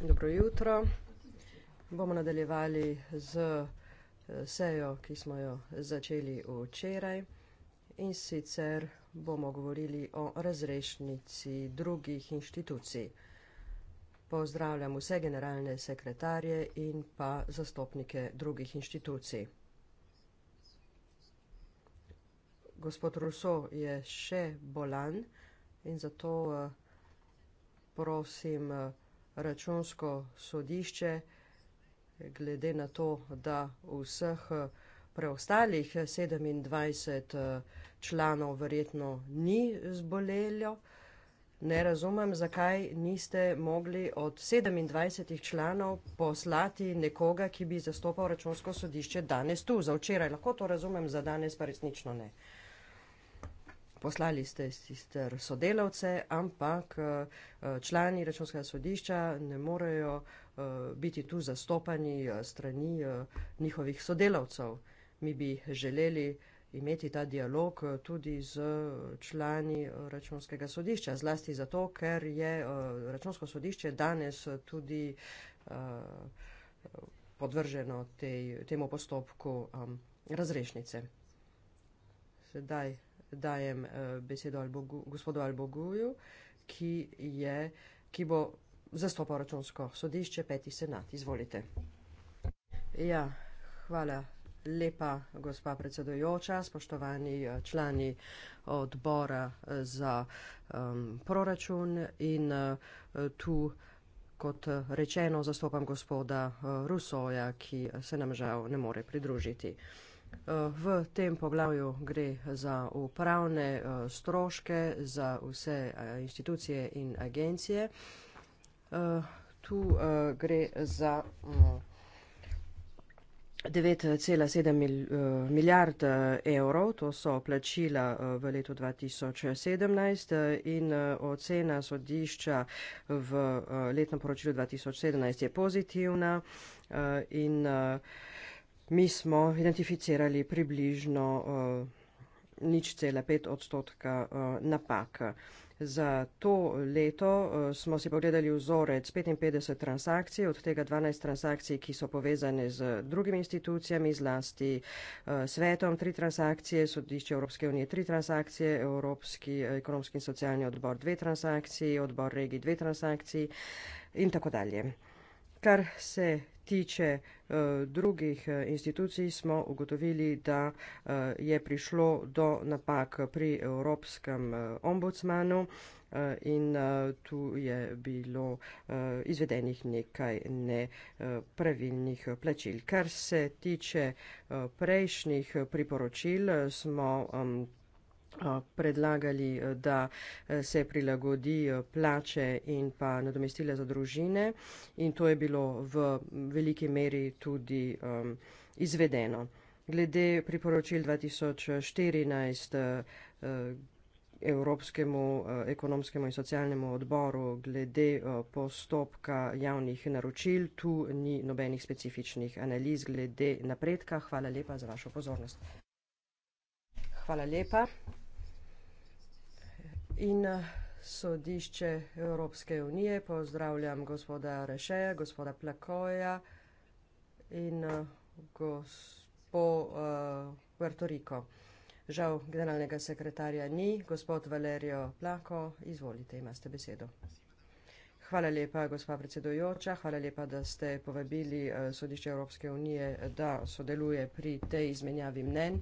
Dobro jutro. Bomo nadaljevali z eh, sejo, ki smo jo začeli včeraj. In sicer bomo govorili o razrešnici drugih inštitucij. Pozdravljam vse generalne sekretarje in pa zastopnike drugih inštitucij. Gospod Rousseau je še bolan in zato. Uh, prosim eh, računsko sodišče, glede na to, da vseh eh, preostalih 27 eh, članov verjetno ni zbolelo. Ne razumem, zakaj niste mogli od 27 članov poslati nekoga, ki bi zastopal računsko sodišče danes tu, za včeraj. Lahko to razumem, za danes pa resnično ne. Uh, poslali ste sicer sodelavce, ampak eh, člani računskega sodišča ne morejo eh, biti tu zastopani eh, strani njihovih sodelavcev. Mi bi želeli imeti ta dialog tudi z člani računskega sodišča, zlasti zato, ker je računsko sodišče danes tudi podvrženo tej, temu postopku razrešnice. Sedaj dajem eh, besedo Albogu, gospodu Alboguju, ki, je, ki bo zastopal računsko sodišče, peti senat. Izvolite. Ja, hvala lepa, gospa predsedojoča, spoštovani eh, člani odbora eh, za um, proračun in uh, tu. Kot rečeno, zastopam gospoda Rusoja, ki se nam žal ne more pridružiti. Uh, Eh, v tem poglavju gre za upravne eh, stroške za vse eh, institucije in agencije. Tu gre za 9,7 mm, milijard evrov, to so plačila v letu 2017 in ocena sodišča v letnem poročilu 2017 je pozitivna in mi smo identificirali približno uh, nič cela pet odstotka uh, napak. Za to leto uh, smo si pogledali vzorec 55 transakcij, od tega 12 transakcij, ki so povezane z drugimi institucijami, zlasti uh, svetom, tri transakcije, sodišče Evropske unije, tri transakcije, Evropski ekonomski in socialni odbor, dve transakciji, odbor regij, dve transakciji in tako dalje. Kar se tiče eh, drugih eh, institucij, smo ugotovili, da eh, je prišlo do napak pri Evropskem ombudsmanu in tu je bilo izvedenih nekaj nepravilnih plačil. Kar se tiče prejšnjih priporočil, smo. Eh, predlagali, eh, da eh, se prilagodijo plače in pa nadomestila za družine in to je bilo v veliki meri tudi um, izvedeno. Glede priporočil 2014. Uh, Evropskemu ekonomskemu in socialnemu odboru glede postopka javnih naročil. Tu ni nobenih specifičnih analiz glede napredka. Hvala lepa za vašo pozornost. Hvala lepa in eh, sodišče Evropske unije. Pozdravljam gospoda Rešeja, gospoda Plakoja in eh, gospo uh, Puerto Rico. Žal generalnega sekretarja ni, gospod Valerijo Plako, izvolite, imate besedo. Hvala lepa, gospa predsedojoča, hvala lepa, da ste povabili sodišče Evropske unije, da sodeluje pri tej izmenjavi mnen.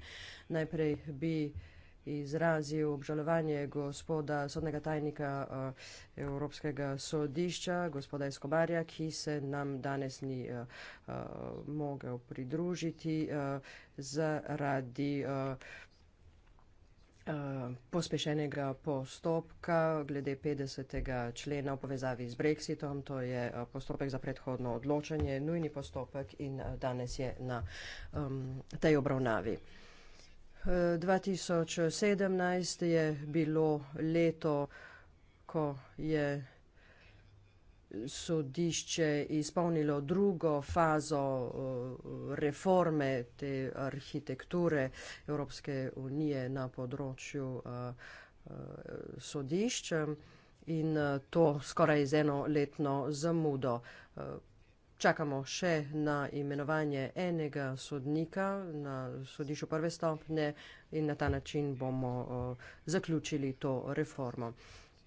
Najprej bi uh, izrazil obžalovanje gospoda sodnega tajnika eh, Evropskega sodišča, gospoda Eskobarja, ki se nam danes ni eh, eh, mogel pridružiti zaradi pospešenega postopka glede 50. člena v povezavi z Brexitom. To je postopek za predhodno odločanje, nujni postopek in danes je na ehm, tej obravnavi. 2017 je bilo leto, ko je sodišče izpolnilo drugo fazo eh, reforme te arhitekture Evropske unije na področju eh, eh, sodišča in to skoraj z eno letno zamudo. Čakamo še na imenovanje enega sodnika na sodišču prve stopne in na ta način bomo uh, zaključili to reformo.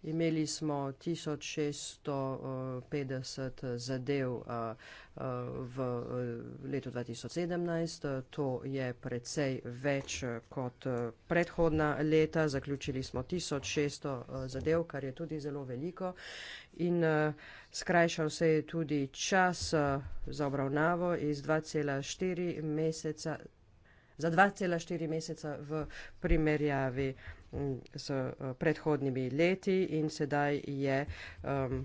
Imeli smo 1650 eh, eh, zadev eh, v letu 2017, to je precej več kot predhodna leta, zaključili smo 1600 zadev, kar je tudi zelo veliko in skrajšal se je tudi čas za obravnavo iz 2,4 meseca za 2,4 meseca v primerjavi mm, s eh, predhodnimi leti in sedaj je um,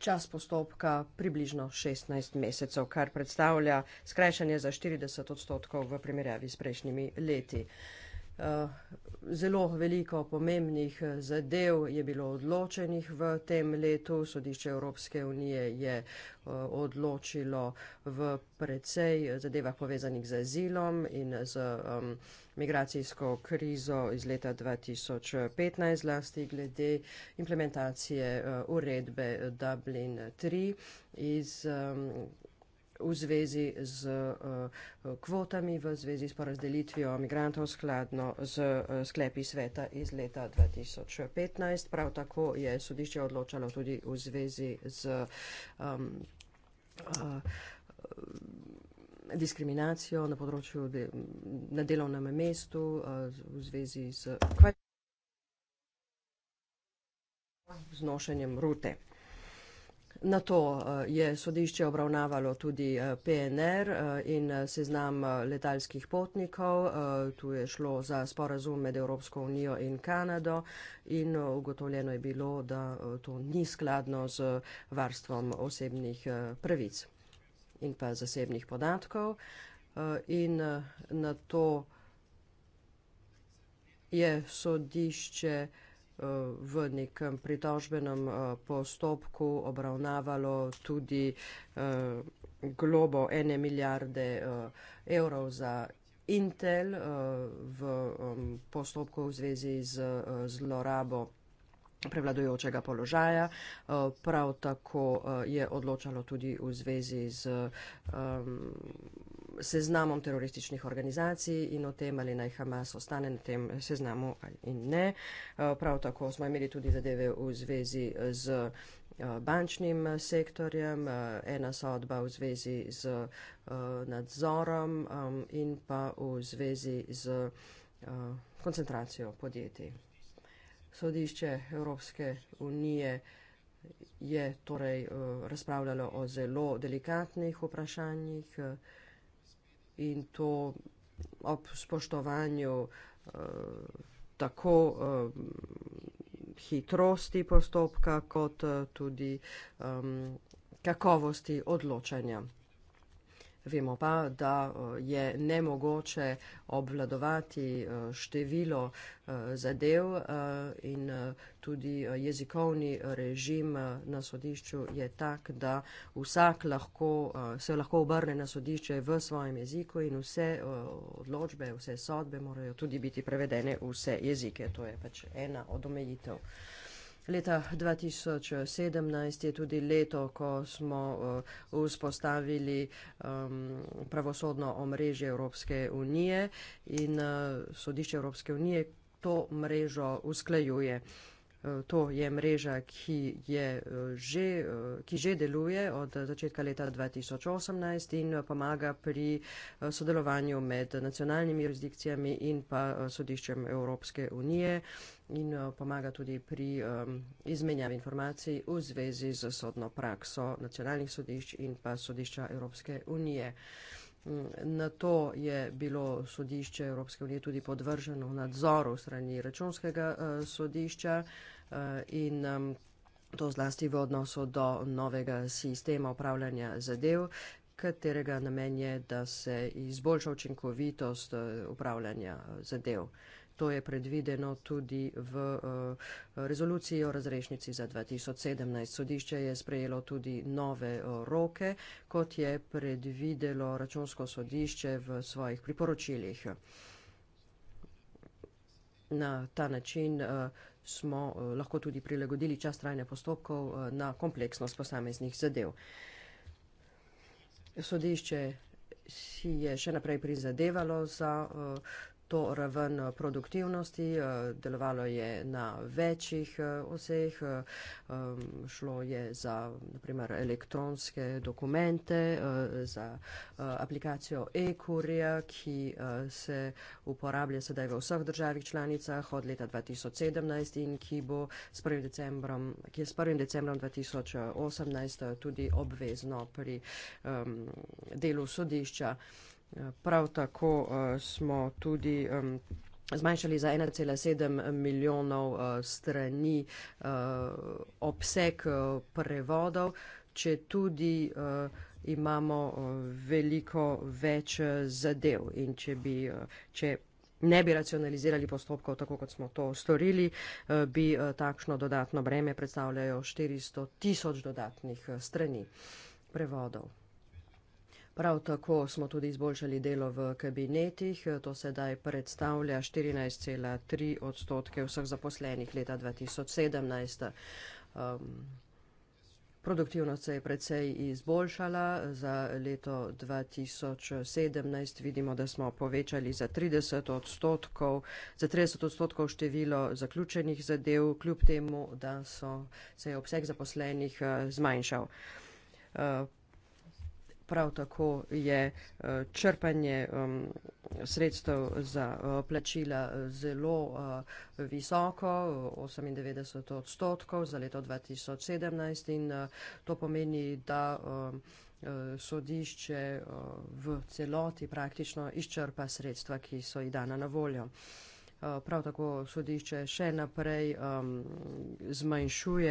čas postopka približno 16 mesecev, kar predstavlja skrajšanje za 40 odstotkov v primerjavi s prejšnjimi leti. Eh, zelo veliko pomembnih eh, zadev je bilo odločenih v tem letu. Sodišče Evropske unije je eh, odločilo v precej zadevah povezanih z azilom in z um, migracijsko krizo iz leta 2015, zlasti glede implementacije uredbe Dublin 3 iz. Um, v zvezi z eh, kvotami, v zvezi s porazdelitvijo migrantov skladno z eh, sklepi sveta iz leta 2015. Prav tako je sodišče odločalo tudi v zvezi z. Um, diskriminacijo na področju de, na delovnem mestu v zvezi z, z nošenjem rute. Na to eh, je sodišče obravnavalo tudi eh, PNR eh, in seznam letalskih potnikov. Tu je šlo za sporazum med Evropsko unijo in Kanado in ugotovljeno je bilo, da to ni skladno z varstvom osebnih pravic in pa zasebnih podatkov. In na to je sodišče. Eh, v nekem pritožbenem eh, postopku obravnavalo tudi eh, globo ene milijarde evrov za Intel v postopku v zvezi z zlorabo prevladojočega položaja. Prav tako je odločalo tudi v zvezi z um, seznamom terorističnih organizacij in o tem, ali naj Hamas ostane na tem seznamu ali ne. Eh, prav tako smo imeli tudi zadeve v zvezi z eh, bančnim sektorjem, eh, ena sodba v zvezi z nadzorom in pa v zvezi z koncentracijo podjetij. Sodišče Evropske unije je torej razpravljalo o zelo delikatnih vprašanjih in to ob spoštovanju uh, tako uh, hitrosti postopka, kot uh, tudi um, kakovosti odločanja. Vemo pa, da eh, je nemogoče obvladovati eh, število eh, zadev in tudi jezikovni režim na sodišču je tak, da vsak lahko, se lahko obrne na sodišče v svojem jeziku in vse odločbe, vse sodbe morajo tudi biti prevedene v vse jezike. To je pač ena od omejitev. Leta 2017 je tudi leto, ko smo eh, vzpostavili um, pravosodno omrežje Evropske unije in uh, sodišče Evropske unije to mrežo usklajuje. Uh, Eh, to je mreža, ki, je eh, že, eh, ki že deluje od začetka leta 2018 in pomaga pri sodelovanju med nacionalnimi jurisdikcijami in pa sodiščem Evropske unije in pomaga tudi pri ehm, izmenjavi informacij v zvezi z sodno prakso nacionalnih sodišč in pa sodišča Evropske unije. Na to je bilo sodišče Evropske unije tudi podvrženo nadzoru strani računskega eh, sodišča eh, in to zlasti v odnosu do novega sistema upravljanja zadev, katerega namen je, da se izboljša učinkovitost eh, upravljanja zadev. To je predvideno tudi v eh, rezoluciji o razrešnici za 2017. Sodišče je sprejelo tudi nove eh, roke, kot je predvidelo računsko sodišče v svojih priporočilih. Na ta način eh, smo lahko tudi prilagodili čas trajne postopkov na kompleksnost posameznih zadev. Sodišče si je še naprej prizadevalo za uh, to raven eh, produktivnosti, eh, delovalo je na večjih eh, oseh, šlo je za naprimer, elektronske dokumente, za aplikacijo e-kurija, ki se uporablja sedaj v vseh državih članicah od leta 2017 in ki, bo s ki je s 1. decembrom 2018 tudi obvezno pri delu sodišča. Prav tako uh, smo tudi um, zmanjšali za 1,7 milijonov uh, strani uh, obseg uh, prevodov, če tudi uh, imamo uh, veliko več uh, zadev in če bi. Uh, če ne bi racionalizirali postopkov tako, kot smo to storili, bi takšno dodatno breme predstavljajo 400 tisoč dodatnih strani prevodov. Prav tako smo tudi izboljšali delo v kabinetih, to sedaj predstavlja 14,3 odstotke vseh zaposlenih leta 2017. Um, Produktivnost se je precej izboljšala. Za leto 2017 vidimo, da smo povečali za 30 odstotkov, za 30 odstotkov število zaključenih zadev, kljub temu, da so, se je obseg zaposlenih uh, zmanjšal. Uh, prav tako je eh, črpanje sredstev za eh, plačila eh, zelo visoko, 98 odstotkov za leto 2017 in to pomeni, da sodišče v celoti praktično izčrpa sredstva, ki so ji dana na voljo. Eh, prav tako sodišče še naprej um, zmanjšuje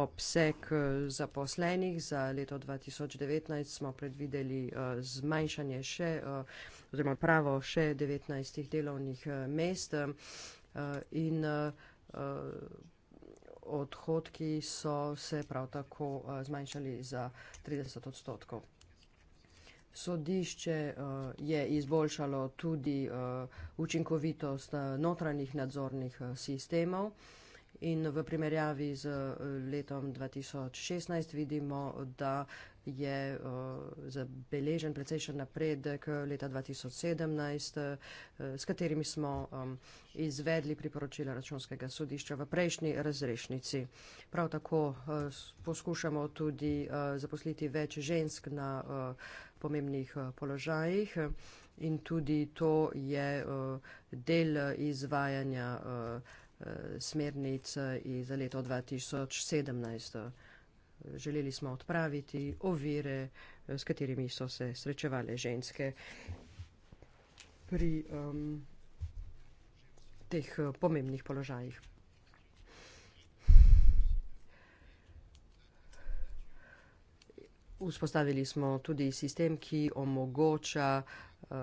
obseg eh, zaposlenih. Za leto 2019 smo predvideli uh, zmanjšanje še, uh, oziroma pravo še 19 delovnih mest uh, in uh, odhodki so se prav tako uh, zmanjšali za 30 odstotkov. Sodišče eh, je izboljšalo tudi eh, učinkovitost eh, notranjih nadzornih sistemov in v primerjavi z letom 2016 vidimo, da je zabeležen precejšen napredek leta 2017, s katerimi smo izvedli priporočila računskega sodišča v prejšnji razrešnici. Prav tako poskušamo tudi zaposliti več žensk na računskega sodišča pomembnih eh, položajih eh, in tudi to je eh, del izvajanja smernic za leto 2017. Želeli smo odpraviti ovire, s katerimi so se srečevale ženske pri um, teh pomembnih položajih. Vzpostavili smo tudi sistem, ki omogoča uh,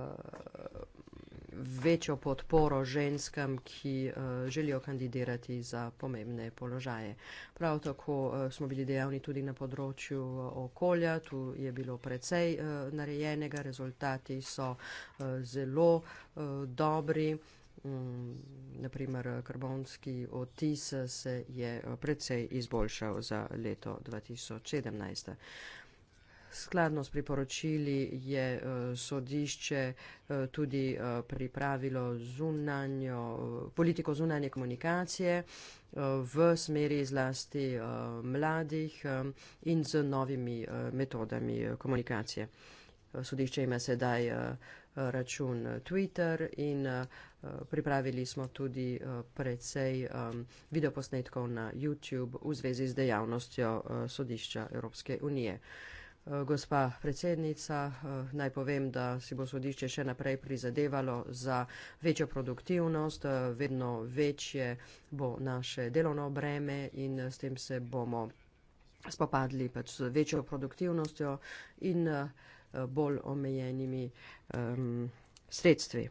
večjo podporo ženskam, ki uh, želijo kandidirati za pomembne položaje. Prav tako uh, smo bili dejavni tudi na področju okolja, tu je bilo precej uh, narejenega, rezultati so uh, zelo uh, dobri. Mm, Naprimer, karbonski odtis se je precej izboljšal za leto 2017. Skladno s priporočili je eh, sodišče eh, tudi eh, pripravilo zunanjo, politiko zunanje komunikacije v smeri zlasti mladih in z novimi metodami komunikacije. Sodišče ima sedaj račun Twitter in pripravili smo tudi precej videoposnetkov na YouTube v zvezi z dejavnostjo sodišča Evropske unije. Eh, gospa predsednica, eh, naj povem, da si bo sodišče še naprej prizadevalo za večjo produktivnost, eh, vedno večje bo naše delovno breme in s tem se bomo spopadli pač z večjo produktivnostjo in bolj omejenimi um, sredstvi.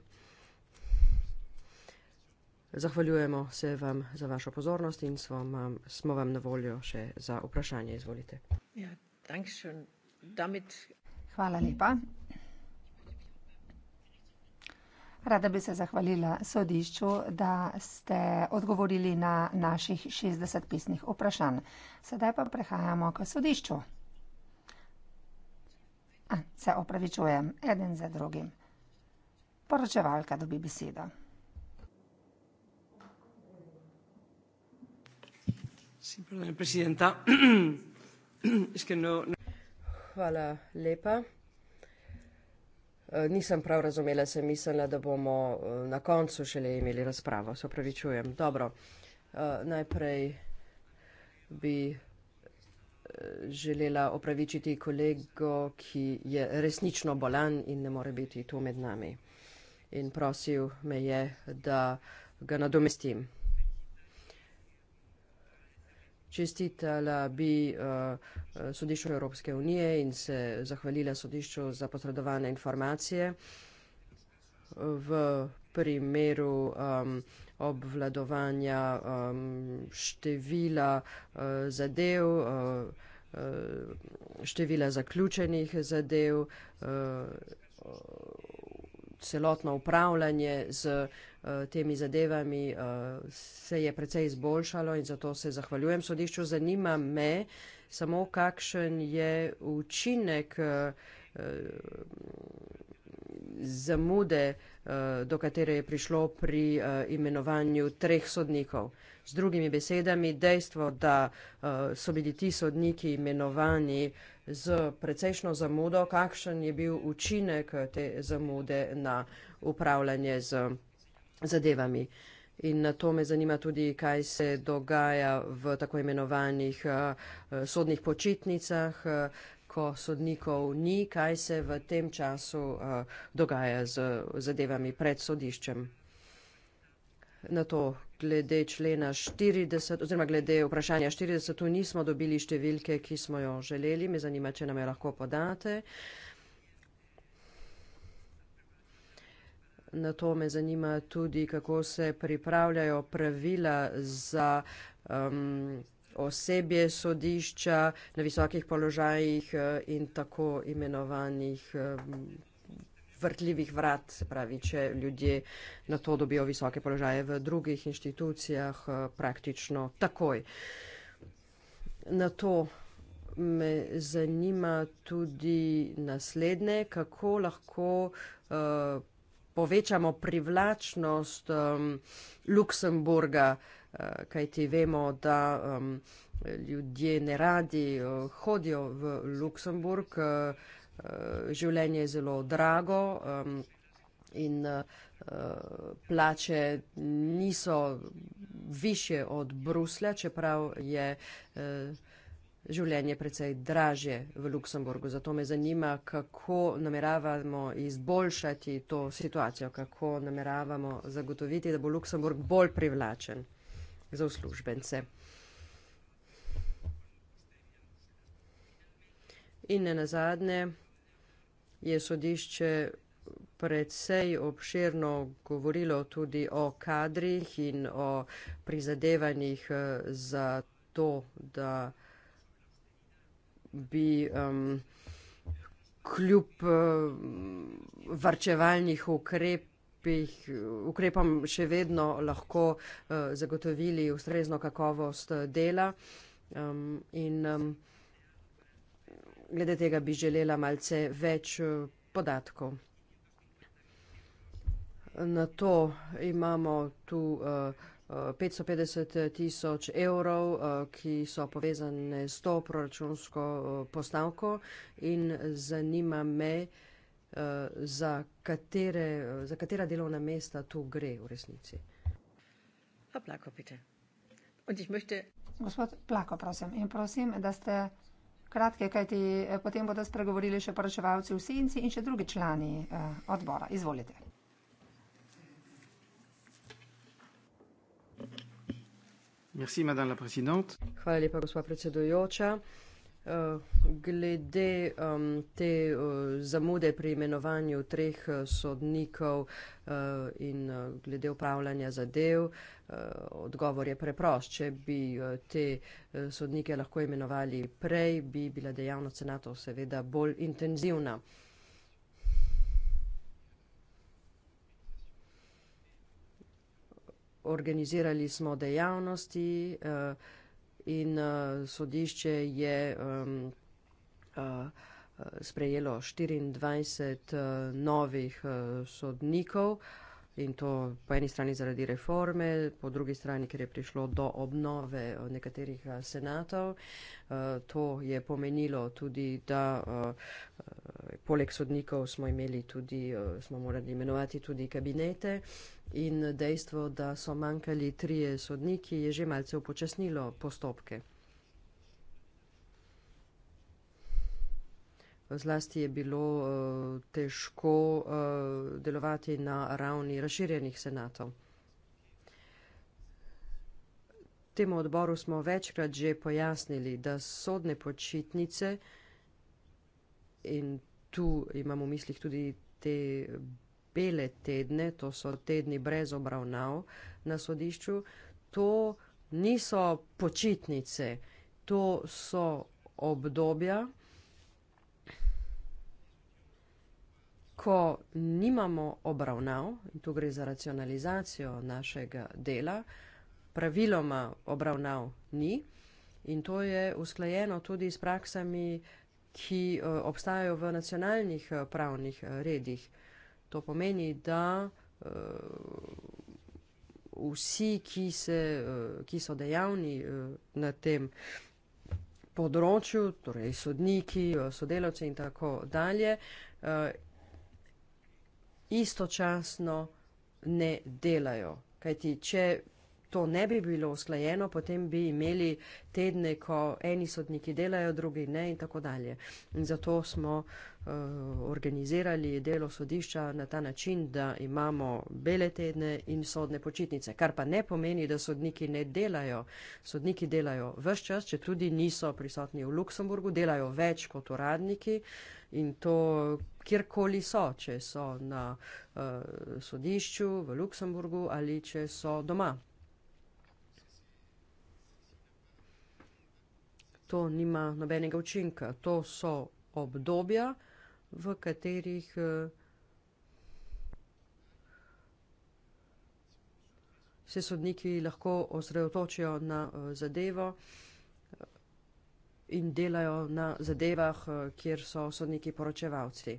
Zahvaljujemo se vam za vašo pozornost in smo vam, smo vam na voljo še za vprašanje. Izvolite. Ja, Hvala lepa. Rada bi se zahvalila sodišču, da ste odgovorili na naših 60 pisnih vprašanj. Sedaj pa prehajamo k sodišču. A, se opravičujem, eden za drugim. Poročevalka dobi besedo. Sí, perdón, presidenta. es que no. no hvala lepa. Eh, nisem prav razumela, sem mislila, da bomo eh, na koncu šele imeli razpravo. Se opravičujem. Dobro. Eh, najprej bi želela opravičiti kolego, ki je resnično bolan in ne more biti tu med nami. In prosil me je, da ga nadomestim čestitala bi uh, sodišču Evropske unije in se zahvalila sodišču za posredovane informacije v primeru um, obvladovanja um, števila uh, zadev, uh, števila zaključenih zadev. Uh, celotno upravljanje z uh, temi zadevami uh, se je precej izboljšalo in zato se zahvaljujem sodišču. Zanima me samo, kakšen je učinek. Uh, zamude, do katere je prišlo pri imenovanju treh sodnikov. Z drugimi besedami, dejstvo, da so bili ti sodniki imenovani z precejšno zamudo. Kakšen je bil učinek te zamude na upravljanje z zadevami? In na to me zanima tudi, kaj se dogaja v tako imenovanih eh, sodnih počitnicah, eh, ko sodnikov ni, kaj se v tem času eh, dogaja z zadevami pred sodiščem. Na to, glede člena 40, oziroma glede vprašanja 40, tu nismo dobili številke, ki smo jo želeli. Me zanima, če nam jo lahko podate. Na to me zanima tudi, kako se pripravljajo pravila za um, osebje sodišča na visokih položajih uh, in tako imenovanih. Um, vrtljivih vrat, se pravi, če ljudje na to dobijo visoke položaje v drugih inštitucijah eh, praktično takoj. Na to me zanima tudi naslednje, kako lahko uh, povečamo privlačnost um, Luksemburga, uh, kajti vemo, da um, ljudje ne radi uh, hodijo v Luksemburg. Uh, Eh, življenje je zelo drago um, in uh, plače niso više od Bruslja, čeprav je uh, življenje precej draže v Luksemburgu. Zato me zanima, kako nameravamo izboljšati to situacijo, kako nameravamo zagotoviti, da bo Luksemburg bolj privlačen za uslužbence. In ne nazadnje je sodišče predvsej obširno govorilo tudi o kadrih in o prizadevanjih eh, za to, da bi um, kljub um, varčevalnih ukrep ukrepom še vedno lahko uh, zagotovili ustrezno kakovost dela um, in um, glede tega bi želela malce več eh, podatkov. Na to imamo tu uh, eh, 550 eh, tisoč evrov, uh, ki so povezane s to proračunsko postavko in zanima me, uh, za, katere, za katera delovna mesta tu gre v resnici. Pa plako, pite. Gospod, plako, prosim. In prosim, da ste kratke, kajti eh, potem bodo spregovorili še poročevalci v senci in še drugi člani eh, odbora. Izvolite. Hvala lepa, gospa predsedujoča. Glede um, te uh, zamude pri imenovanju treh uh, sodnikov uh, in uh, glede upravljanja zadev, uh, odgovor je preprost. Če bi uh, te uh, sodnike lahko imenovali prej, bi bila dejavnost senatov seveda bolj intenzivna. Organizirali smo dejavnosti. Uh, in uh, sodišče je um, uh, sprejelo 24 uh, novih uh, sodnikov in to po eni strani zaradi reforme, po drugi strani, ker je prišlo do obnove uh, nekaterih uh, senatov. Uh, to je pomenilo tudi, da uh, uh, poleg sodnikov smo imeli tudi, uh, smo morali imenovati tudi kabinete. Uh, in dejstvo, da so manjkali trije sodniki, je že malce upočasnilo postopke. Zlasti je bilo eh, težko eh, delovati na ravni razširjenih senatov. Temu odboru smo večkrat že pojasnili, da sodne počitnice in tu imamo v mislih tudi te pele tedne, to so tedni brez obravnav na sodišču, to niso počitnice, to so obdobja, ko nimamo obravnav, in tu gre za racionalizacijo našega dela, praviloma obravnav ni in to je usklajeno tudi s praksami, ki eh, obstajajo v nacionalnih eh, pravnih eh, redih. To pomeni, da uh, vsi, ki, se, uh, ki so dejavni uh, na tem področju, torej sodniki, sodelavci in tako dalje, uh, istočasno ne delajo. Kajti, če to ne bi bilo usklajeno, potem bi imeli tedne, ko eni sodniki delajo, drugi ne in tako dalje. In zato smo uh, organizirali delo sodišča na ta način, da imamo bele tedne in sodne počitnice, kar pa ne pomeni, da sodniki ne delajo. Sodniki delajo vse čas, če tudi niso prisotni v Luksemburgu, delajo več kot uradniki. In to kjerkoli so, če so na uh, sodišču v Luksemburgu ali če so doma. to nima nobenega učinka. To so obdobja, v katerih eh, se sodniki lahko osredotočijo na eh, zadevo eh, in delajo na zadevah, kjer so sodniki poročevalci.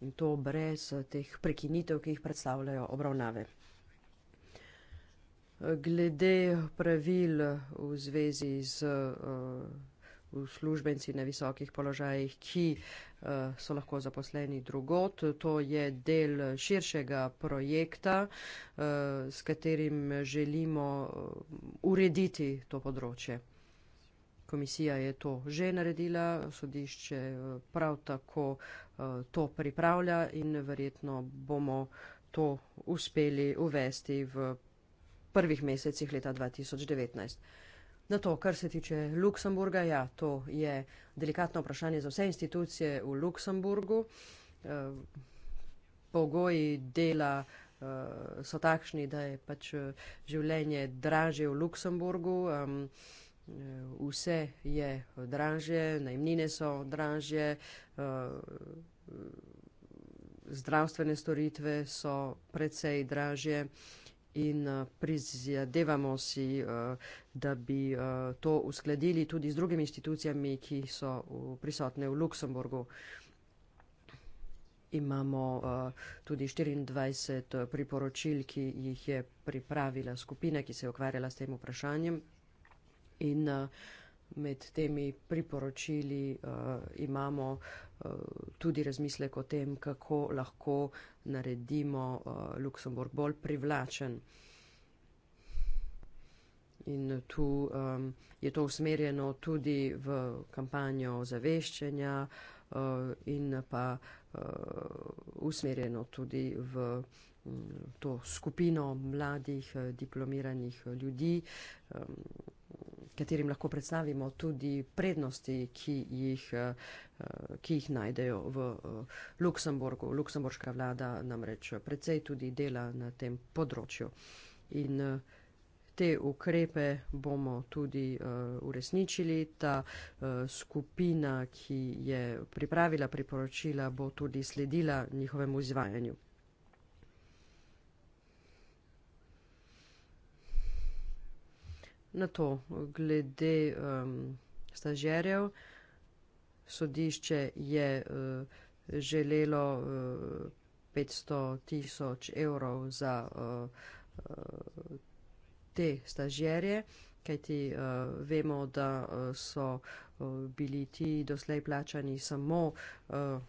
In to brez teh prekinitev, ki jih predstavljajo obravnave glede pravil v zvezi z eh, uslužbenci na visokih položajih, ki eh, so lahko zaposleni drugot. To je del širšega projekta, eh, s katerim želimo urediti to področje. Komisija je to že naredila, sodišče prav tako to pripravlja in verjetno bomo to uspeli uvesti v prvih mesecih leta 2019. Na to, kar se tiče Luksemburga, ja, to je delikatno vprašanje za vse institucije v Luksemburgu. Eh, pogoji dela eh, so takšni, da je pač eh, življenje dražje v Luksemburgu. Vse je dražje, najmnine so dražje, zdravstvene storitve so precej dražje in eh, prizadevamo si, eh, da bi eh, to uskladili tudi z drugimi institucijami, ki so prisotne v Luksemburgu. Imamo tudi 24 priporočil, ki jih je pripravila skupina, ki se je ukvarjala s tem vprašanjem. In uh, Med temi priporočili uh, imamo uh, tudi razmislek o tem, kako lahko naredimo uh, Luksemburg bolj privlačen. In tu um, je to usmerjeno tudi v kampanjo zaveščanja uh, in pa uh, usmerjeno tudi v um, to skupino mladih uh, diplomiranih ljudi. Um, katerim lahko predstavimo tudi prednosti, ki jih, eh, eh, ki jih najdejo v eh, Luksemburgu. Luksemburška vlada namreč precej tudi dela na tem področju. In te ukrepe bomo tudi uresničili. Ta skupina, ki je pripravila priporočila, bo tudi sledila njihovemu izvajanju. na to, glede um, stažerjev, sodišče je uh, želelo uh, eh, 500 tisoč evrov za uh, uh, te stažerje, kajti uh, vemo, da uh, so uh, bili ti doslej plačani samo. Uh,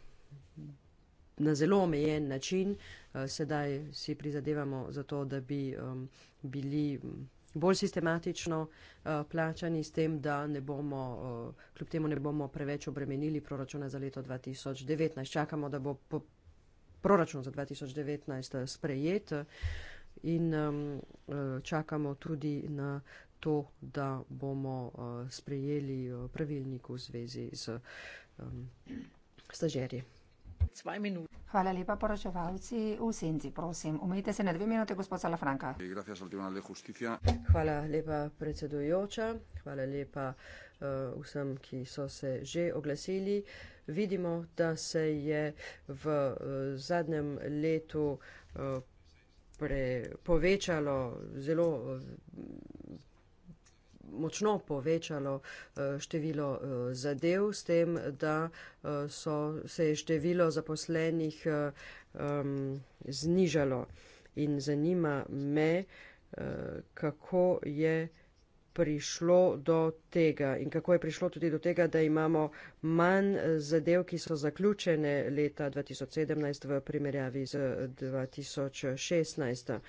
Na zelo omejen način, sedaj si prizadevamo za to, da bi um, bili bolj sistematično eh, plačani s tem, da ne bomo, eh, kljub temu ne bomo preveč obremenili proračuna za leto 2019. Čakamo, da bo proračun za 2019 eh, sprejet in čakamo tudi na to, da bomo sprejeli pravilnik v zvezi z stažerji. Dve minuti. Hvala lepa, poročevalci. V senci, prosim. Umejte se na dve minute, gospod Salafranka. Hvala lepa, predsedujoča. Hvala lepa uh, vsem, ki so se že oglasili. Vidimo, da se je v uh, zadnjem letu uh, pre, povečalo zelo. Uh, močno povečalo eh, število eh, zadev, s tem, da eh, so, se je število zaposlenih um, znižalo. In zanima me, kako je prišlo do tega in kako je prišlo tudi do tega, da imamo manj zadev, ki so zaključene leta 2017 v primerjavi z 2016.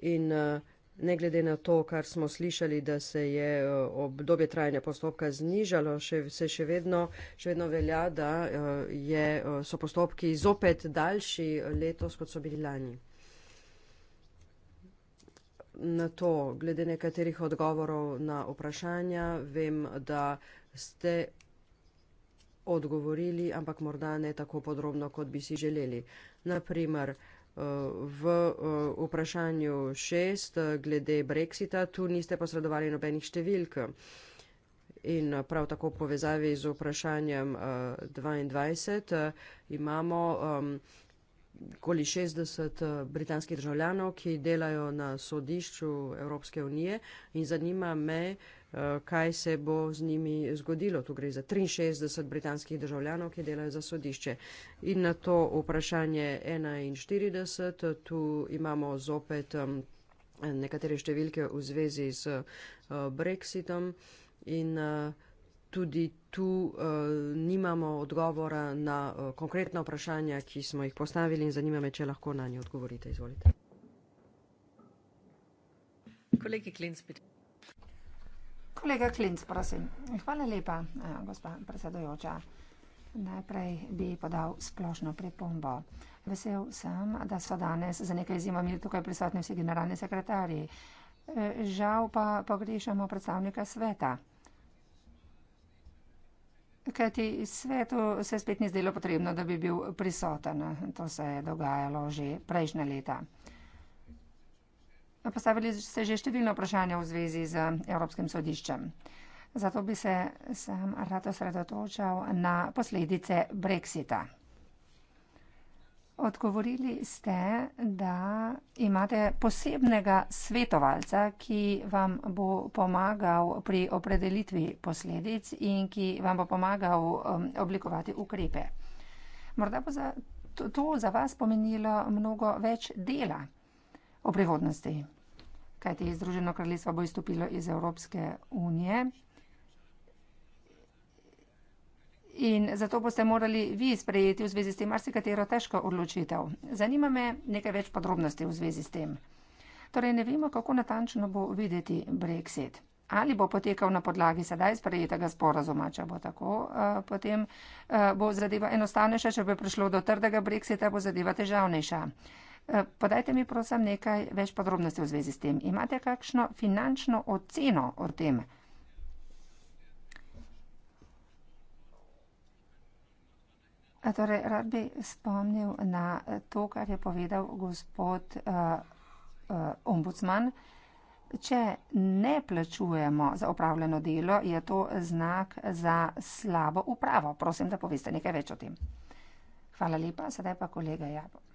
in eh, ne glede na to, kar smo slišali, da se je eh, obdobje trajanja postopka znižalo, še, se še vedno, še vedno velja, da eh, je, so postopki zopet daljši letos, kot so bili lani. Na to, glede nekaterih odgovorov na vprašanja, vem, da ste odgovorili, ampak morda ne tako podrobno, kot bi si želeli. Naprimer, Eh, v eh, vprašanju šest eh, glede Brexita tu niste posredovali nobenih številk in prav tako povezavi z vprašanjem 22 imamo okoli 60 britanskih državljanov, ki delajo na sodišču Evropske unije in zanima me, Eh, kaj se bo z njimi zgodilo. Tu gre za 63 britanskih državljanov, ki delajo za sodišče. In na to vprašanje 41, tu imamo zopet um, nekatere številke v zvezi z uh, Brexitom. In, uh, Tudi tu uh, nimamo odgovora na uh, konkretna vprašanja, ki smo jih postavili in zanima me, če lahko na nje odgovorite. Izvolite. Kolegi Klinspit. Kolega Klinc, prosim. Hvala lepa, eh, gospa predsedujoča. Najprej bi podal splošno pripombo. Vesel sem, da so danes za nekaj zimami tukaj prisotni vsi generalni sekretarji. Eh, žal pa pogrešamo predstavnika sveta. Ker ti svetu se spet ni zdelo potrebno, da bi bil prisoten. To se je dogajalo že prejšnja leta postavili ste že številno vprašanje v zvezi z Evropskim sodiščem. Zato bi se sam rad osredotočal na posledice Brexita. Odgovorili ste, da imate posebnega svetovalca, ki vam bo pomagal pri opredelitvi posledic in ki vam bo pomagal um, oblikovati ukrepe. Morda bo za to, to za vas pomenilo mnogo več dela o prihodnosti. Kajti Združeno kraljestvo bo izstopilo iz Evropske unije. In zato boste morali vi sprejeti v zvezi s tem marsikatero težko odločitev. Zanima me nekaj več podrobnosti v zvezi s tem. Torej ne vemo, kako natančno bo videti Brexit. Ali bo potekal na podlagi sedaj sprejetega sporazuma, če bo tako, eh, potem eh, bo zadeva enostavnejša, če bo prišlo do trdega Brexita, bo zadeva težavnejša. Eh, podajte mi prosim nekaj več podrobnosti v zvezi s tem. Imate kakšno finančno oceno o tem? Torej, rad bi spomnil na eh, to, kar je povedal gospod uh, uh, ombudsman. Če ne plačujemo za opravljeno delo, je to znak za slabo upravo. Prosim, da poveste nekaj več o tem. Hvala lepa. Sedaj pa kolega Jabo.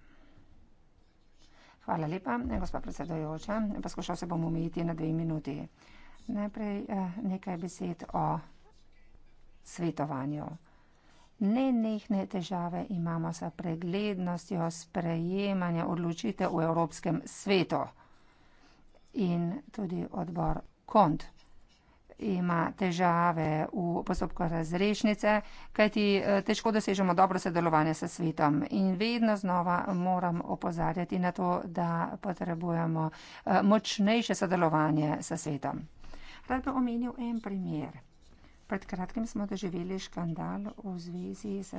Hvala lepa, gospod predsedojoča. Poskušal se bom omejiti na dve minuti. Najprej eh, nekaj besed o svetovanju. Ne nehne težave imamo sa preglednostjo sprejemanja odločitev v Evropskem svetu in tudi odbor KONT ima težave v postopku razrešnice, kajti eh, težko dosežemo dobro sodelovanje s svetom in vedno znova moram opozarjati na to, da potrebujemo eh, močnejše sodelovanje s svetom. Rad bi omenil en primer. Pred kratkim smo doživeli škandal v zvezi z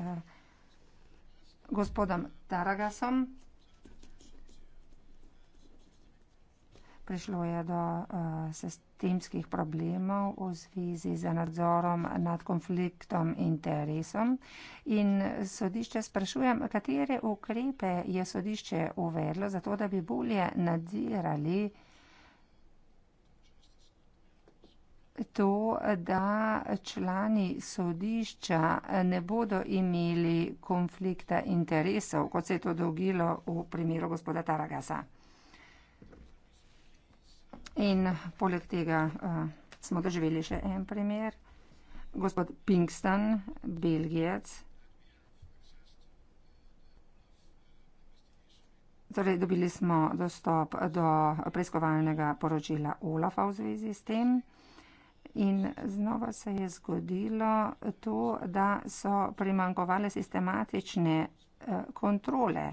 gospodom Taragasom, prišlo je do uh, sistemskih problemov v zvezi z nadzorom nad konfliktom interesom. In sodišče sprašujem, katere ukrepe je sodišče uvedlo za to, da bi bolje nadzirali to, da člani sodišča ne bodo imeli konflikta interesov, kot se je to dogilo v primeru gospoda Taragasa. In poleg tega uh, smo doživeli še en primer. Gospod Pinkston, Belgijec. Torej, dobili smo dostop do preiskovalnega poročila Olafa v zvezi s tem. In znova se je zgodilo to, da so primankovale sistematične eh, kontrole.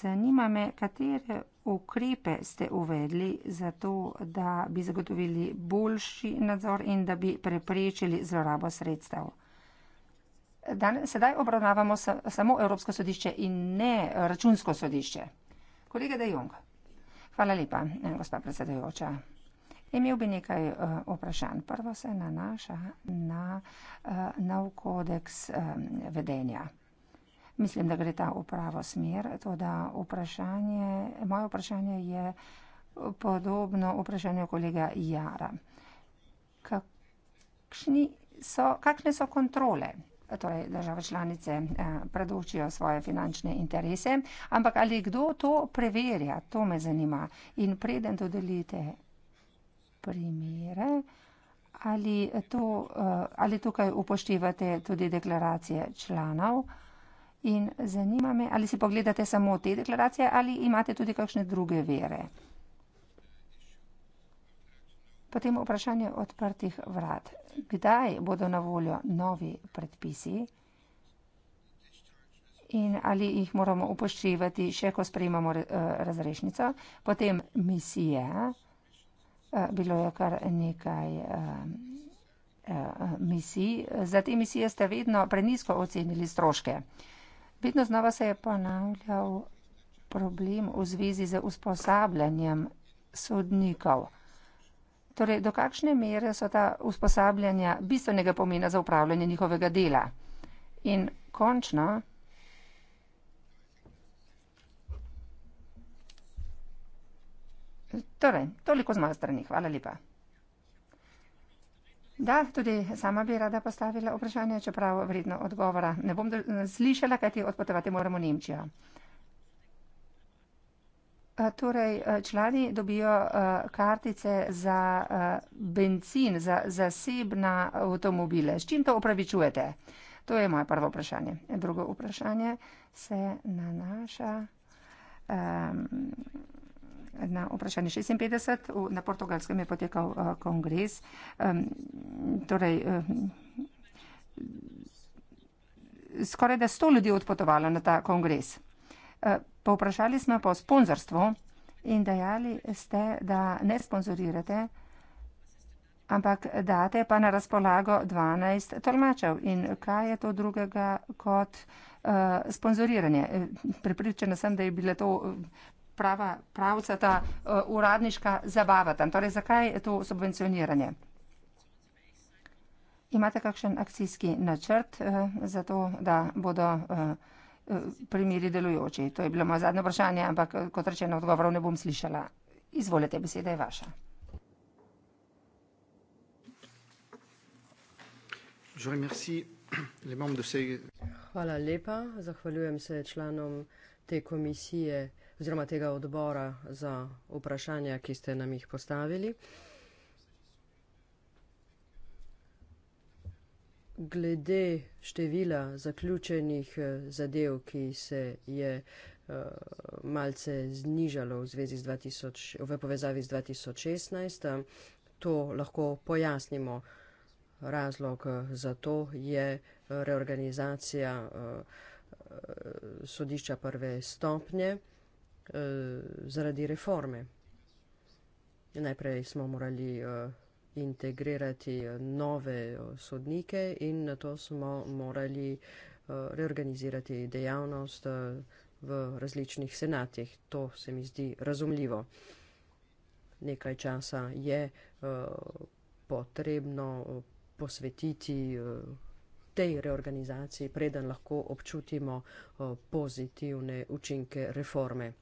Zanima me, katere ukrepe ste uvedli za to, da bi zagotovili boljši nadzor in da bi preprečili zlorabo sredstev? Dan, sedaj obravnavamo sa, samo Evropsko sodišče in ne računsko sodišče. Kolega De Jong. Hvala lepa, gospa predsedujoča. Imel bi nekaj uh, vprašanj. Prvo se nanaša na uh, nov kodeks uh, vedenja mislim, da gre ta v pravo smer. Vprašanje, moje vprašanje je podobno vprašanju kolega Jara. So, kakšne so kontrole? Torej, države članice eh, predočijo svoje finančne interese, ampak ali kdo to preverja, to me zanima. In preden dodelite primere, ali, to, eh, ali tukaj upoštevate tudi deklaracije članov? Eh, In zanima me, ali si pogledate samo te deklaracije ali imate tudi kakšne druge vere. Potem vprašanje odprtih vrat. Kdaj bodo na voljo novi predpisi in ali jih moramo upoštevati še, ko sprejemamo eh, razrešnico? Potem misije. Eh, bilo je kar nekaj eh, misij. Za te misije ste vedno prenisko ocenili stroške. Vedno znova se je ponavljal problem v zvezi z usposabljanjem sodnikov. Torej, do kakšne mere so ta usposabljanja bistvenega pomena za upravljanje njihovega dela? In končno, torej, toliko z moje strani. Hvala lepa. Da, tudi sama bi rada postavila vprašanje, čeprav vredno odgovora ne bom slišala, kajti odpotovati moramo v Nemčijo. Torej, člani dobijo kartice za benzin, za zasebna avtomobile. S čim to upravičujete? To je moje prvo vprašanje. Drugo vprašanje se nanaša. Um, Na vprašanje 56 v, na portugalskem je potekal uh, kongres. Um, torej, um, skoraj da sto ljudi odpotovalo na ta kongres. Uh, povprašali smo po sponzorstvu in dejali ste, da ne sponzorirate, ampak date pa na razpolago 12 tolmačev. In kaj je to drugega kot. Uh, sponzoriranje. Pripričana sem, da je bila to prava, pravca ta uh, uradniška zabava tam. Torej, zakaj je to subvencioniranje? Imate kakšen akcijski načrt uh, za to, da bodo uh, eh, primiri delujoči? To je bilo moje zadnje vprašanje, ampak kot rečeno, odgovorov ne bom slišala. Izvolite, beseda je vaša. Hvala lepa. Zahvaljujem se članom te komisije oziroma tega odbora za vprašanja, ki ste nam jih postavili. Glede števila zaključenih eh, zadev, ki se je eh, malce znižalo v, zvezi z 2000, v povezavi z 2016, eh, to lahko pojasnimo. Razlog za to je reorganizacija sodišča prve stopnje. Eh, zaradi reforme. Najprej smo morali uh, integrirati eh, nove sodnike in na to smo morali uh, reorganizirati dejavnost uh, v različnih senatih. To se mi zdi razumljivo. Nekaj časa je uh, potrebno posvetiti uh, tej reorganizaciji, preden lahko občutimo uh, pozitivne učinke reforme.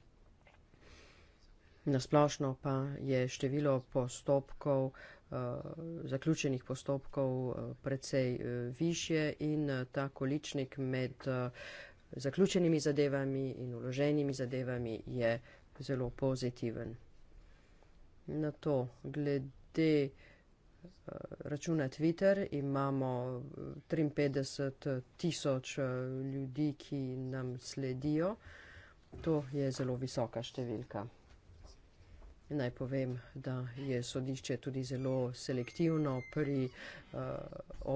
Nasplošno pa je število postopkov, eh, zaključenih postopkov eh, precej eh, više in ta količnik med zaključenimi zadevami in uloženimi zadevami je zelo pozitiven. Na to glede računa Twitter imamo 53 tisoč ljudi, ki nam sledijo. To je zelo visoka številka. Naj povem, da je sodišče tudi zelo selektivno pri uh,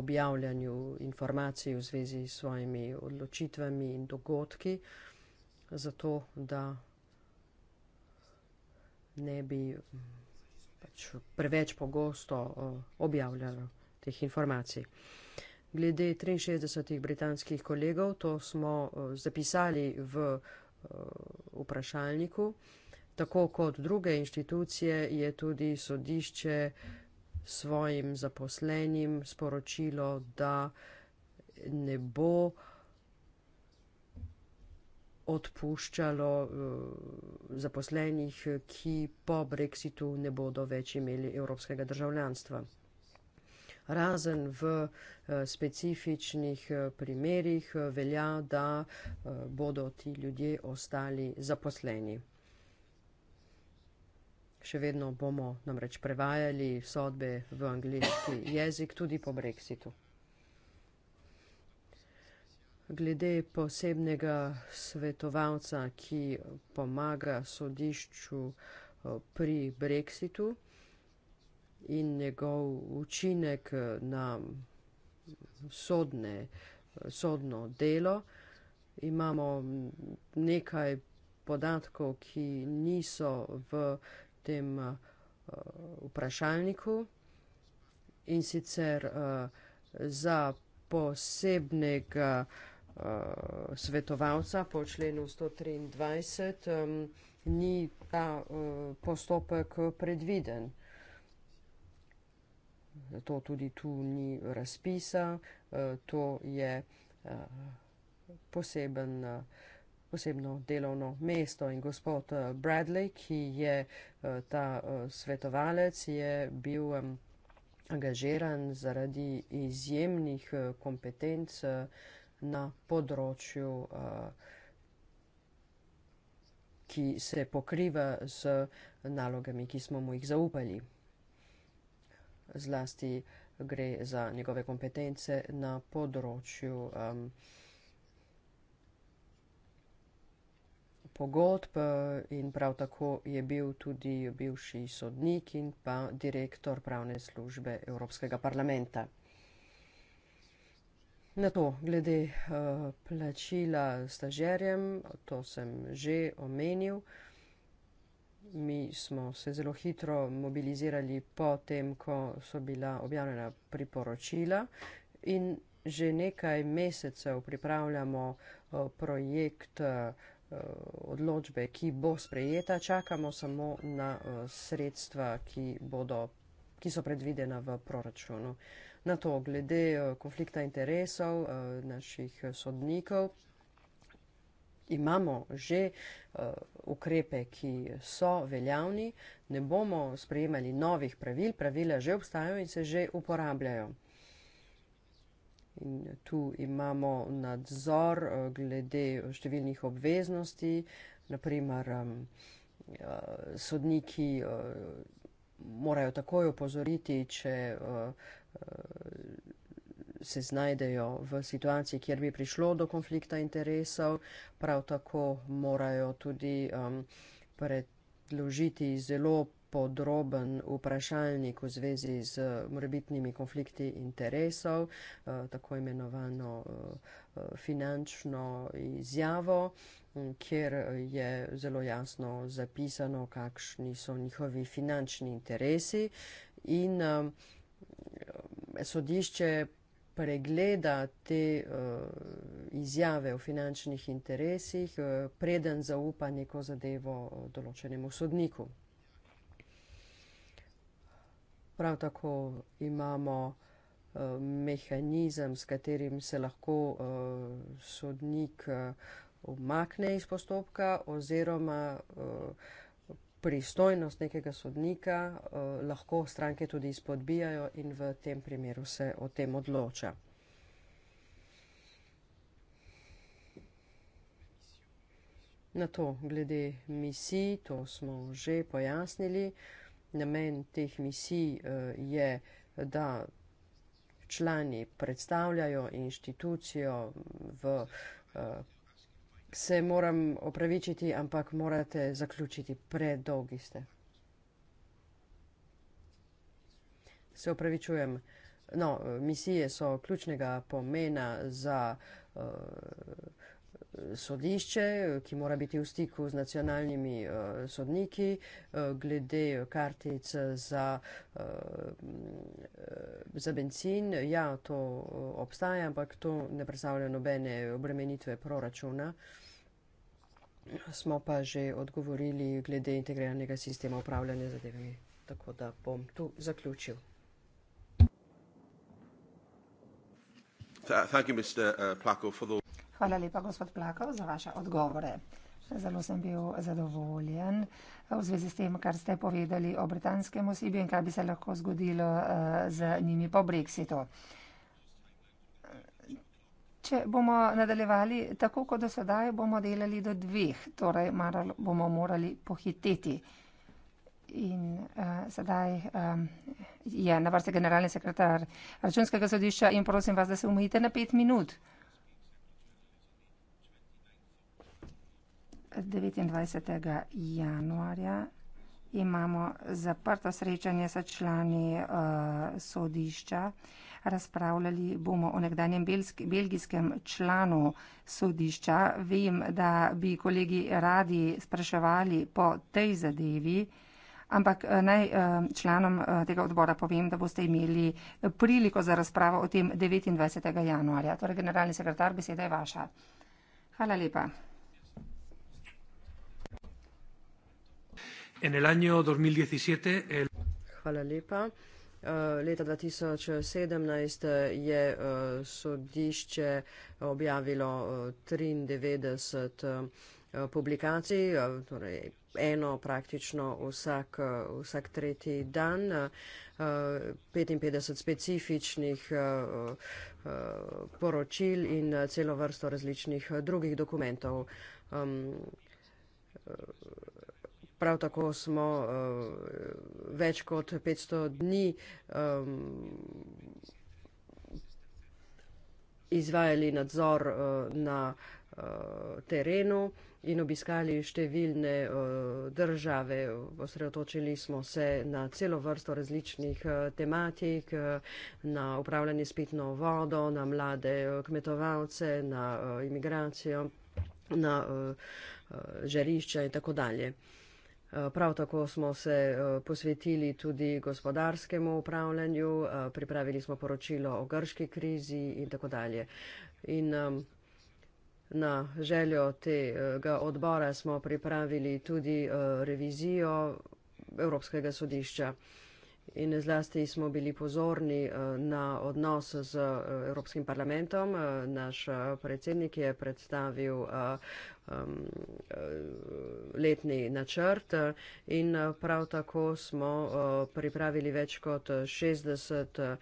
objavljanju informacij v zvezi s svojimi odločitvami in dogodki, zato da ne bi pač, preveč pogosto uh, eh, objavljalo teh informacij. Glede 63 britanskih kolegov, to smo uh, zapisali v uh, vprašalniku tako kot druge inštitucije, je tudi sodišče svojim zaposlenim sporočilo, da ne bo odpuščalo eh, zaposlenih, ki po brexitu ne bodo več imeli evropskega državljanstva. Razen v eh, specifičnih eh, primerjih velja, da bodo ti ljudje ostali zaposleni še vedno bomo namreč prevajali sodbe v angliški jezik tudi po brexitu. Glede posebnega svetovalca, ki pomaga sodišču eh, pri brexitu in njegov učinek eh, na sodne, eh, sodno delo, imamo nekaj podatkov, ki niso v tem uh, vprašalniku in sicer uh, za posebnega uh, svetovalca po členu 123 um, ni ta uh, postopek predviden. To tudi tu ni razpisa, uh, to je uh, poseben. Uh, posebno delovno mesto in gospod eh, Bradley, ki je eh, ta eh, svetovalec, je bil angažiran zaradi izjemnih kompetenc na področju, ki se pokriva z nalogami, ki smo mu jih zaupali. Zlasti gre za njegove kompetence na področju um, pogodb eh, in prav tako je bil tudi bivši sodnik in pa direktor pravne službe Evropskega parlamenta. Na to, glede eh, plačila stažerjem, to sem že omenil, mi smo se zelo hitro mobilizirali po tem, ko so bila objavljena priporočila in že nekaj mesecev pripravljamo eh, projekt Eh, odločbe, ki bo sprejeta, čakamo samo na eh, sredstva, ki, bodo, ki so predvidena v proračunu. Na to, glede eh, konflikta interesov naših sodnikov, imamo že ukrepe, ki so veljavni, ne bomo sprejemali novih pravil, pravila že obstajajo in se že uporabljajo. In tu imamo nadzor eh, glede številnih obveznosti, naprimer eh, sodniki eh, morajo takoj opozoriti, če se znajdejo v situaciji, kjer bi prišlo do konflikta interesov. Prav tako morajo tudi predložiti zelo podroben vprašalnik v zvezi z morebitnimi konflikti interesov, eh, tako imenovano eh, eh, finančno izjavo, mm, kjer je zelo jasno zapisano, kakšni so njihovi finančni interesi in sodišče pregleda te uh, izjave o finančnih interesih, uh, preden zaupa neko zadevo določenemu sodniku. Prav tako imamo eh, mehanizem, s katerim se lahko eh, sodnik eh, umakne iz postopka oziroma pristojnost nekega sodnika lahko stranke tudi izpodbijajo in v tem primeru se o tem odloča. Na to glede misij, to smo že pojasnili namen teh misij eh, je, da člani predstavljajo inštitucijo v. Eh, se moram opravičiti, ampak morate zaključiti, predolgi ste. Se opravičujem. No, eh, misije so ključnega pomena za. Uh, sodišče, ki mora biti v stiku z nacionalnimi uh, sodniki, uh, glede kartic za, uh, za benzin. Ja, to obstaja, ampak to ne predstavlja nobene obremenitve proračuna. Smo pa že odgovorili glede integriranega sistema upravljanja zadevami. Tako da bom tu zaključil. Hvala, gospod Plako, za to. Hvala lepa, gospod Plakov, za vaše odgovore. Zelo sem bil zadovoljen eh, v zvezi s tem, kar ste povedali o britanskem osebju in kaj bi se lahko zgodilo eh, z njimi po Brexitu. Če bomo nadaljevali tako, kot do sedaj, bomo delali do dveh, torej bomo morali pohiteti. In uh, sedaj um, je na vrsti generalni sekretar računskega sodišča in prosim vas, da se umijete na pet minut. 29. januarja imamo zaprto srečanje s člani uh, sodišča. Razpravljali bomo o nekdanjem belski, belgijskem članu sodišča. Vem, da bi kolegi radi spraševali po tej zadevi, ampak eh, naj uh, članom uh, tega odbora povem, da boste imeli priliko za razpravo o tem 29. januarja. Torej, generalni sekretar, beseda je vaša. Hvala lepa. en el año 2017 el... Hvala lepa. Eh, leta 2017 je eh, sodišče objavilo 93 eh, publikacij, torej eno praktično vsak, vsak tretji dan, 55 specifičnih poročil in celo vrsto različnih drugih dokumentov. Prav tako smo uh, več kot 500 dni um, izvajali nadzor uh, na uh, terenu in obiskali številne uh, države. Osredotočili smo se na celo vrsto različnih uh, tematik, uh, na upravljanje s pitno vodo, na mlade uh, kmetovalce, na uh, imigracijo, na uh, uh, žarišča in tako dalje. Eh, prav tako smo se eh, posvetili tudi gospodarskemu upravljanju, eh, pripravili smo poročilo o grški krizi in tako dalje. In na željo tega odbora smo pripravili tudi revizijo Evropskega sodišča. In zlasti smo bili pozorni eh, na odnos z eh, Evropskim parlamentom. Eh, naš predsednik je predstavil letni načrt in prav tako smo pripravili več kot 60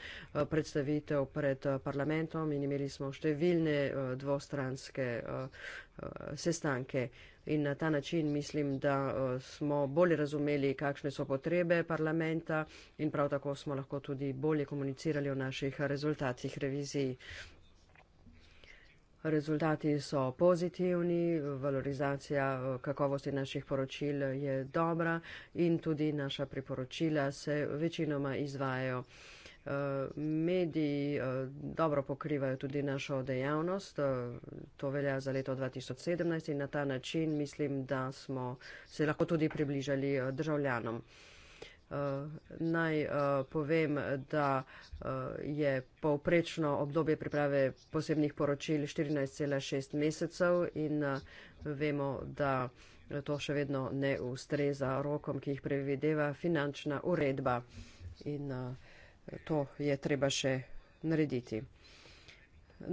predstavitev pred parlamentom in imeli smo številne dvostranske sestanke in na ta način mislim, da eh, smo bolje razumeli, kakšne so potrebe parlamenta in prav tako smo lahko tudi bolje komunicirali o naših rezultatih reviziji. Rezultati so pozitivni, valorizacija eh, kakovosti naših poročil je dobra in tudi naša priporočila se večinoma izvajajo. Eh, mediji eh, dobro pokrivajo tudi našo dejavnost. Eh, to velja za leto 2017 in na ta način mislim, da smo se lahko tudi približali državljanom. Naj povem, da je povprečno obdobje priprave posebnih poročil 14,6 mesecev in vemo, da to še vedno ne ustreza rokom, ki jih prevedeva finančna uredba. In uh, to je treba še narediti.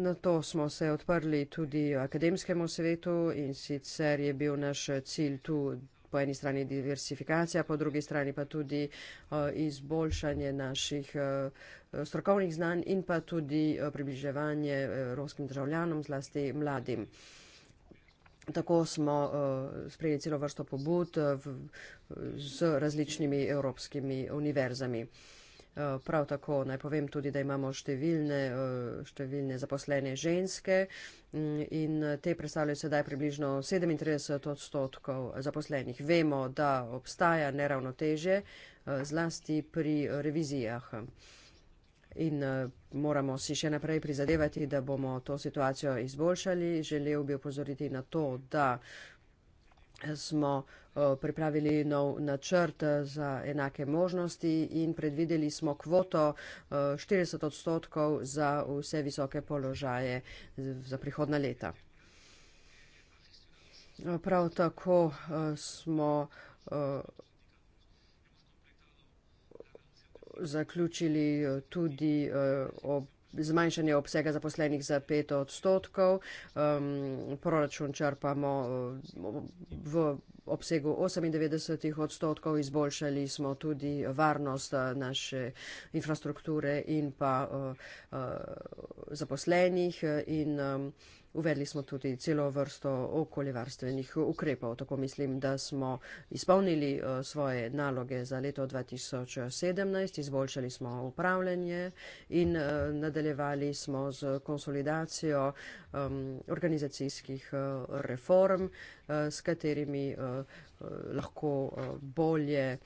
Na to smo se odprli tudi akademskemu svetu in sicer je bil naš cilj tu po eni strani diversifikacija, po drugi strani pa tudi eh, izboljšanje naših eh, strokovnih znanj in pa tudi eh, približevanje evropskim državljanom, zlasti mladim. Tako smo sprejeli celo vrsto pobud z različnimi evropskimi univerzami. Eh, prav tako naj povem tudi, da imamo številne, eh, številne zaposlene ženske mm, in te predstavljajo sedaj približno 37 odstotkov zaposlenih. Vemo, da obstaja neravnotežje eh, zlasti pri revizijah. In moramo si še naprej prizadevati, da bomo to situacijo izboljšali. Želel bi upozoriti na to, da uh, smo eh, pripravili nov načrt eh, za enake možnosti in predvideli smo kvoto 40 eh, odstotkov za vse visoke položaje za prihodna leta. Prav tako smo zaključili tudi ob zmanjšanje obsega zaposlenih za pet odstotkov, um, proračun črpamo uh, v obsegu 98 odstotkov, izboljšali smo tudi varnost uh, naše infrastrukture in pa uh, uh, zaposlenih uh, in um, Uvedli smo tudi celo vrsto okoljevarstvenih ukrepov. Tako mislim, da smo izpolnili eh, svoje naloge za leto 2017, izboljšali smo upravljanje in eh, nadaljevali smo z konsolidacijo ehm, organizacijskih eh, reform. Eh, s katerimi eh, eh, lahko bolje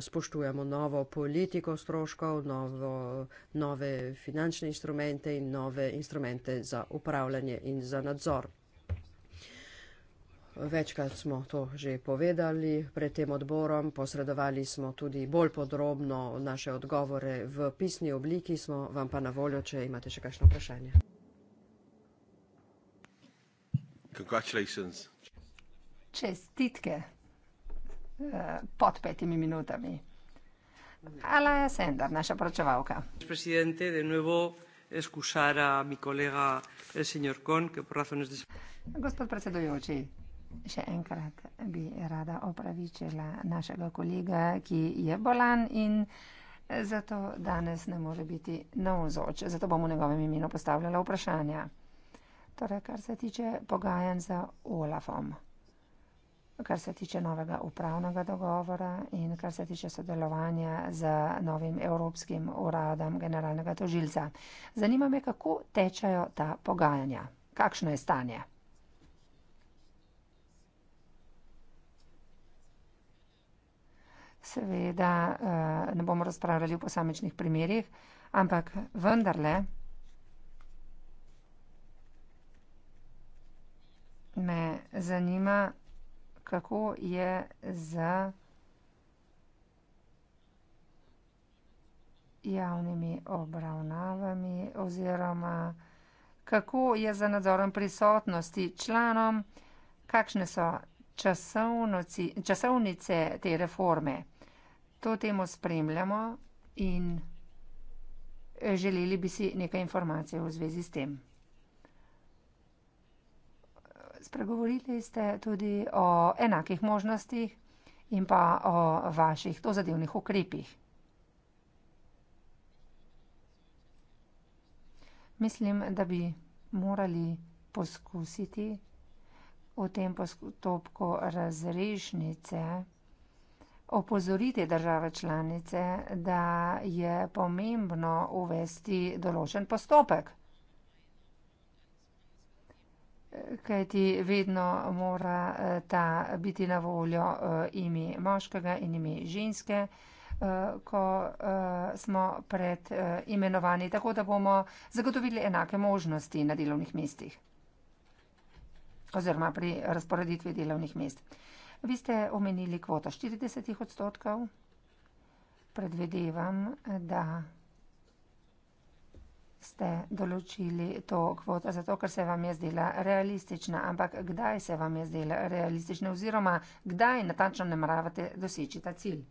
spoštujemo novo politiko stroškov, novo, nove finančne instrumente in nove instrumente za upravljanje in za nadzor. Večkrat smo to že povedali pred tem odborom, posredovali smo tudi bolj podrobno naše odgovore v pisni obliki, smo vam pa na voljo, če imate še kakšno vprašanje. Congratulations čestitke eh, pod petimi minutami. Hvala, Sender, naša pročevalka. Gospod predsedujoči, še enkrat bi rada opravičila našega kolega, ki je bolan in zato danes ne more biti navzoč. Zato bom v njegovem imenu postavljala vprašanja. Torej, kar se tiče pogajanj za Olafom kar se tiče novega upravnega dogovora in kar se tiče sodelovanja z novim Evropskim uradom generalnega tožilca. Zanima me, kako tečajo ta pogajanja. Kakšno je stanje? Seveda eh, ne bomo razpravljali v posamečnih primerjih, ampak vendarle me zanima, kako je z javnimi obravnavami oziroma kako je z nadzorom prisotnosti članom, kakšne so časovnice te reforme. To temo spremljamo in želeli bi si nekaj informacij v zvezi s tem spregovorili ste tudi o enakih možnostih in pa o vaših dozadevnih ukrepih. Mislim, da bi morali poskusiti v tem postopku razrešnice opozoriti države članice, da je pomembno uvesti določen postopek. Kaj ti vedno mora eh, ta biti na voljo eh, imi moškega in imi ženske, eh, ko smo pred imenovani, tako da bomo zagotovili enake možnosti na delovnih mestih oziroma pri razporeditvi delovnih mest. Vi ste omenili kvoto 40 odstotkov. Predvidevam, da ste določili to kvoto, zato ker se vam je zdela realistična. Ampak kdaj se vam je zdela realistična oziroma kdaj natančno nameravate doseči ta cilj?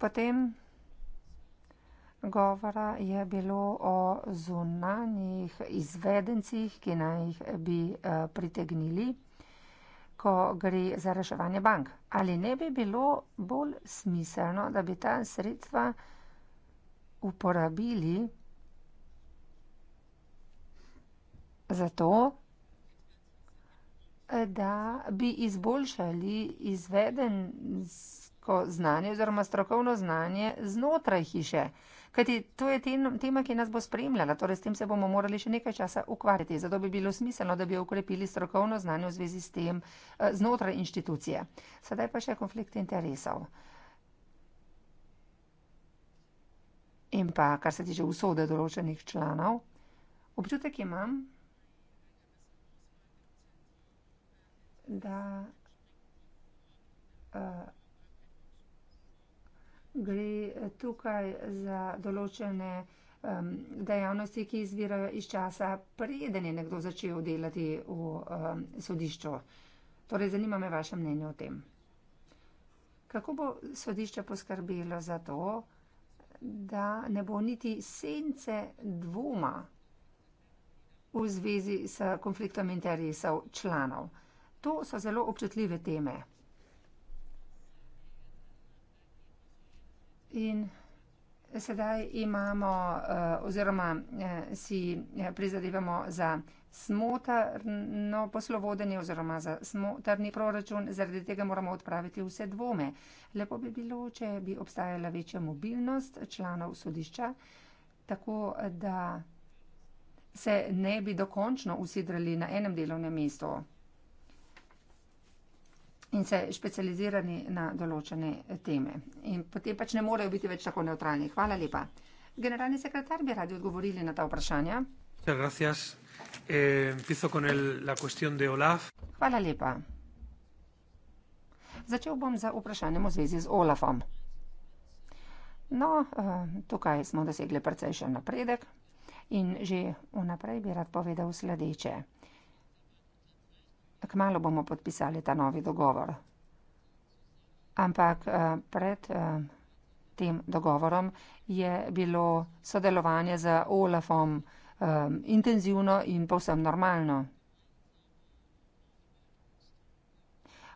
Potem govora je bilo o zunanjih izvedencih, ki naj jih bi eh, pritegnili ko gre za reševanje bank. Ali ne bi bilo bolj smiselno, da bi ta sredstva uporabili za to, da bi izboljšali izvedensko znanje oziroma strokovno znanje znotraj hiše? Kajti to je tema, ki nas bo spremljala, torej s tem se bomo morali še nekaj časa ukvarjati. Zato bi bilo smiselno, da bi ukrepili strokovno znanje v zvezi s tem eh, znotraj inštitucije. Sedaj pa še konflikt interesov. In pa, kar se tiče usode določenih članov, občutek imam, da... Uh, gre eh, tukaj za določene um, dejavnosti, ki izvirajo iz časa, preden je nekdo začel delati v um, sodišču. Torej, zanima me vaše mnenje o tem. Kako bo sodišče poskrbelo za to, da ne bo niti sence dvoma v zvezi s konfliktom interesov članov? To so zelo občutljive teme. In sedaj imamo, eh, oziroma eh, si eh, prizadevamo za smotrno poslovodenje oziroma za smotrni proračun, zaradi tega moramo odpraviti vse dvome. Lepo bi bilo, če bi obstajala večja mobilnost članov sodišča, tako da se ne bi dokončno usidrali na enem delovnem mestu in se specializirani na določene teme. In potem pač ne morejo biti več tako neutralni. Hvala lepa. Generalni sekretar bi radi odgovorili na ta vprašanja. Eh, Hvala lepa. Začel bom z vprašanjem v zvezi z Olafom. No, eh, tukaj smo dosegli precejšen napredek in že vnaprej bi rad povedal sledeče. Kmalo bomo podpisali ta novi dogovor. Ampak eh, pred eh, tem dogovorom je bilo sodelovanje z Olafom eh, intenzivno in povsem normalno.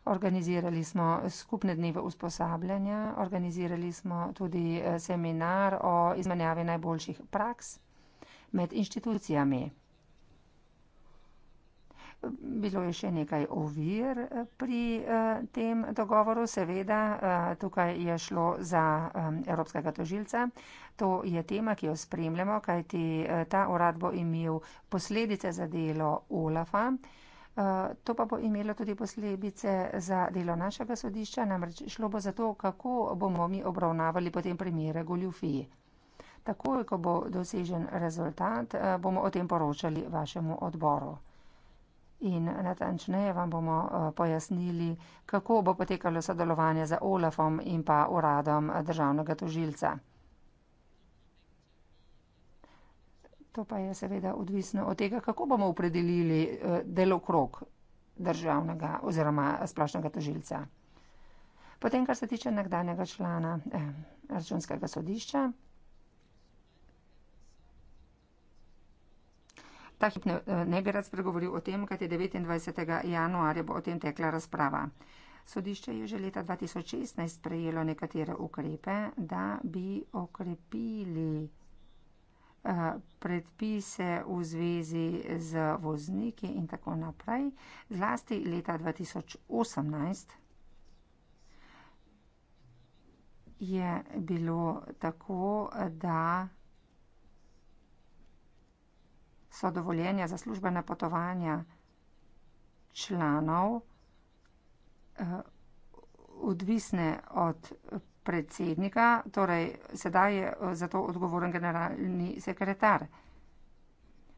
Organizirali smo skupne dneve usposabljanja, organizirali smo tudi seminar o izmenjavi najboljših praks med inštitucijami. Bilo je še nekaj ovir eh, pri eh, tem dogovoru, seveda eh, tukaj je šlo za ehm, evropskega tožilca. To je tema, ki jo spremljamo, kajti ta urad bo imel posledice za delo Olafa. To pa bo imelo tudi posledice za delo našega sodišča, namreč šlo bo za to, kako bomo mi obravnavali potem primere goljufiji. Takoj, ko bo dosežen rezultat, bomo o tem poročali vašemu odboru in natančneje vam bomo eh, pojasnili, kako bo potekalo sodelovanje za Olafom in pa uradom državnega tožilca. To pa je seveda odvisno od tega, kako bomo upredelili eh, delokrog državnega oziroma splošnega tožilca. Potem, kar se tiče nekdanjega člana eh, računskega sodišča, Ta hip ne, eh, ne bi rad spregovoril o tem, kajti 29. januarja bo o tem tekla razprava. Sodišče je že leta 2016 sprejelo nekatere ukrepe, da bi okrepili eh, predpise v zvezi z vozniki in tako naprej. Zlasti leta 2018 je bilo tako, da so dovoljenja za službena potovanja članov eh, odvisne od predsednika, torej sedaj je eh, za to odgovoren generalni sekretar.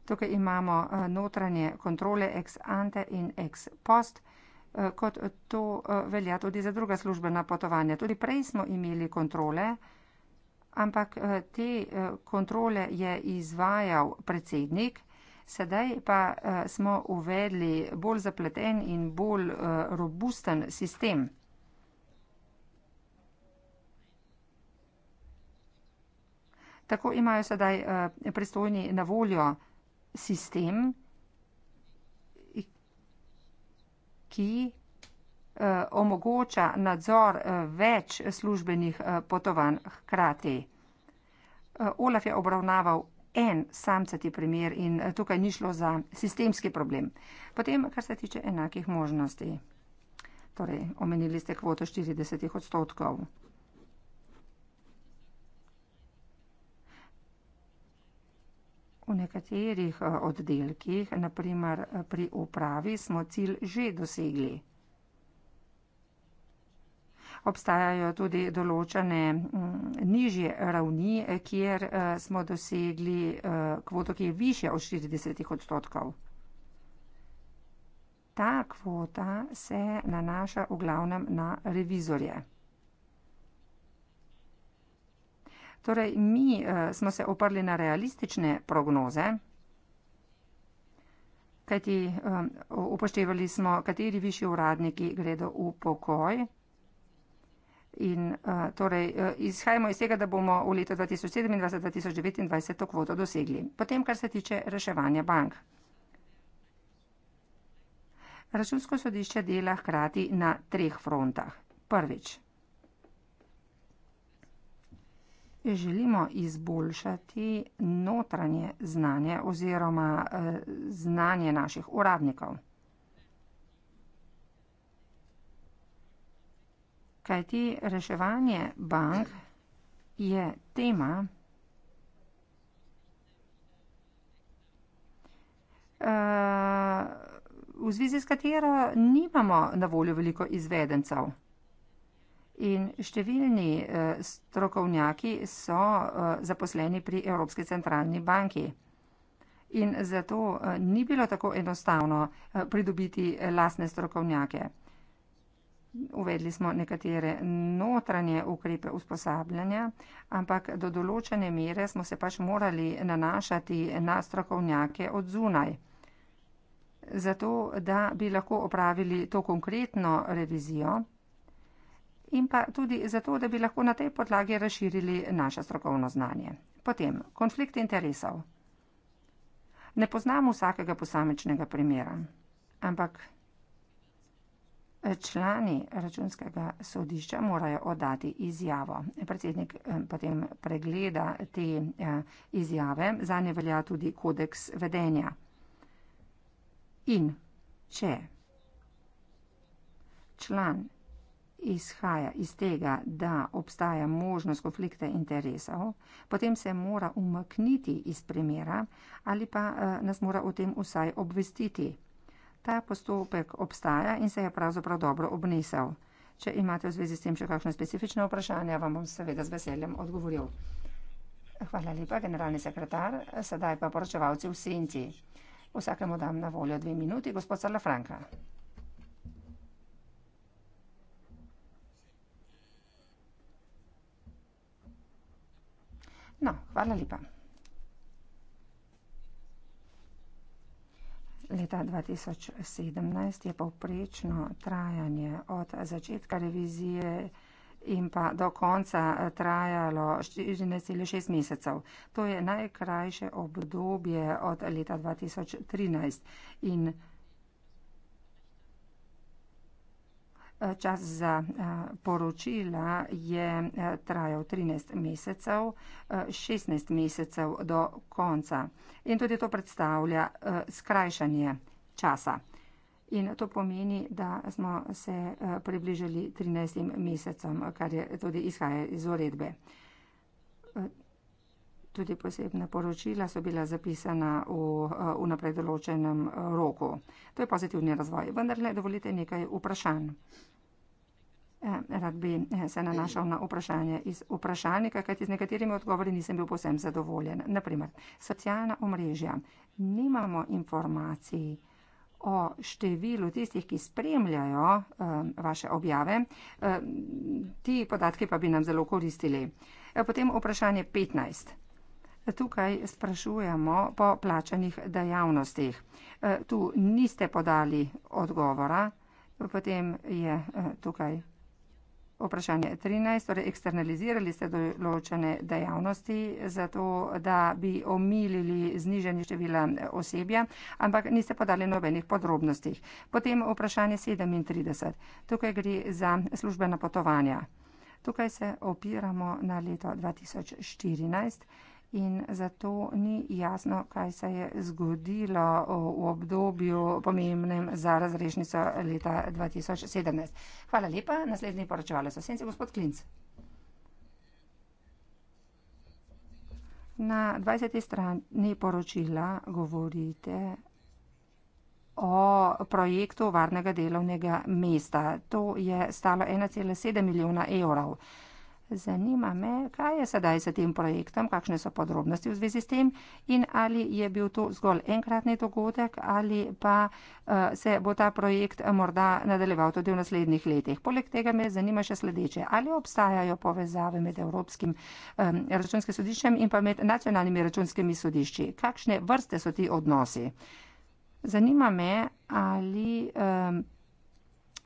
Tukaj imamo eh, notranje kontrole ex ante in ex post, kot to velja tudi za druga službena potovanja. Tudi prej smo imeli kontrole, ampak te kontrole je izvajal predsednik Sedaj pa uh, smo uvedli bolj zapleten in bolj uh, robusten sistem. Tako imajo sedaj uh, pristojni na voljo sistem, ki omogoča nadzor več službenih potovanj hkrati. Olaf je obravnaval en samcati primer in eh, tukaj ni šlo za sistemski problem. Potem, kar se tiče enakih možnosti. Torej, omenili ste kvoto 40 odstotkov. V nekaterih eh, oddelkih, naprimer eh, pri upravi, smo cilj že dosegli obstajajo tudi določene mm, nižje ravni, eh, kjer eh, smo dosegli eh, kvoto, ki je višja od 40 odstotkov. Ta kvota se nanaša v glavnem na revizorje. Torej, mi uh, smo se oprli na realistične prognoze, kajti um, upoštevali smo, kateri višji uradniki gredo v pokoj. In uh, torej uh, izhajamo iz tega, da bomo v letu 2027-2029 to kvoto dosegli. Potem, kar se tiče reševanja bank. Računsko sodišče dela hkrati na treh frontah. Prvič. Želimo izboljšati notranje znanje oziroma eh, znanje naših uradnikov. kajti reševanje bank je tema, eh, v zvezi s katero nimamo na voljo veliko izvedencev. In številni eh, strokovnjaki so eh, zaposleni pri Evropski centralni banki. In zato ni bilo tako enostavno pridobiti lastne strokovnjake. Uvedli smo nekatere notranje ukrepe usposabljanja, ampak do določene mere smo se pač morali nanašati na strokovnjake od zunaj. Zato, da bi lahko opravili to konkretno revizijo in pa tudi zato, da bi lahko na tej podlagi razširili naše strokovno znanje. Potem, konflikt interesov. Ne poznam vsakega posamičnega primera, ampak Člani računskega sodišča morajo oddati izjavo. Predsednik eh, potem pregleda te eh, izjave, za ne velja tudi kodeks vedenja. In če član izhaja iz tega, da obstaja možnost konflikta interesov, potem se mora umakniti iz primera ali pa eh, nas mora o tem vsaj obvestiti ta postopek obstaja in se je pravzaprav dobro obnesel. Če imate v zvezi s tem še kakšne specifične vprašanja, vam bom seveda z veseljem odgovoril. Hvala lepa, generalni sekretar. Sedaj pa poročevalci v senci. Vsakemu dam na voljo dve minuti. Gospod Salafranka. No, hvala lepa. Leta 2017 je povprečno trajanje od začetka revizije in pa do konca eh, trajalo 14,6 mesecev. To je najkrajše obdobje od leta 2013 in Čas za eh, poročila je eh, trajal 13 mesecev, 16 eh, mesecev do konca. In tudi to predstavlja skrajšanje časa. In to pomeni, da smo se približali 13 mesecem, kar je tudi izhaja iz uredbe. Tudi posebna poročila so bila zapisana v unaprej eh, določenem roku. To je pozitivni razvoj. Vendar le dovolite nekaj vprašanj. Eh, rad bi eh, se nanašal na vprašanje iz vprašalnika, kajti z nekaterimi odgovori nisem bil posem zadovoljen. Naprimer, socialna omrežja. Nimamo informacij o številu tistih, ki spremljajo uh, vaše objave. Uh, ti podatki pa bi nam zelo koristili. Potem vprašanje 15 tukaj sprašujemo po plačanih dejavnostih. E, tu niste podali odgovora, potem je e, tukaj vprašanje 13, torej eksternalizirali ste določene dejavnosti za to, da bi omilili zniženje števila osebja, ampak niste podali nobenih podrobnosti. Potem vprašanje 37, tukaj gre za službena potovanja. Tukaj se opiramo na leto 2014 in zato ni jasno, kaj se je zgodilo v obdobju pomembnem za razrešnico leta 2017. Hvala lepa. Naslednji poročevalec v senci, gospod Klinc. Na 20. strani poročila govorite o projektu varnega delovnega mesta. To je stalo 1,7 milijona evrov. Zanima me, kaj je sedaj s tem projektom, kakšne so podrobnosti v zvezi s tem in ali je bil to zgolj enkratni dogodek ali pa uh, se bo ta projekt morda nadaljeval tudi v naslednjih letih. Poleg tega me zanima še sledeče, ali obstajajo povezave med Evropskim um, računskim sodiščem in pa med nacionalnimi računskimi sodišči. Kakšne vrste so ti odnosi? Zanima me, ali um,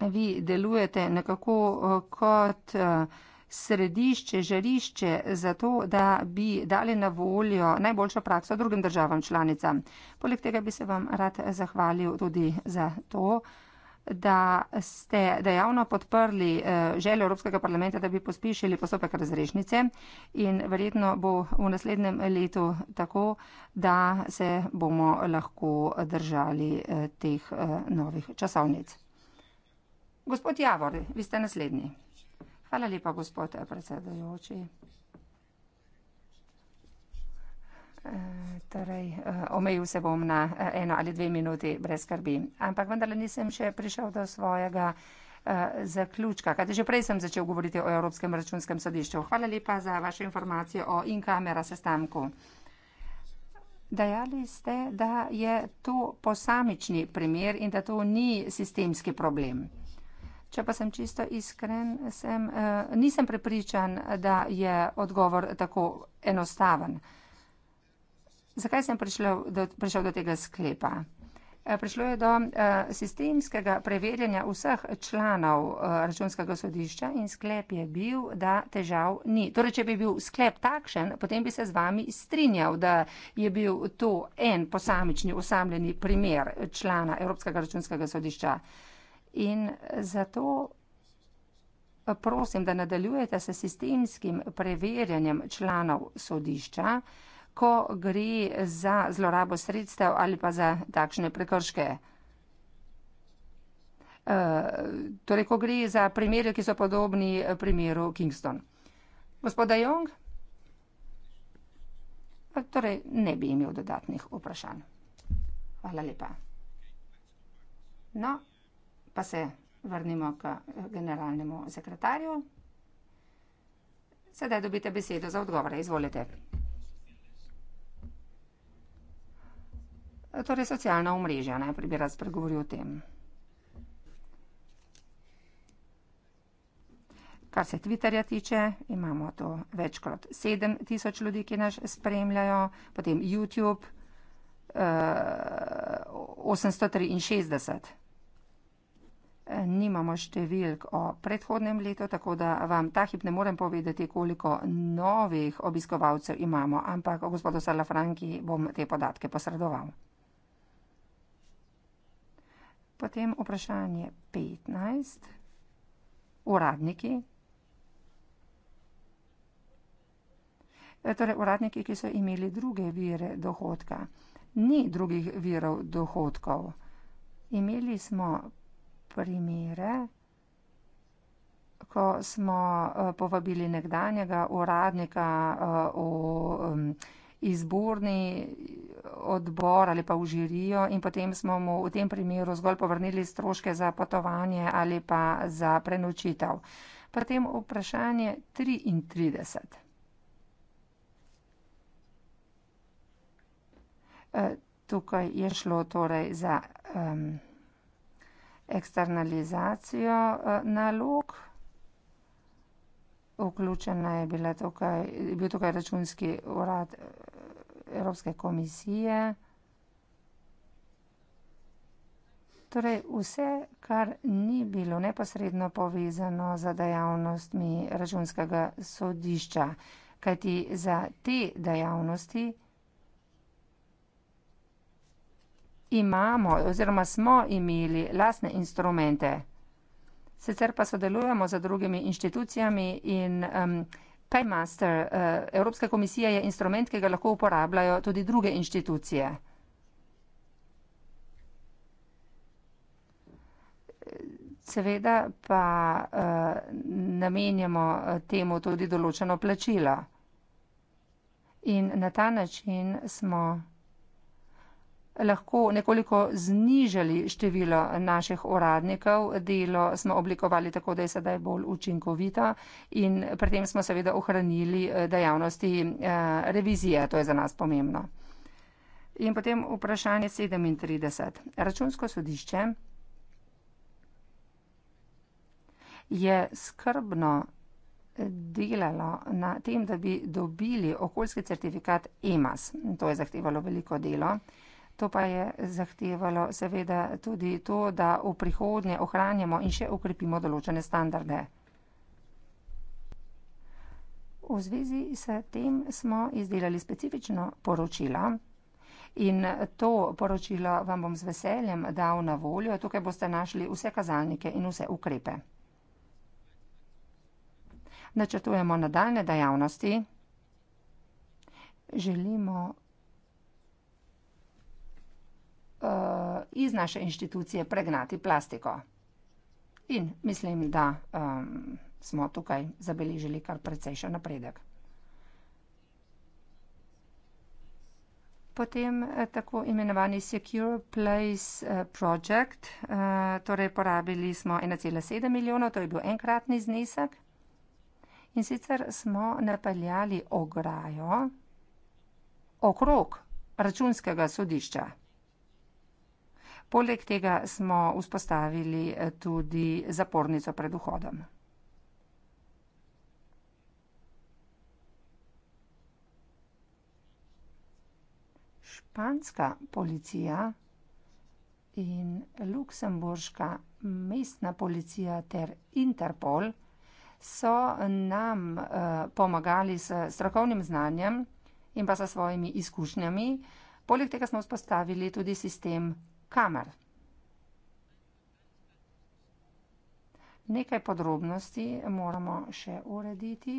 vi delujete nekako uh, kot. Uh, središče, žarišče za to, da bi dali na voljo najboljšo prakso drugim državam članicam. Poleg tega bi se vam rad zahvalil tudi za to, da ste dejavno podprli eh, željo Evropskega parlamenta, da bi pospešili postopek razrešnice in verjetno bo v naslednjem letu tako, da se bomo lahko držali eh, teh eh, novih časovnic. Gospod Javor, vi ste naslednji. Hvala lepa, gospod predsedajoči. Eh, torej, eh, omejil se bom na eh, eno ali dve minuti brez skrbi. Ampak vendarle nisem še prišel do svojega zaključka, kajti že prej sem začel govoriti o Evropskem računskem sodišču. Hvala lepa za vašo informacijo o in-kamera sestanku. Dajali ste, da je to posamični primer in da to ni sistemski problem. Če pa sem čisto iskren, sem, uh, nisem prepričan, da je odgovor tako enostaven. Zakaj sem prišel do, prišel do tega sklepa? Eh, prišlo je do uh, sistemskega preverjanja vseh članov uh, računskega sodišča in sklep je bil, da težav ni. Torej, če bi bil sklep takšen, potem bi se z vami strinjal, da je bil to en posamični osamljeni primer člana Evropskega računskega sodišča. Uh, In zato prosim, da nadaljujete s sistemskim preverjanjem članov sodišča, ko gre za zlorabo sredstev ali pa za takšne prekrške. Uh, torej, ko gre za primere, ki so podobni primeru Kingston. Gospoda Jong? E, torej, ne bi imel dodatnih vprašanj. Hvala lepa. No pa se vrnimo k eh, generalnemu sekretarju. Sedaj dobite besedo za odgovore, izvolite. Torej, socialna omrežja, najprej bi rad spregovoril o tem. Kar se Twitterja tiče, imamo to več kot sedem tisoč ljudi, ki nas spremljajo, potem YouTube, eh, osemsto triinšestdeset. Nimamo številk o predhodnem letu, tako da vam ta hip ne morem povedati, koliko novih obiskovalcev imamo, ampak gospodu Salafranki bom te podatke posredoval. Potem vprašanje 15. Uradniki. E, torej, uradniki, ki so imeli druge vire dohodka. Ni drugih virov dohodkov. Imeli smo primere, ko smo eh, povabili nekdanjega uradnika eh, v izborni odbor ali pa v žirijo in potem smo mu v tem primeru zgolj povrnili stroške za potovanje ali pa za prenočitev. Potem vprašanje 33. Eh, tukaj je šlo torej za. Um, eksternalizacijo eh, nalog. Vključena je bila tukaj, bil tukaj računski urad eh, Evropske komisije. Torej vse, kar ni bilo neposredno povezano za dejavnostmi računskega sodišča, kajti za te dejavnosti imamo oziroma smo imeli lasne instrumente. Sicer pa sodelujemo z drugimi inštitucijami in um, Paymaster, uh, eh, Evropska komisija je instrument, ki ga lahko uporabljajo tudi druge inštitucije. Seveda pa uh, namenjamo eh, temu tudi določeno plačilo. In na ta način smo lahko nekoliko znižali število naših uradnikov. Delo smo oblikovali tako, da je sedaj bolj učinkovita in pri tem smo seveda ohranili eh, dejavnosti eh, revizije. To je za nas pomembno. In potem vprašanje 37. Računsko sodišče je skrbno eh, delalo na tem, da bi dobili okoljski certifikat EMAS. To je zahtevalo veliko delo. To pa je zahtevalo seveda tudi to, da v prihodnje ohranjamo in še ukrepimo določene standarde. V zvezi s tem smo izdelali specifično poročilo in to poročilo vam bom z veseljem dal na voljo. Tukaj boste našli vse kazalnike in vse ukrepe. Načrtujemo nadaljne dejavnosti. Želimo Eh, iz naše inštitucije pregnati plastiko. In mislim, da um, smo tukaj zabeležili kar precejšen napredek. Potem eh, tako imenovani Secure Place eh, Project, torej porabili smo 1,7 milijona, to je bil enkratni znesek. In sicer smo napeljali ograjo okrog računskega sodišča. Poleg tega smo vzpostavili eh, tudi zapornico pred vhodom. Španska policija in luksemburška mestna policija ter Interpol so nam eh, pomagali s strokovnim znanjem in pa s svojimi izkušnjami. Poleg tega smo vzpostavili tudi sistem kamar. Nekaj podrobnosti moramo še urediti.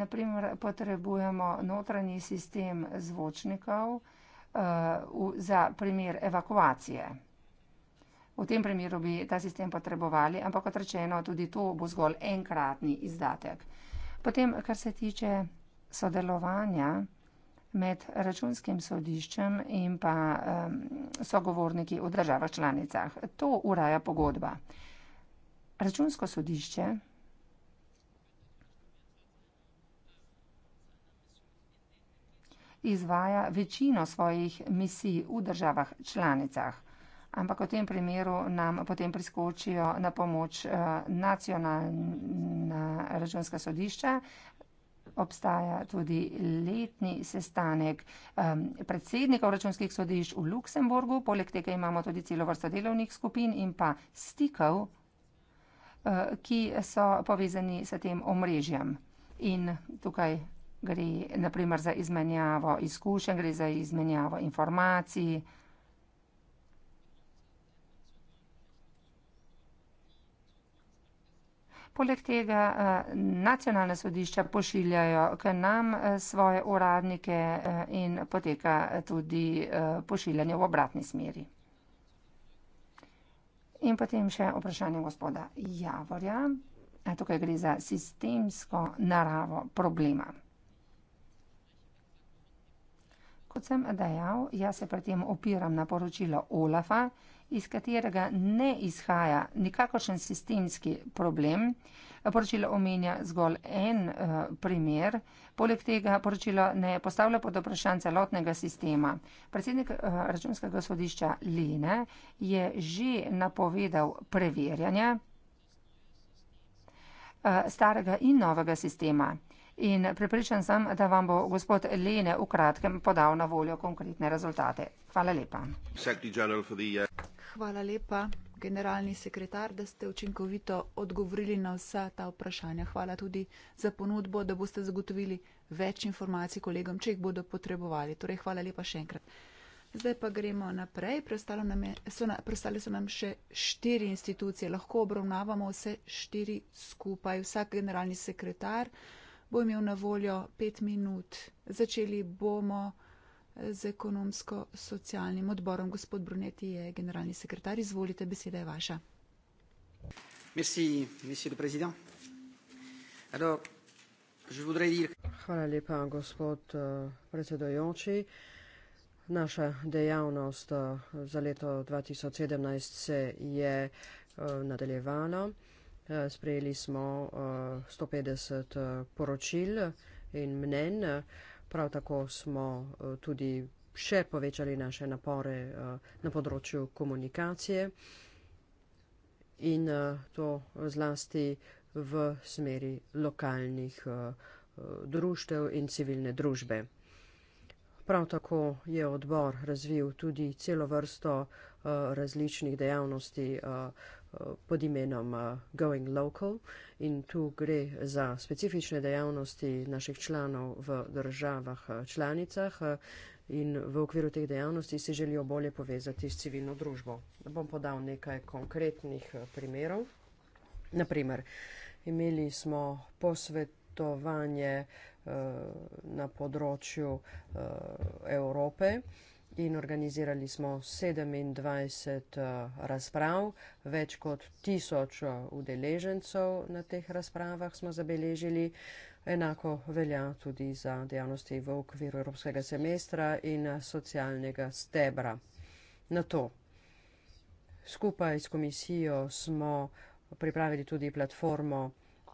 Na primer, potrebujemo notranji sistem zvočnikov eh, za primer evakuacije. V tem primeru bi ta sistem potrebovali, ampak kot rečeno, tudi to bo zgolj enkratni izdatek. Potem, kar se tiče sodelovanja, med računskim sodiščem in pa um, sogovorniki v državah članicah. To uraja pogodba. Računsko sodišče izvaja večino svojih misij v državah članicah, ampak v tem primeru nam potem priskočijo na pomoč uh, nacionalna računska sodišča, obstaja tudi letni sestanek um, predsednikov računskih sodišč v Luksemburgu. Poleg tega imamo tudi celo vrsto delovnih skupin in pa stikov, uh, ki so povezani s tem omrežjem. In tukaj gre naprimer za izmenjavo izkušenj, gre za izmenjavo informacij. Poleg tega eh, nacionalna sodišča pošiljajo k nam eh, svoje uradnike eh, in poteka tudi pošiljanje v obratni smeri. In potem še vprašanje gospoda Javorja. Tukaj gre za sistemsko naravo problema. Kot sem dejal, jaz se pri tem opiram na poročilo OLAFA iz katerega ne izhaja nikakršen sistemski problem. Poročilo omenja zgolj en uh, primer, poleg tega poročilo ne postavlja pod vprašanj celotnega sistema. Predsednik uh, računskega sodišča Lene je že napovedal preverjanje uh, starega in novega sistema in prepričan sem, da vam bo gospod Lene v kratkem podal na voljo konkretne rezultate. Hvala lepa. Uh, hvala lepa, generalni sekretar, da ste učinkovito odgovorili na vsa ta vprašanja. Hvala tudi za ponudbo, da boste zagotovili več informacij kolegom, če jih bodo potrebovali. Torej, hvala lepa še enkrat. Zdaj pa gremo naprej. Prestale so, na, so nam še štiri institucije. Lahko obravnavamo vse štiri skupaj. Vsak generalni sekretar bo imel na voljo pet minut. Začeli bomo z ekonomsko-socialnim odborom. Gospod Brunetti je generalni sekretar. Izvolite, beseda je vaša. Merci, monsieur le Alors, je dire... Hvala lepa, gospod uh, eh, predsedojoči. Naša dejavnost uh, za leto 2017 se je uh, eh, nadaljevala. Eh, sprejeli smo 150 eh, eh, poročil in mnen, prav tako smo tudi še povečali naše napore na področju komunikacije in to zlasti v smeri lokalnih društev in civilne družbe. Prav tako je odbor razvil tudi celo vrsto različnih dejavnosti Eh, pod imenom eh, Going Local in tu gre za specifične dejavnosti naših članov v državah eh, članicah in v okviru teh dejavnosti si želijo bolje povezati s civilno družbo. Bom podal nekaj konkretnih primerov. Naprimer, imeli smo posvetovanje na področju Evrope in organizirali smo 27 eh, razprav, več kot tisoč eh, udeležencev na teh razpravah smo zabeležili. Enako velja tudi za dejavnosti v okviru Evropskega semestra in eh, socialnega stebra. Na to. Skupaj s komisijo smo pripravili tudi platformo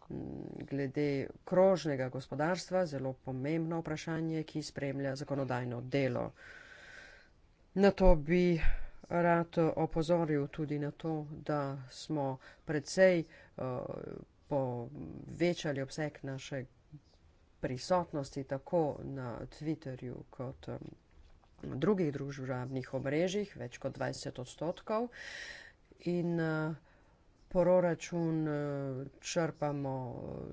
mm, glede krožnega gospodarstva, zelo pomembno vprašanje, ki spremlja zakonodajno delo. Na to bi rad eh, opozoril tudi na to, da smo precej uh, povečali obseg naše prisotnosti tako na Twitterju kot um, drugih družbenih omrežjih, več kot 20 odstotkov. In, uh, Proračun črpamo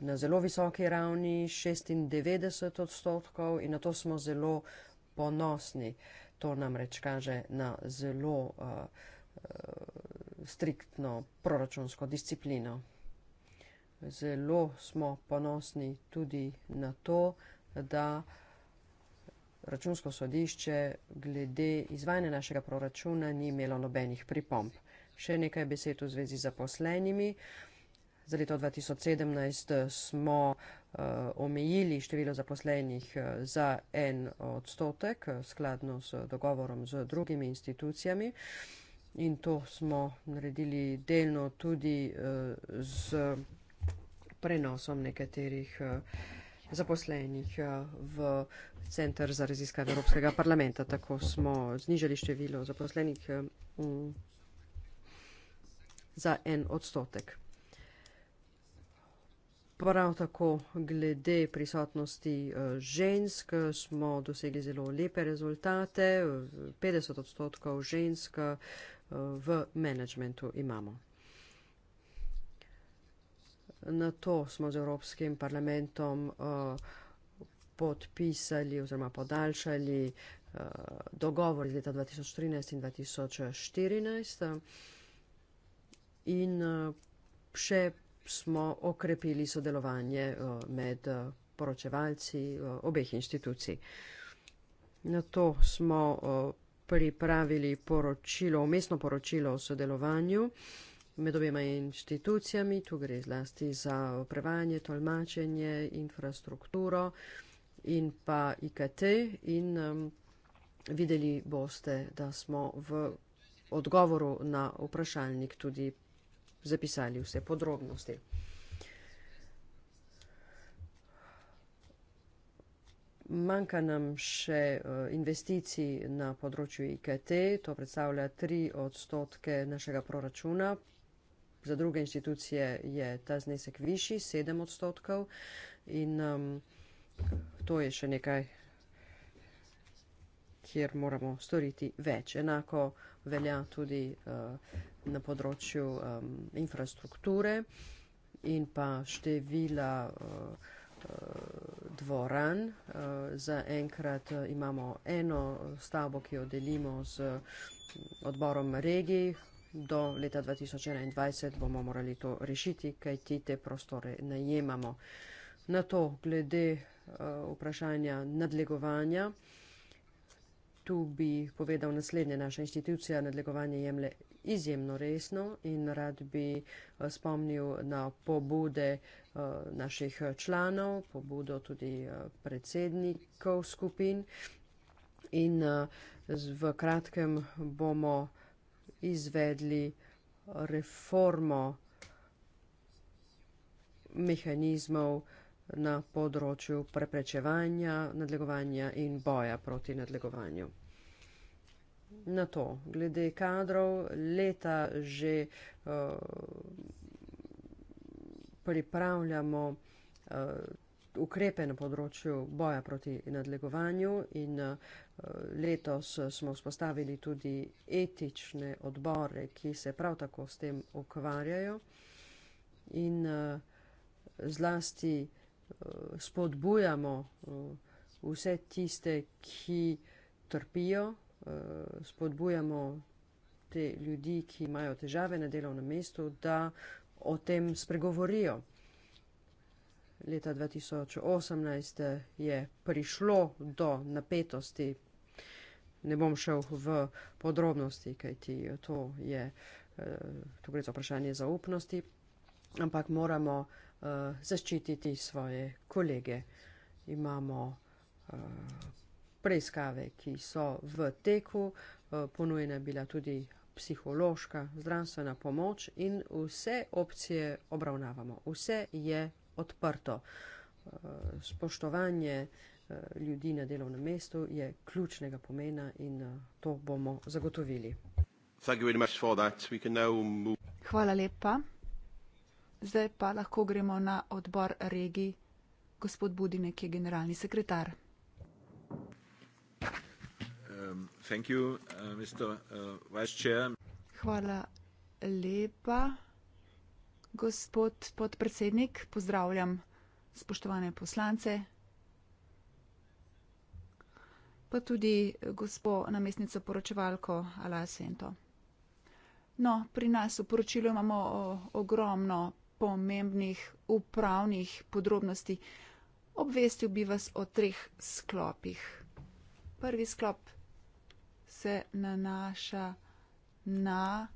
na zelo visoki ravni, 96 odstotkov, in na to smo zelo ponosni. Uh, To namreč kaže na zelo uh, striktno proračunsko disciplino. Zelo smo ponosni tudi na to, da računsko sodišče glede izvajanja našega proračuna ni imelo nobenih pripomb. Še nekaj besed v zvezi z zaposlenimi. Uh, Za leto 2017 eh, smo eh, omejili število zaposlenih eh, za en odstotek, skladno s dogovorom z drugimi institucijami. In to smo naredili delno tudi z prenosom nekaterih zaposlenih v Centr za raziskave Evropskega parlamenta. Tako smo znižali število zaposlenih mm, za en odstotek. Prav tako glede prisotnosti eh, žensk eh, smo dosegli zelo lepe rezultate. 50 odstotkov žensk eh, v menedžmentu imamo. Na to smo z Evropskim parlamentom podpisali oziroma podaljšali dogovor iz leta 2013 in 2014 in še smo okrepili sodelovanje eh, med eh, poročevalci eh, obeh institucij. Na to smo pripravili poročilo, umestno poročilo o sodelovanju med obema institucijami, tu gre zlasti za prevajanje, tolmačenje, infrastrukturo in pa IKT in um, videli boste, da smo v odgovoru na vprašalnik tudi zapisali vse podrobnosti. Manjka nam še e, investicij na področju IKT, to predstavlja 3 odstotke našega proračuna. Za druge institucije je ta znesek višji, 7 odstotkov in um, to je še nekaj, kjer moramo storiti več. Enako velja tudi uh, na področju um, infrastrukture in pa števila uh, uh dvoran. Uh, za enkrat uh, imamo eno stavbo, ki jo delimo z um, odborom regij. Do leta 2021 bomo morali to rešiti, kaj ti te prostore najemamo. Na to, glede uh, vprašanja nadlegovanja, tu bi povedal naslednje. Naša institucija nadlegovanje jemlje izjemno resno in rad bi eh, spomnil na pobude eh, naših članov, pobudo tudi eh, predsednikov skupin in v kratkem bomo izvedli reformo mehanizmov na področju preprečevanja nadlegovanja in boja proti nadlegovanju na to, glede kadrov, leta že uh, pripravljamo uh, ukrepe na področju boja proti nadlegovanju in uh, letos smo vzpostavili tudi etične odbore, ki se prav tako s tem ukvarjajo in uh, zlasti uh, spodbujamo uh, vse tiste, ki trpijo Eh, spodbujamo te ljudi, ki imajo težave na delovnem mestu, da o tem spregovorijo. Leta 2018 je prišlo do napetosti. Ne bom šel v podrobnosti, kajti to je, eh, tu gre za vprašanje zaupnosti, ampak moramo uh, zaščititi svoje kolege. Imamo uh, preiskave, ki so v teku, eh, ponujena bila tudi psihološka, zdravstvena pomoč in vse opcije obravnavamo. Vse je odprto. Eh, spoštovanje eh, ljudi na delovnem mestu je ključnega pomena in to bomo zagotovili. Hvala lepa. Zdaj pa lahko gremo na odbor regij. Gospod Budinek je generalni sekretar. Um, thank you, uh, Mr. Uh, vice Chair. Hvala lepa, gospod podpredsednik. Pozdravljam spoštovane poslance, pa tudi gospo namestnico poročevalko Ala Sento. No, pri nas v poročilu imamo ogromno pomembnih upravnih podrobnosti. Obvestil bi vas o treh sklopih. Prvi sklop se nanaša na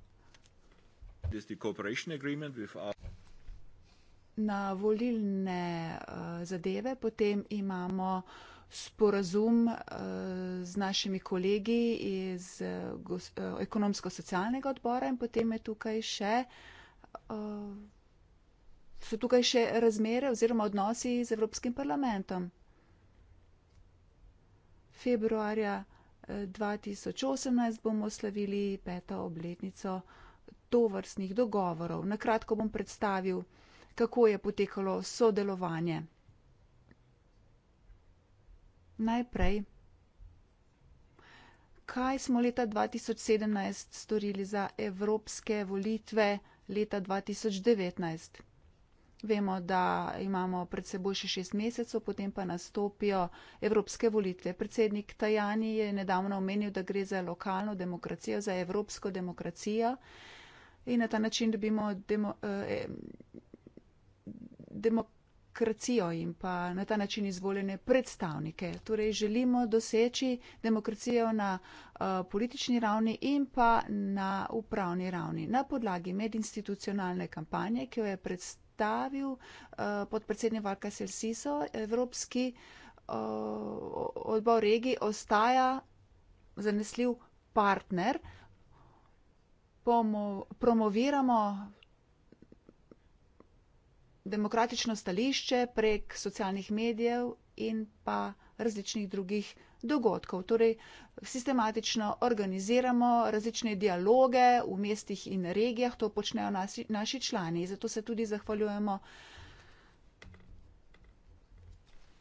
na volilne uh, zadeve, potem imamo sporazum uh, z našimi kolegi iz uh, ekonomsko-socialnega odbora in potem je tukaj še, uh, so tukaj še razmere oziroma odnosi z Evropskim parlamentom. Februarja 2018 bomo slavili peto obletnico tovrstnih dogovorov. Na kratko bom predstavil, kako je potekalo sodelovanje. Najprej, kaj smo leta 2017 storili za evropske volitve leta 2019? Vemo, da imamo pred seboj še šest mesecev, potem pa nastopijo evropske volitve. Predsednik Tajani je nedavno omenil, da gre za lokalno demokracijo, za evropsko demokracijo in na ta način dobimo demo, eh, demokracijo in pa na ta način izvoljene predstavnike. Torej želimo doseči demokracijo na eh, politični ravni in pa na upravni ravni. Na podlagi medinstitucionalne kampanje, ki jo je predstavnik predstavil eh, podpredsednik Valka Selsiso, Evropski eh, odbor regij ostaja zanesljiv partner. Promoviramo demokratično stališče prek socialnih medijev in pa različnih drugih dogodkov. Torej, sistematično organiziramo različne dialoge v mestih in regijah, to počnejo naši, naši člani. Zato se tudi zahvaljujemo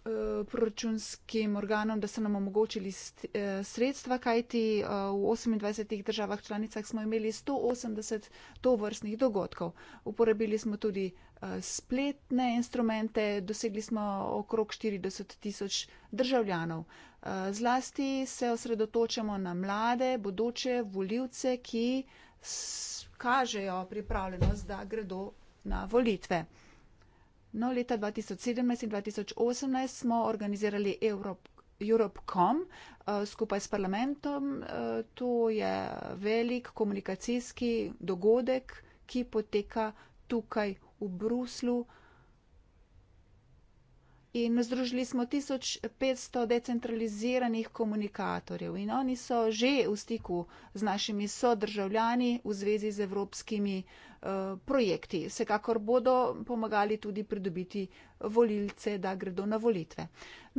Eh, proračunskim organom, da so nam omogočili eh, sredstva, kajti eh, v 28 državah članicah smo imeli 180 tovrstnih dogodkov. Uporabili smo tudi spletne instrumente, dosegli smo okrog 40 tisoč državljanov. Zlasti se osredotočamo na mlade, bodoče voljivce, ki kažejo pripravljenost, da gredo na volitve. No, leta 2017 in 2018 smo organizirali Europe.com Europe uh, skupaj s parlamentom. Uh, to je velik komunikacijski dogodek, ki poteka tukaj v Bruslu. In združili smo 1500 decentraliziranih komunikatorjev in oni so že v stiku z našimi sodržavljani v zvezi z evropskimi uh, Eh, projekti. Vsekakor bodo pomagali tudi pridobiti volilce, da gredo na volitve.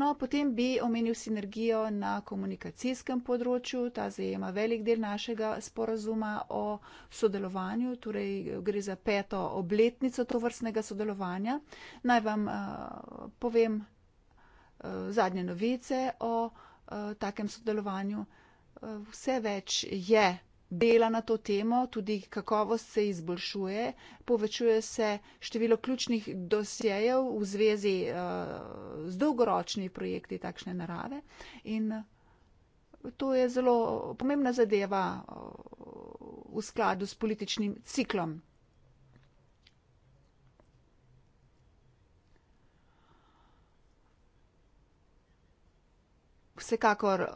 No, potem bi omenil sinergijo na komunikacijskem področju. Ta zajema velik del našega sporazuma o sodelovanju, torej gre za peto obletnico to vrstnega sodelovanja. Naj vam eh, povem eh, zadnje novice o takem sodelovanju. Vse več je dela na to temo, tudi kakovost se izboljšuje, povečuje se število ključnih dosjejev v zvezi uh, z dolgoročni projekti takšne narave. In to je zelo pomembna zadeva uh, v skladu s političnim ciklom. vsekakor uh,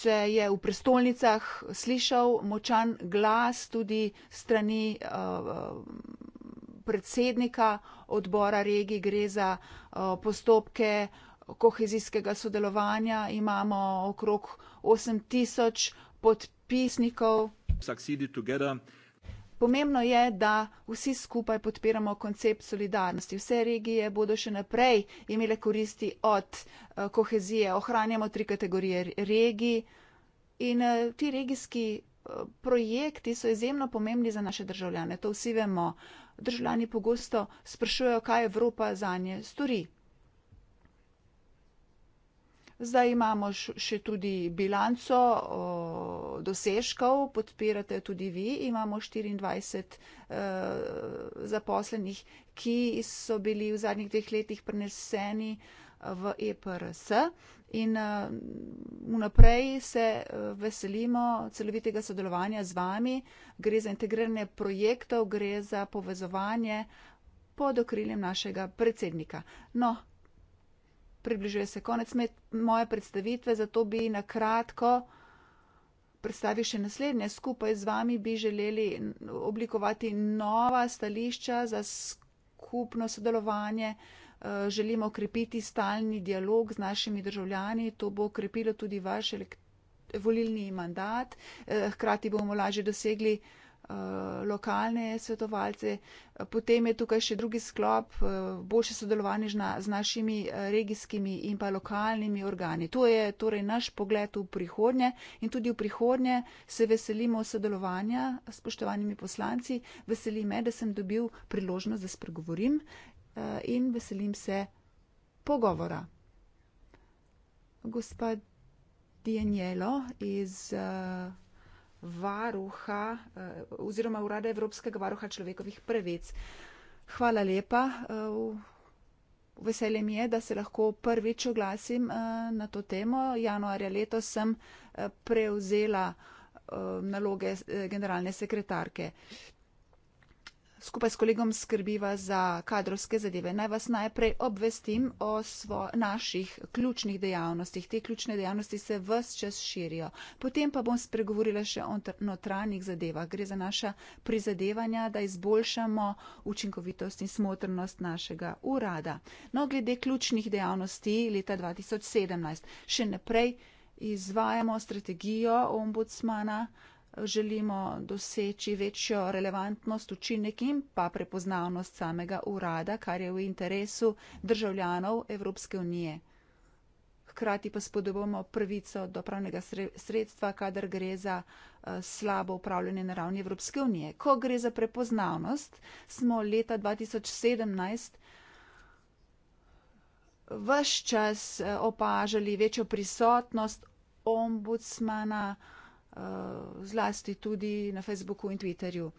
se je v prestolnicah slišal močan glas tudi strani uh, predsednika odbora regij, gre za uh, postopke kohezijskega sodelovanja. Imamo okrog 8 tisoč podpisnikov. Pomembno je, da vsi skupaj podpiramo koncept solidarnosti. Vse regije bodo še naprej imele koristi od eh, kohezije. Ohranjamo tri kategorije regij in eh, ti regijski eh, projekti so izjemno pomembni za naše državljane. To vsi vemo. Državljani pogosto sprašujejo, kaj Evropa za nje stori. Zdaj imamo še tudi bilanco o, dosežkov, podpirate tudi vi. Imamo 24 o, e, zaposlenih, ki so bili v zadnjih dveh letih preneseni e, v EPRS in e, vnaprej se veselimo celovitega sodelovanja z vami. Gre za integrirane projektov, gre za povezovanje pod okriljem našega predsednika. No, približuje se konec moje predstavitve, zato bi na kratko predstavil še naslednje. Skupaj z vami bi želeli oblikovati nova stališča za skupno sodelovanje. Eh, želimo okrepiti stalni dialog z našimi državljani, to bo okrepilo tudi vaš volilni mandat. Eh, hkrati bomo lažje dosegli Eh, lokalne svetovalce. Potem je tukaj še drugi sklop, eh, boljše sodelovanje z našimi eh, regijskimi in pa lokalnimi organi. To je torej naš pogled v prihodnje in tudi v prihodnje se veselimo sodelovanja s spoštovanimi poslanci. Veseli me, da sem dobil priložnost, da spregovorim in veselim se pogovora. Gospa Dienjelo iz varuha eh, oziroma Urada Evropskega varuha človekovih pravic. Hvala lepa. Eh, Vesele mi je, da se lahko prvič oglasim eh, na to temo. Januarja letos sem prevzela naloge generalne sekretarke skupaj s kolegom skrbiva za kadrovske zadeve. Naj vas najprej obvestim o svo, naših ključnih dejavnostih. Te ključne dejavnosti se vse čas širijo. Potem pa bom spregovorila še o notranjih zadevah. Gre za naša prizadevanja, da izboljšamo učinkovitost in smotrnost našega urada. No, glede ključnih dejavnosti leta 2017. Še naprej izvajamo strategijo ombudsmana želimo doseči večjo relevantnost, učinek in pa prepoznavnost samega urada, kar je v interesu državljanov Evropske unije. Hkrati pa spodobamo prvico do pravnega sredstva, kadar gre za eh, slabo upravljanje na ravni Evropske unije. Ko gre za prepoznavnost, smo leta 2017 vse čas eh, opažali večjo prisotnost ombudsmana, Eh, zlasti tudi na Facebooku in Twitterju.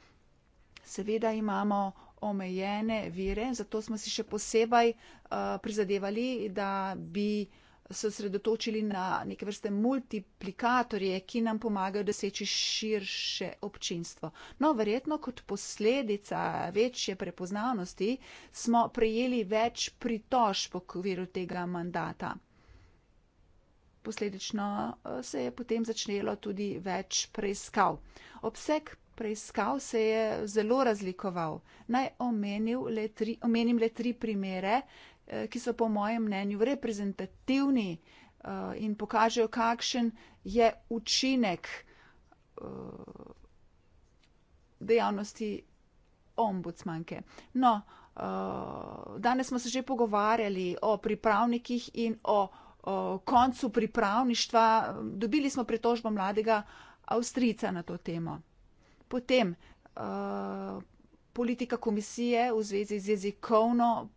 Seveda imamo omejene vire, zato smo si še posebej eh, prizadevali, da bi se osredotočili na neke vrste multiplikatorje, ki nam pomagajo doseči širše občinstvo. No, verjetno kot posledica večje prepoznavnosti smo prejeli več pritožb v okviru tega mandata posledično eh, se je potem začnelo tudi več preiskav. Obseg preiskav se je zelo razlikoval. Naj le tri, omenim le tri primere, eh, ki so po mojem mnenju reprezentativni eh, in pokažejo, kakšen je učinek dejavnosti ombudsmanke. No, danes smo se že pogovarjali o pripravnikih in o o koncu pripravništva, dobili smo pritožbo mladega Avstrijca na to temo. Potem uh, politika komisije v zvezi z jezikovno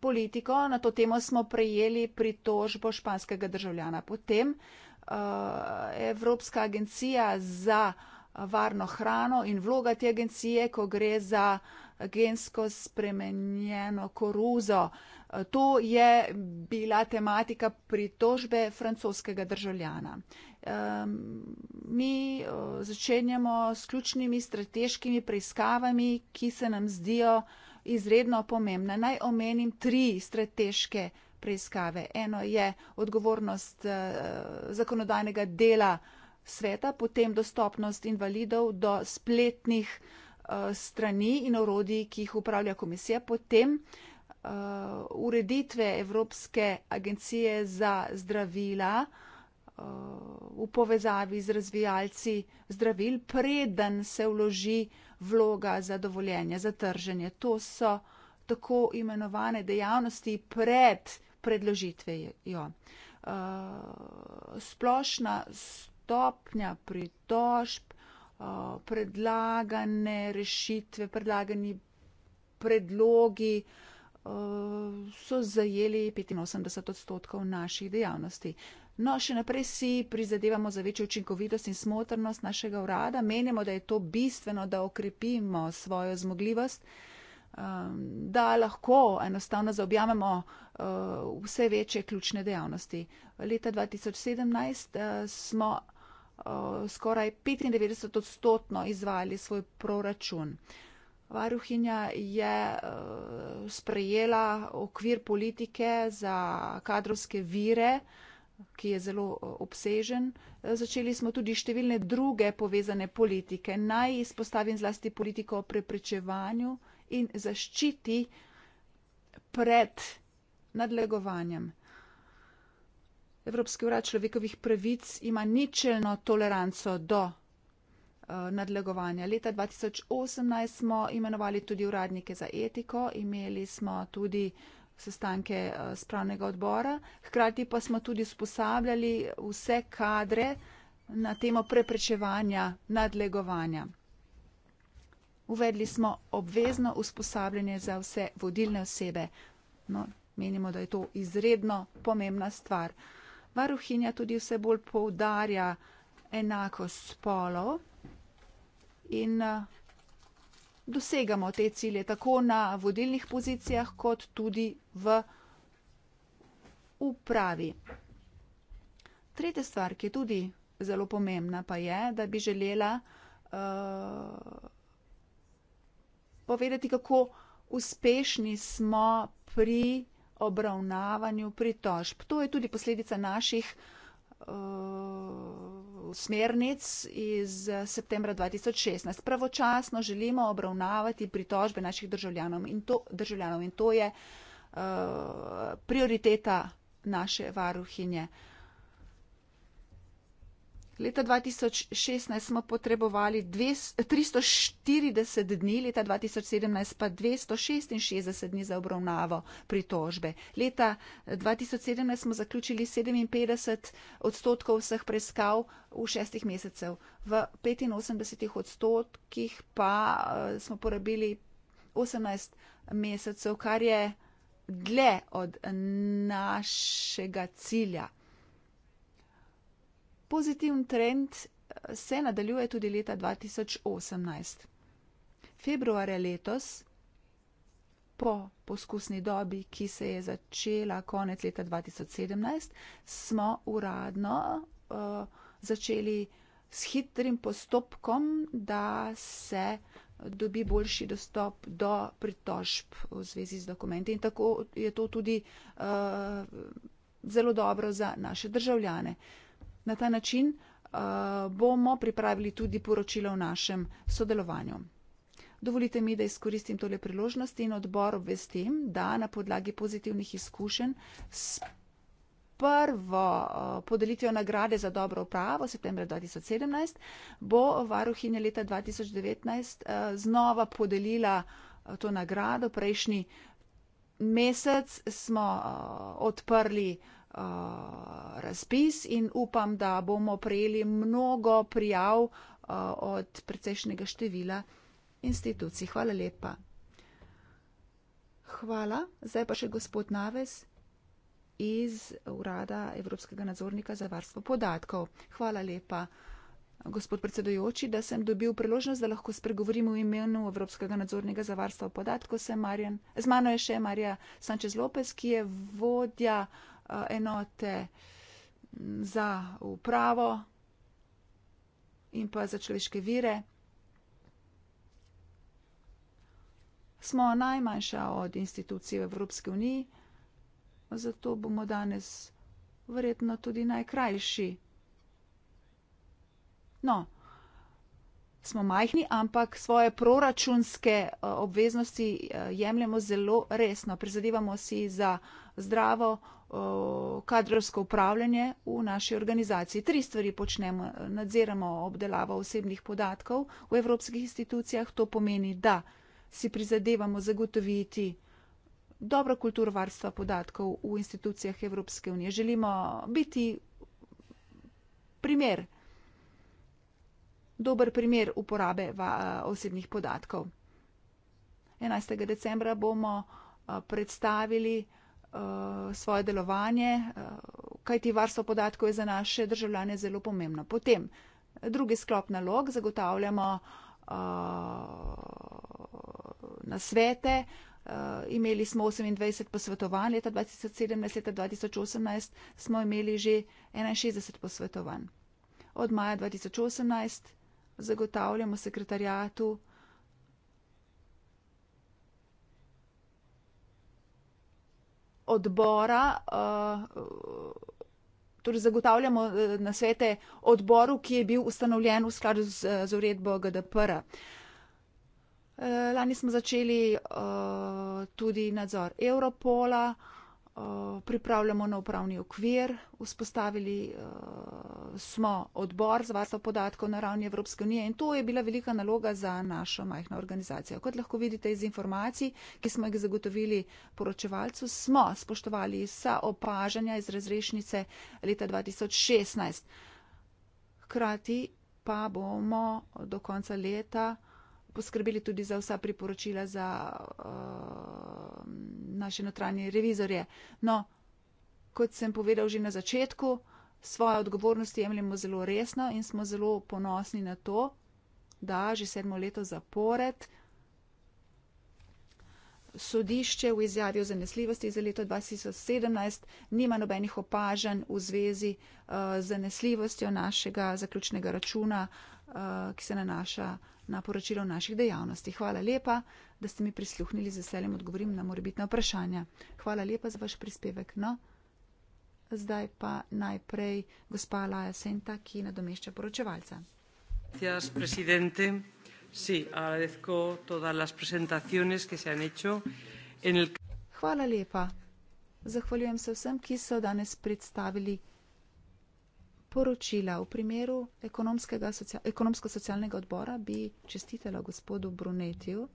politiko, na to temo smo prejeli pritožbo španskega državljana. Potem uh, Evropska agencija za varno hrano in vloga te agencije, ko gre za uh, gensko spremenjeno koruzo. To je bila tematika pritožbe francoskega državljana. Mi eh, začenjamo s ključnimi strateškimi preiskavami, ki se nam zdijo izredno pomembne. Naj omenim tri strateške preiskave. Eno je odgovornost eh, zakonodajnega dela sveta, potem dostopnost invalidov do spletnih Eh, strani in orodij, ki jih upravlja komisija, potem uh, ureditve Evropske agencije za zdravila uh, v povezavi z razvijalci zdravil, preden se vloži vloga za dovoljenje, za trženje. To so tako imenovane dejavnosti pred predložitvejo. Uh, splošna stopnja pritožb Uh, predlagane rešitve, predlagani predlogi uh, so zajeli petinosemdeset odstotkov naših dejavnosti. No, še naprej si prizadevamo za večjo učinkovitost in smotrnost našega urada. Menimo, da je to bistveno, da okrepimo svojo zmogljivost, um, da lahko enostavno zaobjamemo uh, vse večje ključne dejavnosti. Leta dva tisoč sedemnajst smo Eh, skoraj 95 odstotno izvajali svoj proračun. Varuhinja je eh, sprejela okvir politike za kadrovske vire, ki je zelo eh, obsežen. Začeli smo tudi številne druge povezane politike. Naj izpostavim zlasti politiko o preprečevanju in zaščiti pred nadlegovanjem. Evropski urad človekovih pravic ima ničelno toleranco do eh, nadlegovanja. Leta 2018 smo imenovali tudi uradnike za etiko, imeli smo tudi eh, sestanke eh, spravnega odbora, hkrati pa smo tudi usposabljali vse kadre na temo preprečevanja nadlegovanja. Uvedli smo obvezno usposabljanje za vse vodilne osebe. No, menimo, da je to izredno pomembna stvar. Varuhinja tudi vse bolj poudarja enakost spolov in eh, dosegamo te cilje tako na vodilnih pozicijah, kot tudi v upravi. Tretja stvar, ki je tudi zelo pomembna, pa je, da bi želela uh, povedati, kako uspešni smo pri obravnavanju pritožb. To je tudi posledica naših uh, smernic iz septembra 2016. Pravočasno želimo obravnavati pritožbe naših državljanov in to, državljanov in to je uh, prioriteta naše varuhinje. Uh, Leta 2016 smo potrebovali 200, 340 dni, leta 2017 pa 266 dni za obravnavo pritožbe. Leta 2017 smo zaključili 57 odstotkov vseh preiskav v šestih mesecev. V 85 odstotkih pa eh, smo porabili 18 mesecev, kar je dlje od našega cilja pozitiven trend eh, se nadaljuje tudi leta 2018. Februarja letos, po poskusni dobi, ki se je začela konec leta 2017, smo uradno uh, začeli s hitrim postopkom, da se dobi boljši dostop do pritožb v zvezi z dokumenti. In tako je to tudi uh, zelo dobro za naše državljane. Uh, Na ta način uh, bomo pripravili tudi poročilo o našem sodelovanju. Dovolite mi, da izkoristim tole priložnost in odbor obvestim, da na podlagi pozitivnih izkušenj s prvo uh, podelitvijo nagrade za dobro upravo, septembra 2017, bo varuhinja leta 2019 uh, znova podelila uh, to nagrado. Prejšnji mesec smo odprli uh, razpis in upam, da bomo prejeli mnogo prijav uh, od precejšnjega števila institucij. Hvala lepa. Hvala. Zdaj pa še gospod Naves iz Urada Evropskega nadzornika za varstvo podatkov. Hvala lepa, gospod predsedujoči, da sem dobil priložnost, da lahko spregovorim v imenu Evropskega nadzornika za varstvo podatkov. Z mano je še Marija Sančez Lopez, ki je vodja uh, enote za upravo in pa za človeške vire. Smo najmanjša od institucij v Evropski uniji, zato bomo danes verjetno tudi najkrajši. No, smo majhni, ampak svoje proračunske eh, obveznosti eh, jemljemo zelo resno. Prizadevamo si za zdravo kadrovsko upravljanje v naši organizaciji. Tri stvari počnemo. Nadziramo obdelavo osebnih podatkov v evropskih institucijah. To pomeni, da si prizadevamo zagotoviti dobro kulturo varstva podatkov v institucijah Evropske unije. Želimo biti primer, dober primer uporabe va, osebnih podatkov. 11. decembra bomo predstavili Eh, svoje delovanje, eh, kajti varstvo podatkov je za naše državljane zelo pomembno. Potem drugi sklop nalog zagotavljamo eh, na svete. Imeli smo 28 posvetovanj, leta 2017, leta 2018 smo imeli že 61 posvetovanj. Od maja 2018 zagotavljamo sekretarijatu odbora, eh, torej zagotavljamo eh, nasvete odboru, ki je bil ustanovljen v skladu z, z uredbo GDPR. Eh, lani smo začeli tudi nadzor Europola. Eh, pripravljamo na upravni okvir, vzpostavili uh, smo odbor za varstvo podatkov na ravni Evropske unije in to je bila velika naloga za našo majhno organizacijo. Kot lahko vidite iz informacij, ki smo jih zagotovili poročevalcu, smo spoštovali vsa opažanja iz razrešnice leta 2016. Hkrati pa bomo do konca leta poskrbeli tudi za vsa priporočila za uh, naše notranje revizorje. No, kot sem povedal že na začetku, svojo odgovornost jemljemo zelo resno in smo zelo ponosni na to, da že sedmo leto zapored sodišče v izjavi o zanesljivosti za leto 2017 nima nobenih opažanj v zvezi uh, z zanesljivostjo našega zaključnega računa, uh, ki se nanaša. Na na poročilo o naših dejavnostih. Hvala lepa, da ste mi prisluhnili, z veseljem odgovorim na morebitna vprašanja. Hvala lepa za vaš prispevek. No, zdaj pa najprej gospa Laja Senta, ki nadomešča poročevalca. Gracias, presidente. Sí, agradezco todas las presentaciones que se han hecho. En el... Hvala lepa. Zahvaljujem se vsem, ki so danes predstavili poročila v primeru socia ekonomsko-socialnega odbora bi čestitela gospodu Brunetju.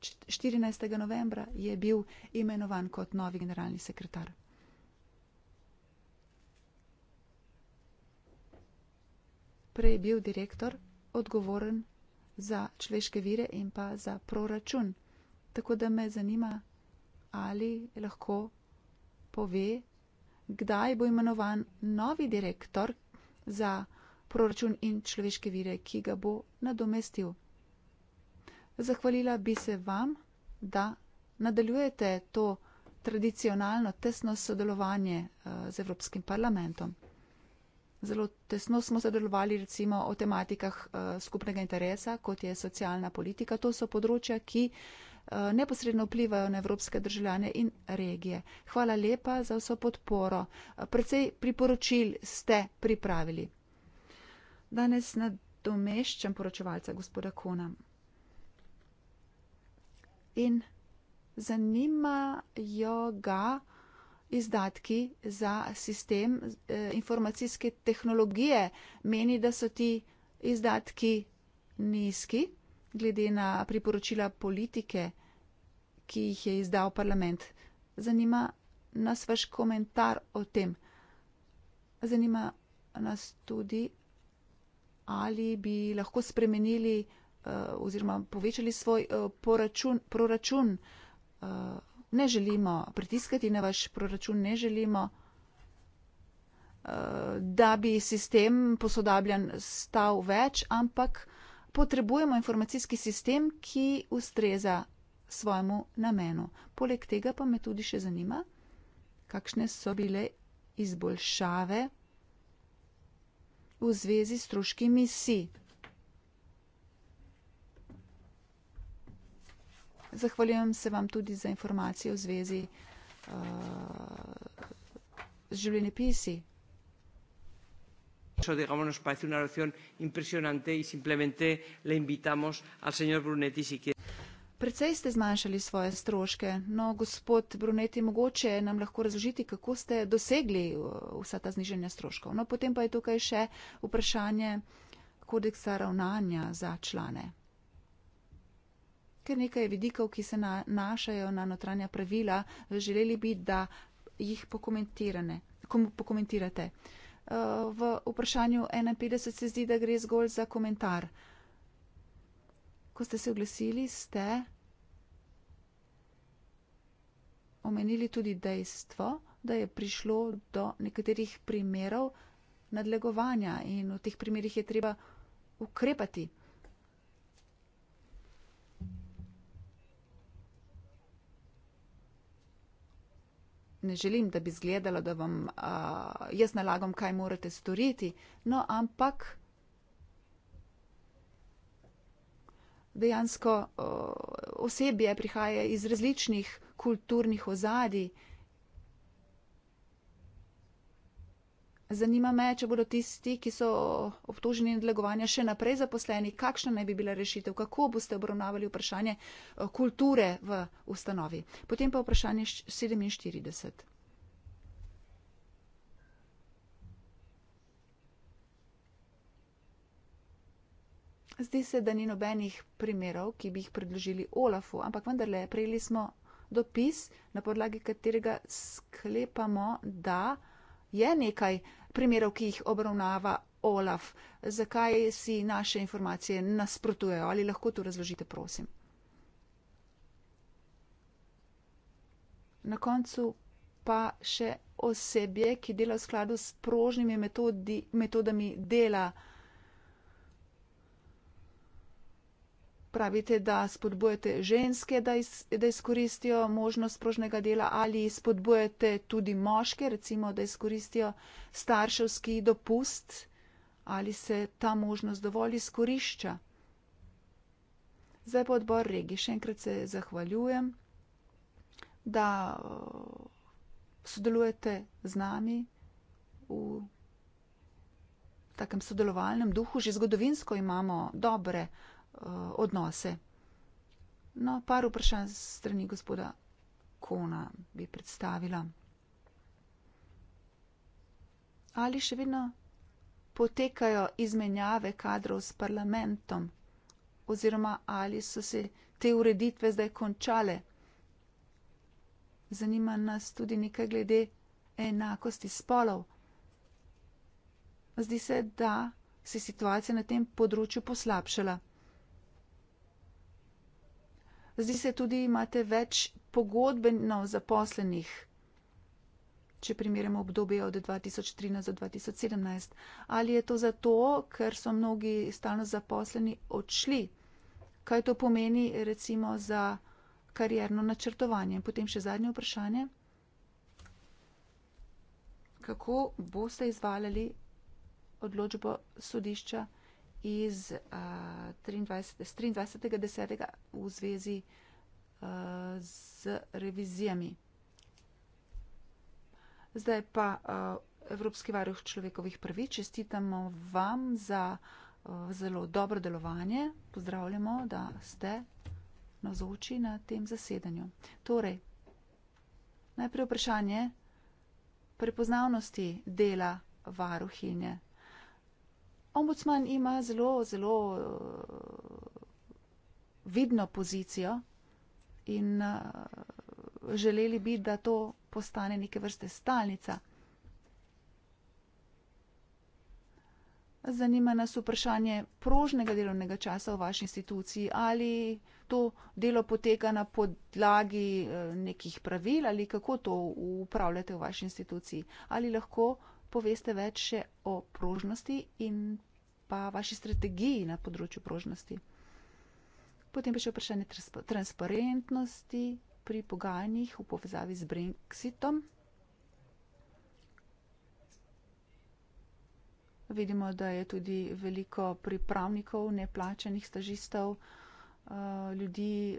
14. novembra je bil imenovan kot novi generalni sekretar. Prej je bil direktor odgovoren za človeške vire in pa za proračun. Tako da me zanima, ali lahko pove kdaj bo imenovan novi direktor za proračun in človeške vire, ki ga bo nadomestil. Zahvalila bi se vam, da nadaljujete to tradicionalno tesno sodelovanje eh, z Evropskim parlamentom. Zelo tesno smo sodelovali recimo o tematikah eh, skupnega interesa, kot je socialna politika. To so področja, ki Eh, neposredno vplivajo na evropske državljane in regije. Hvala lepa za vso podporo. Eh, Predvsej priporočil ste pripravili. Danes nadomeščam poročevalca gospoda Kona. In zanimajo ga izdatki za sistem eh, informacijske tehnologije. Meni, da so ti izdatki nizki glede na priporočila politike ki jih je izdal parlament. Zanima nas vaš komentar o tem. Zanima nas tudi, ali bi lahko spremenili eh, oziroma povečali svoj eh, poračun, proračun. Eh, ne želimo pritiskati na vaš proračun, ne želimo, da bi sistem posodabljan stal več, ampak potrebujemo informacijski sistem, ki ustreza svojemu namenu. Poleg tega pa me tudi še zanima, kakšne so bile izboljšave v zvezi s stroški misij. Zahvaljujem se vam tudi za informacije v zvezi uh, z življenjepisi. Eso, digamos, nos parece una oración impresionante y simplemente le invitamos al señor Brunetti si quiere. Precej ste zmanjšali svoje stroške. No, gospod Brunetti, mogoče nam lahko razložiti, kako ste dosegli uh, vsa ta zniženja stroškov. No, potem pa je tukaj še vprašanje kodeksa ravnanja za člane. Ker nekaj vidikov, ki se nanašajo na notranja pravila, želeli bi, da jih pokomentirate. Uh, v vprašanju 51 se zdi, da gre zgolj za komentar ko ste se oglasili, ste omenili tudi dejstvo, da je prišlo do nekaterih primerov nadlegovanja in v teh primerih je treba ukrepati. Ne želim, da bi izgledalo, da vam a, jaz nalagam, kaj morate storiti, no ampak dejansko osebje prihaja iz različnih kulturnih ozadij. Zanima me, če bodo tisti, ki so obtoženi nadlegovanja, še naprej zaposleni, kakšna naj bi bila rešitev, kako boste obravnavali vprašanje kulture v ustanovi. Potem pa vprašanje 47. Zdi se, da ni nobenih primerov, ki bi jih predložili Olafu, ampak vendarle prejeli smo dopis, na podlagi katerega sklepamo, da je nekaj primerov, ki jih obravnava Olaf. Zakaj si naše informacije nasprotujejo? Ali lahko to razložite, prosim? Na koncu pa še osebje, ki dela v skladu s prožnimi metodi, metodami dela. pravite, da spodbujate ženske, da, iz, da izkoristijo možnost prožnega dela ali spodbujate tudi moške, recimo, da izkoristijo starševski dopust ali se ta možnost dovolj izkorišča. Zdaj pa odbor regi. Še enkrat se zahvaljujem, da sodelujete z nami v takem sodelovalnem duhu. Že zgodovinsko imamo dobre Eh, odnose. No, par vprašanj strani gospoda Kona bi predstavila. Ali še vedno potekajo izmenjave kadrov s parlamentom oziroma ali so se te ureditve zdaj končale? Zanima nas tudi nekaj glede enakosti spolov. Zdi se, da se je situacija na tem področju poslabšala. Zdi se tudi, da imate več pogodbeno zaposlenih, če primerjamo obdobje od 2013 do 2017. Ali je to zato, ker so mnogi stalno zaposleni odšli? Kaj to pomeni recimo za karjerno načrtovanje? Potem še zadnje vprašanje. Kako boste izvaljali odločbo sodišča? iz uh, eh, 23.10. v zvezi uh, z revizijami. Zdaj pa uh, Evropski varuh človekovih prvič, čestitamo vam za uh, zelo dobro delovanje. Pozdravljamo, da ste navzoči na tem zasedanju. Torej, najprej vprašanje prepoznavnosti dela varuhinje ombudsman ima zelo, zelo eh, vidno pozicijo in eh, želeli bi, da to postane neke vrste stalnica. Zanima nas vprašanje prožnega delovnega časa v vaši instituciji. Ali to delo poteka na podlagi eh, nekih pravil ali kako to upravljate v vaši instituciji? Ali lahko poveste več o prožnosti in pa vaši strategiji na področju prožnosti. Potem pa še vprašanje transparentnosti pri pogajanjih v povezavi z Brexitom. Vidimo, da je tudi veliko pripravnikov, neplačanih stažistov, eh, ljudi, eh,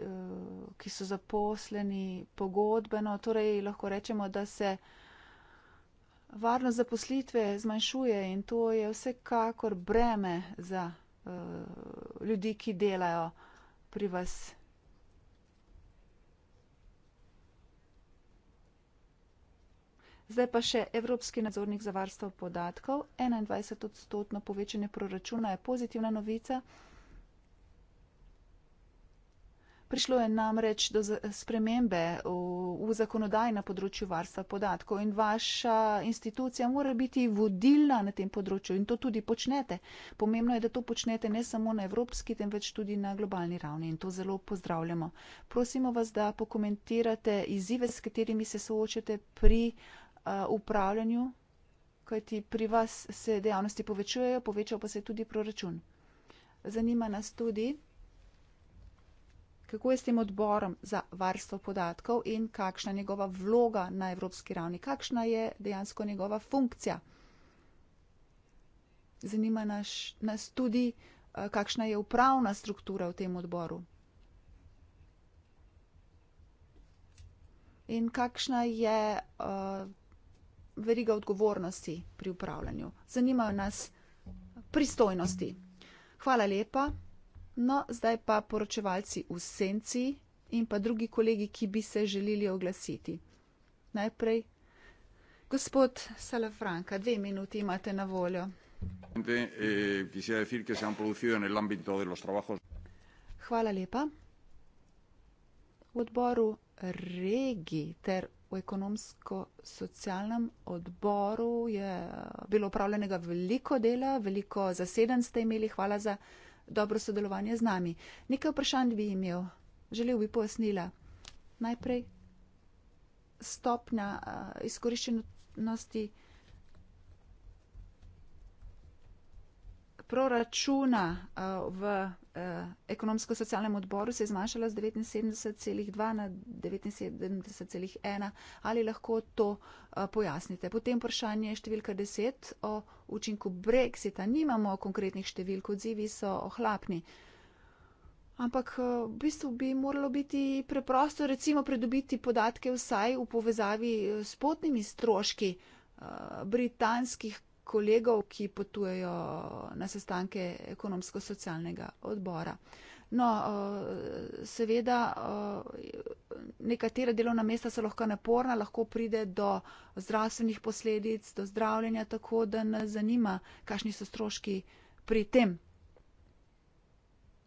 ki so zaposleni pogodbeno. Torej lahko rečemo, da se varnost zaposlitve zmanjšuje in to je vsekakor breme za uh, ljudi, ki delajo pri vas. Zdaj pa še Evropski nadzornik za varstvo podatkov. 21 odstotno povečanje proračuna je pozitivna novica. Prišlo je namreč do spremembe v, v zakonodaji na področju varstva podatkov in vaša institucija mora biti vodilna na tem področju in to tudi počnete. Pomembno je, da to počnete ne samo na evropski, temveč tudi na globalni ravni in to zelo pozdravljamo. Prosimo vas, da pokomentirate izzive, s katerimi se soočate pri uh, upravljanju, kajti pri vas se dejavnosti povečujejo, povečal pa se tudi proračun. Zanima nas tudi kako je s tem odborom za varstvo podatkov in kakšna je njegova vloga na evropski ravni, kakšna je dejansko njegova funkcija. Zanima naš, nas tudi, eh, kakšna je upravna struktura v tem odboru. In kakšna je uh, veriga odgovornosti pri upravljanju. Zanimajo nas pristojnosti. Hvala lepa. No, zdaj pa poročevalci v senci in pa drugi kolegi, ki bi se želeli oglasiti. Najprej, gospod Salafranka, dve minuti imate na voljo. Eh, Hvala lepa. V odboru regi ter v ekonomsko-socialnem odboru je bilo upravljenega veliko dela, veliko zaseden ste imeli. Hvala za dobro sodelovanje z nami. Nekaj vprašanj bi imel, želel bi pojasnila. Najprej stopnja uh, izkoriščenosti. Uh, proračuna eh, v eh, ekonomsko-socialnem odboru se je zmanjšala z 79,2 na 79,1. Ali lahko to eh, pojasnite? Potem vprašanje številka 10 o učinku brexita. Nimamo konkretnih številk, odzivi so ohlapni. Ampak v bistvu bi moralo biti preprosto, recimo, predobiti podatke vsaj v povezavi s potnimi stroški britanskih kolegov, ki potujejo na sestanke ekonomsko-socialnega odbora. No, eh, seveda, eh, nekatera delovna mesta so lahko naporna, lahko pride do zdravstvenih posledic, do zdravljenja, tako da nas zanima, kakšni so stroški pri tem.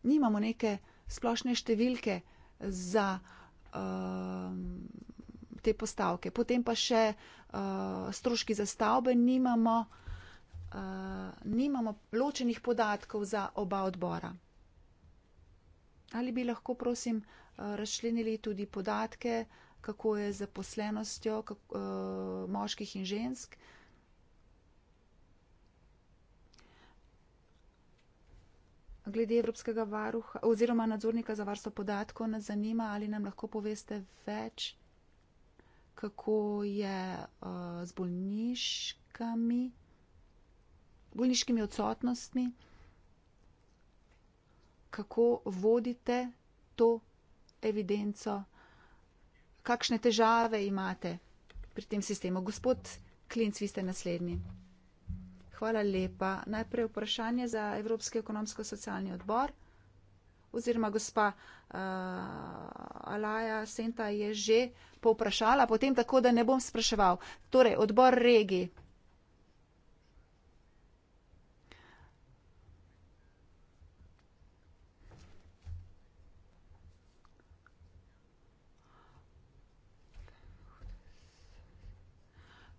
Nimamo neke splošne številke za eh, te postavke. Potem pa še stroški za stavbe nimamo uh, nimamo ločenih podatkov za oba odbora. Ali bi lahko, prosim, razšlenili tudi podatke, kako je z zaposlenostjo kako, uh, moških in žensk? Glede Evropskega varuha oziroma nadzornika za varstvo podatkov nas zanima, ali nam lahko poveste več, kako je uh, z bolniškami bolniškimi odsotnostmi, kako vodite to evidenco, kakšne težave imate pri tem sistemu. Gospod Klinc, vi ste naslednji. Hvala lepa. Najprej vprašanje za Evropski ekonomsko-socialni odbor. Oziroma, gospa uh, Alaja Senta je že povprašala, potem tako, da ne bom spraševal. Torej, odbor regij.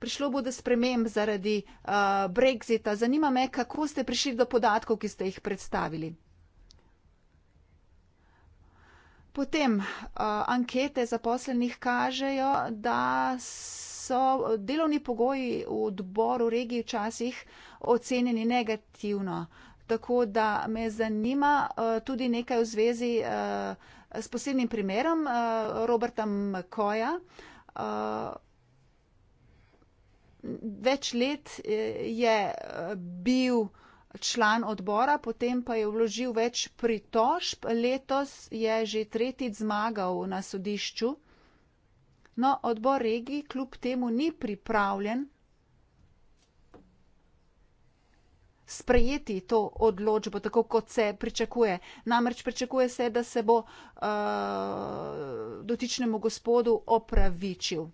prišlo bo do sprememb zaradi uh, brexita. Zanima me, kako ste prišli do podatkov, ki ste jih predstavili. Potem uh, ankete zaposlenih kažejo, da so delovni pogoji v odboru regije včasih ocenjeni negativno. Tako da me zanima uh, tudi nekaj v zvezi uh, s posebnim primerom uh, Roberta Koja. Uh, več let eh, je eh, bil član odbora, potem pa je vložil več pritožb, letos je že tretjič zmagal na sodišču. No, odbor regij kljub temu ni pripravljen sprejeti to odločbo, tako kot se pričakuje. Namreč pričakuje se, da se bo uh, dotičnemu gospodu opravičil.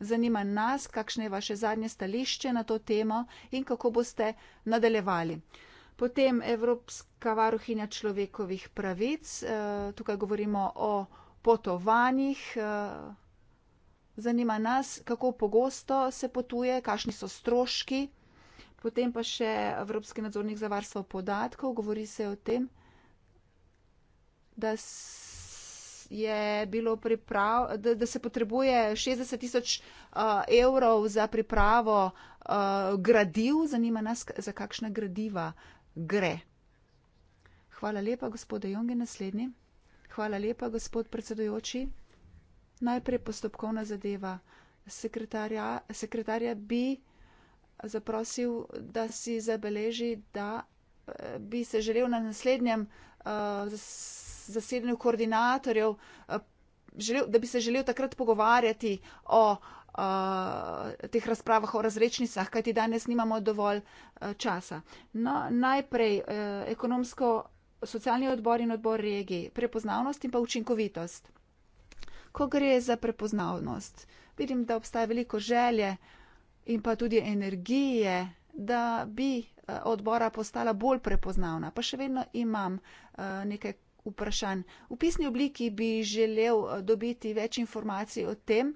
Zanima nas, kakšno je vaše zadnje stališče na to temo in kako boste nadaljevali. Potem Evropska varuhinja človekovih pravic, eh, tukaj govorimo o potovanjih. Eh, zanima nas, kako pogosto se potuje, kakšni so stroški. Potem pa še Evropski nadzornik za varstvo podatkov, govori se o tem, da je bilo priprav, da, da se potrebuje 60 tisoč uh, evrov za pripravo uh, gradiv. Zanima nas, za kakšna gradiva gre. Hvala lepa, gospod Jonge, naslednji. Hvala lepa, gospod predsedujoči. Najprej postopkovna zadeva. Sekretarja, sekretarja bi zaprosil, da si zabeleži, da eh, bi se želel na naslednjem uh, zasedanju koordinatorjev, eh, želel, da bi se želel takrat pogovarjati o uh, teh razpravah o razrečnicah, kajti danes nimamo dovolj uh, časa. No, najprej uh, ekonomsko. Socialni odbor in odbor regij, prepoznavnost in pa učinkovitost. Ko gre za prepoznavnost, vidim, da obstaja veliko želje in pa tudi energije, da bi odbora postala bolj prepoznavna. Pa še vedno imam uh, nekaj vprašanj. V pisni obliki bi želel eh, dobiti več informacij o tem,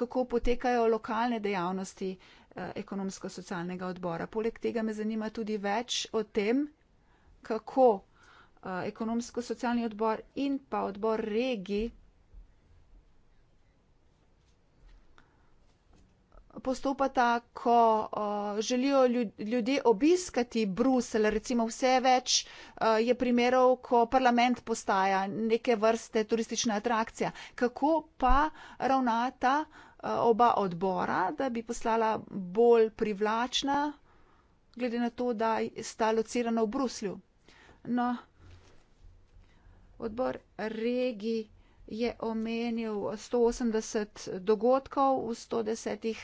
kako potekajo lokalne dejavnosti eh, ekonomsko-socialnega odbora. Poleg tega me zanima tudi več o tem, kako eh, ekonomsko-socialni odbor in pa odbor regij postopata, ko uh, želijo ljudje obiskati Bruselj, recimo vse več uh, je primerov, ko parlament postaja neke vrste turistična atrakcija. Kako pa ravnata uh, oba odbora, da bi poslala bolj privlačna, glede na to, da sta locirana v Bruslju? No, odbor regij je omenil 180 dogodkov v 110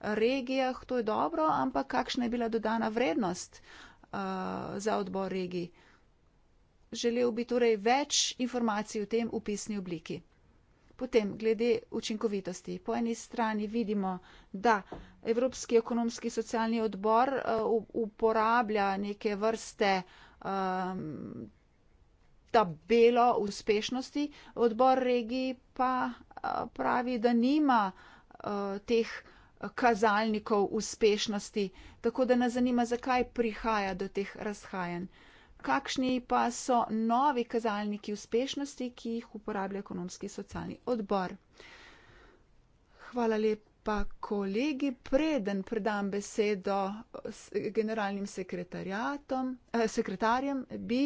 regijah, to je dobro, ampak kakšna je bila dodana vrednost uh, za odbor regij? Želel bi torej več informacij v tem upisni obliki. Potem, glede učinkovitosti. Po eni strani vidimo, da Evropski ekonomski socialni odbor uh, uporablja neke vrste um, tabelo uspešnosti. Odbor regij pa pravi, da nima teh kazalnikov uspešnosti, tako da nas zanima, zakaj prihaja do teh razhajanj. Kakšni pa so novi kazalniki uspešnosti, ki jih uporablja ekonomski socialni odbor? Hvala lepa pa kolegi, preden predam besedo generalnim sekretarjatom, eh, sekretarjem, bi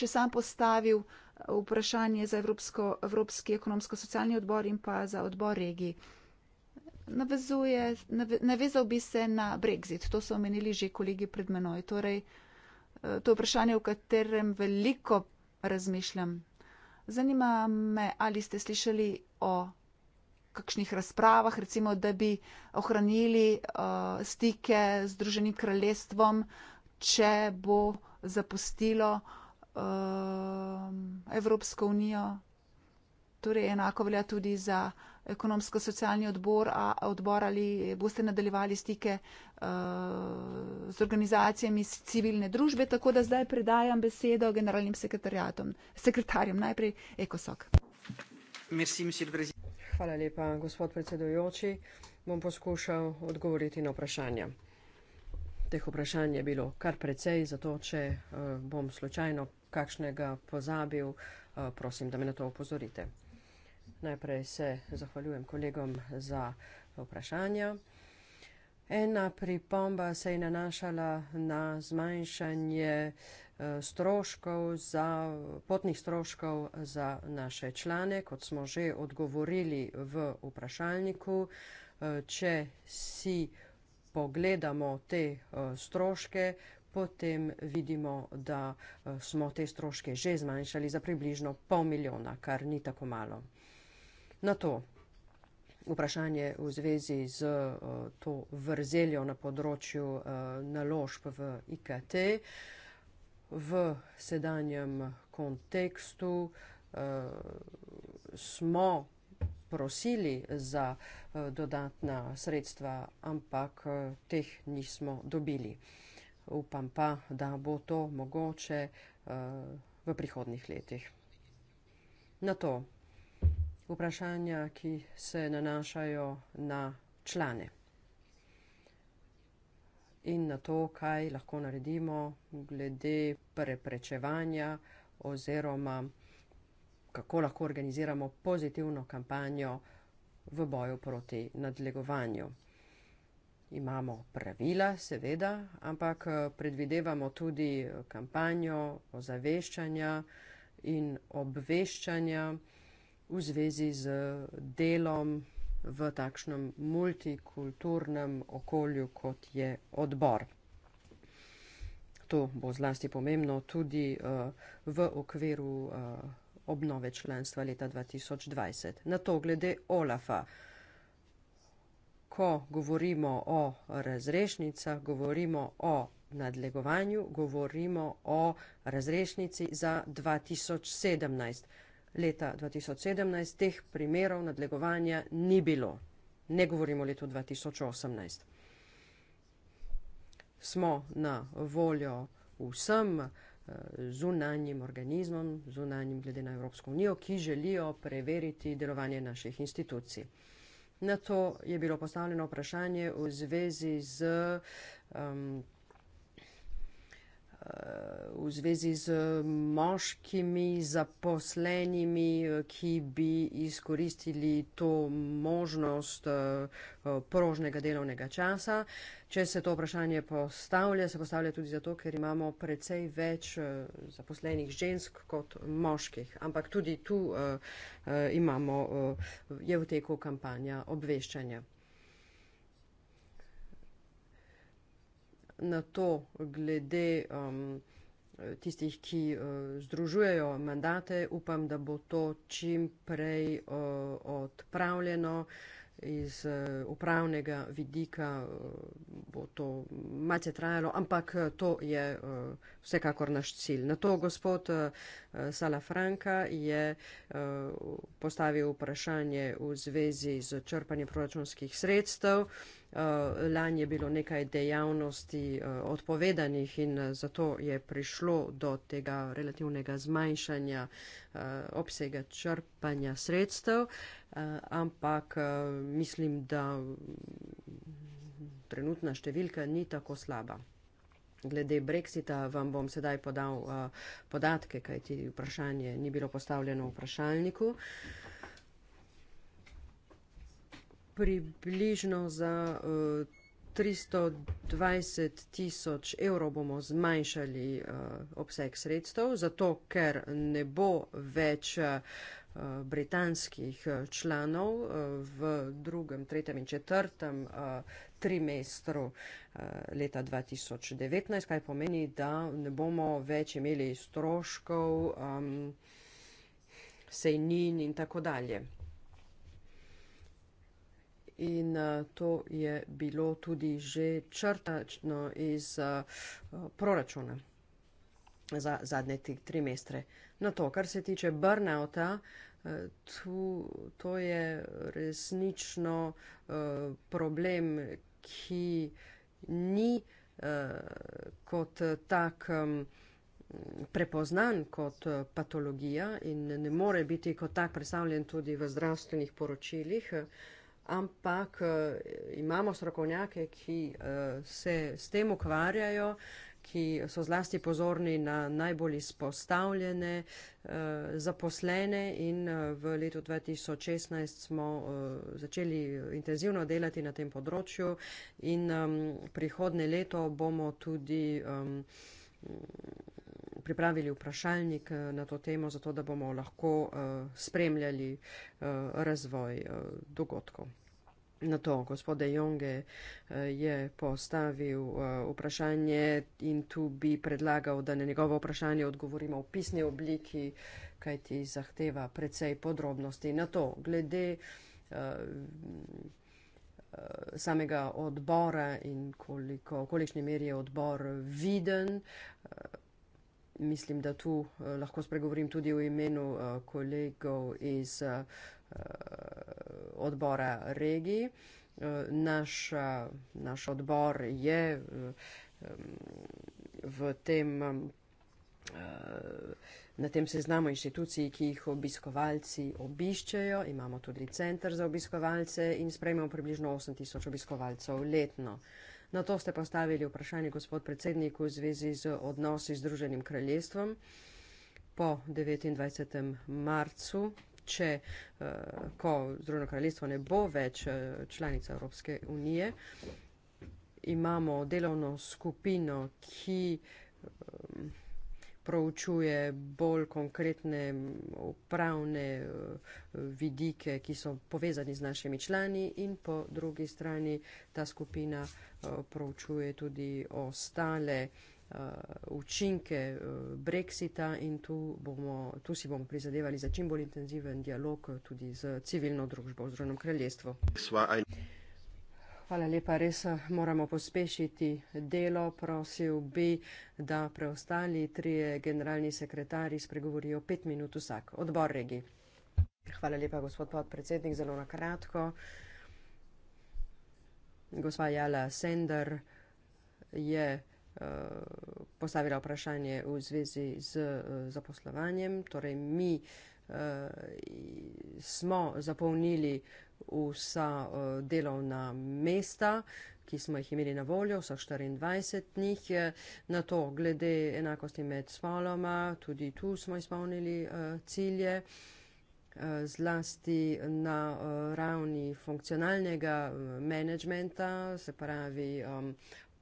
še sam postavil eh, vprašanje za Evropsko, Evropski ekonomsko-socialni odbor in pa za odbor regij. Navezuje, navezal bi se na Brexit, to so omenili že kolegi pred menoj. Torej, eh, to je vprašanje, o katerem veliko razmišljam. Zanima me, ali ste slišali o kakšnih razpravah, recimo, da bi ohranili uh, stike z Združenim kraljestvom, če bo zapustilo uh, Evropsko unijo. Torej, enako velja tudi za ekonomsko-socialni odbor, a odbor ali boste nadaljevali stike uh, z organizacijami iz civilne družbe, tako da zdaj predajam besedo generalnim sekretarjem. Najprej Ekosok. Merci, Hvala lepa, gospod predsedujoči. Bom poskušal odgovoriti na vprašanja. Teh vprašanj je bilo kar precej, zato če eh, bom slučajno kakšnega pozabil, eh, prosim, da me na to opozorite. Najprej se zahvaljujem kolegom za vprašanja. Ena pripomba se je nanašala na zmanjšanje uh, stroškov, za potnih stroškov za naše člane, kot smo že odgovorili v vprašalniku. Eh, če si pogledamo te eh, stroške, potem vidimo, da eh, smo te stroške že zmanjšali za približno pol milijona, kar ni tako malo. Na to vprašanje v zvezi z to vrzeljo na področju naložb v IKT v sedanjem kontekstu eh, smo prosili za eh, dodatna sredstva, ampak eh, teh nismo dobili. Upam pa, da bo to mogoče v prihodnih letih. Na to vprašanja, ki se nanašajo na člane in na to, kaj lahko naredimo glede preprečevanja oziroma kako lahko organiziramo pozitivno kampanjo v boju proti nadlegovanju. Imamo pravila, seveda, ampak predvidevamo tudi kampanjo ozaveščanja in obveščanja v zvezi z delom v takšnem multikulturnem okolju, kot je odbor. To bo zlasti pomembno tudi uh, v okviru uh, obnove članstva leta 2020. Na to glede OLAFA. Ko govorimo o razrešnicah, govorimo o nadlegovanju, govorimo o razrešnici za 2017 leta 2017 teh primerov nadlegovanja ni bilo. Ne govorimo o letu 2018. Smo na voljo vsem eh, zunanjim organizmom, zunanjim glede na Evropsko unijo, ki želijo preveriti delovanje naših institucij. Na to je bilo postavljeno vprašanje v zvezi z um, v zvezi z eh, moškimi zaposlenimi, eh, ki bi izkoristili to možnost eh, prožnega delovnega časa. Če se to vprašanje postavlja, se postavlja tudi zato, ker imamo precej več zaposlenih žensk kot moških. Ampak tudi tu imamo, je v teku kampanja obveščanja. Na to glede. Um, tistih, ki eh, združujejo mandate. Upam, da bo to čim prej eh, odpravljeno. Iz eh, upravnega vidika bo to malce trajalo, ampak to je vsekakor naš cilj. Na to gospod Sala Franka je postavil vprašanje v zvezi z črpanjem proračunskih sredstev. Eh, lani je bilo nekaj dejavnosti eh, odpovedanih in eh, zato je prišlo do tega relativnega zmanjšanja obsega črpanja sredstev, ampak mislim, da trenutna številka ni tako slaba. Glede Brexita vam bom sedaj podal podatke, kajti vprašanje ni bilo postavljeno v vprašalniku približno za uh, eh, 320 tisoč evrov bomo zmanjšali uh, obseg sredstev, zato ker ne bo več uh, britanskih članov v drugem, tretjem in četrtem trimestru leta 2019, kaj pomeni, da ne bomo več imeli stroškov, um, sejnin in tako dalje in eh, to je bilo tudi že črtačno iz eh, proračuna za zadnje tri mestre. Na to, kar se tiče burnouta, eh, to je resnično problem, ki ni kot tak prepoznan kot patologija in ne more biti kot tak predstavljen tudi v zdravstvenih poročilih ampak uh, imamo strokovnjake, ki uh, se s tem ukvarjajo, ki so zlasti pozorni na najbolj izpostavljene uh, zaposlene in uh, v letu 2016 smo uh, začeli intenzivno delati na tem področju in um, prihodne leto bomo tudi um, pripravili vprašalnik eh, na to temo, zato da bomo lahko eh, spremljali eh, razvoj dogodkov. Na to gospode Jonge je postavil vprašanje in tu bi predlagal, da na njegovo vprašanje odgovorimo v pisni obliki, kaj ti zahteva precej podrobnosti. Na to, glede samega odbora in koliko, v količni meri je odbor viden, mislim, da tu uh, lahko spregovorim tudi v imenu uh, kolegov iz uh, odbora regiji. Uh, naš, uh, naš odbor je um, v tem. Um, Na tem seznamu inštitucij, ki jih obiskovalci obiščejo, imamo tudi centr za obiskovalce in sprejmemo približno 8000 obiskovalcev letno. Uh, Na to ste postavili vprašanje gospod predsedniku v zvezi z odnosi z Združenim kraljestvom po 29. marcu, če, eh, ko Združeno kraljestvo ne bo več eh, članica Evropske unije. Imamo delovno skupino, ki eh, proučuje bolj konkretne upravne eh, vidike, ki so povezani z našimi člani in po drugi strani ta skupina eh, proučuje tudi ostale eh, učinke Brexita in tu, bomo, tu si bomo prizadevali za čim bolj intenziven dialog tudi z civilno družbo v Združenem kraljestvu. Hvala lepa, res eh, moramo pospešiti delo. Prosil bi, da preostali trije generalni sekretari spregovorijo pet minut vsak. Odbor regi. Hvala lepa, gospod podpredsednik, zelo na kratko. Gospa Jala Sender je uh, postavila vprašanje v zvezi z uh, zaposlovanjem. Torej, mi uh, smo zapolnili uh, vsa uh, delovna mesta, ki smo jih imeli na voljo, vsa 24 njih. Eh, na to, glede enakosti med spoloma, tudi tu smo izpolnili uh, cilje. Zlasti na uh, ravni funkcionalnega menedžmenta, se pravi um,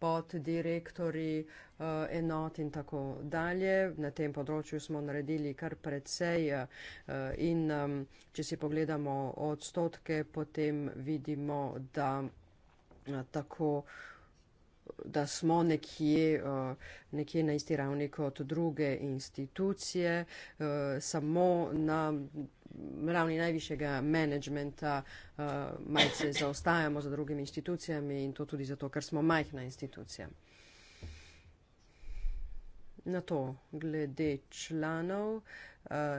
poddirektori eh, enot in tako dalje. Na tem področju smo naredili kar precej eh, in če si pogledamo odstotke, potem vidimo, da eh, tako da smo nekje, eh, nekje na isti ravni kot druge institucije, eh, samo na ravni najvišjega menedžmenta eh, malce zaostajamo za drugimi institucijami in to tudi zato, ker smo majhna institucija. Na to, glede članov,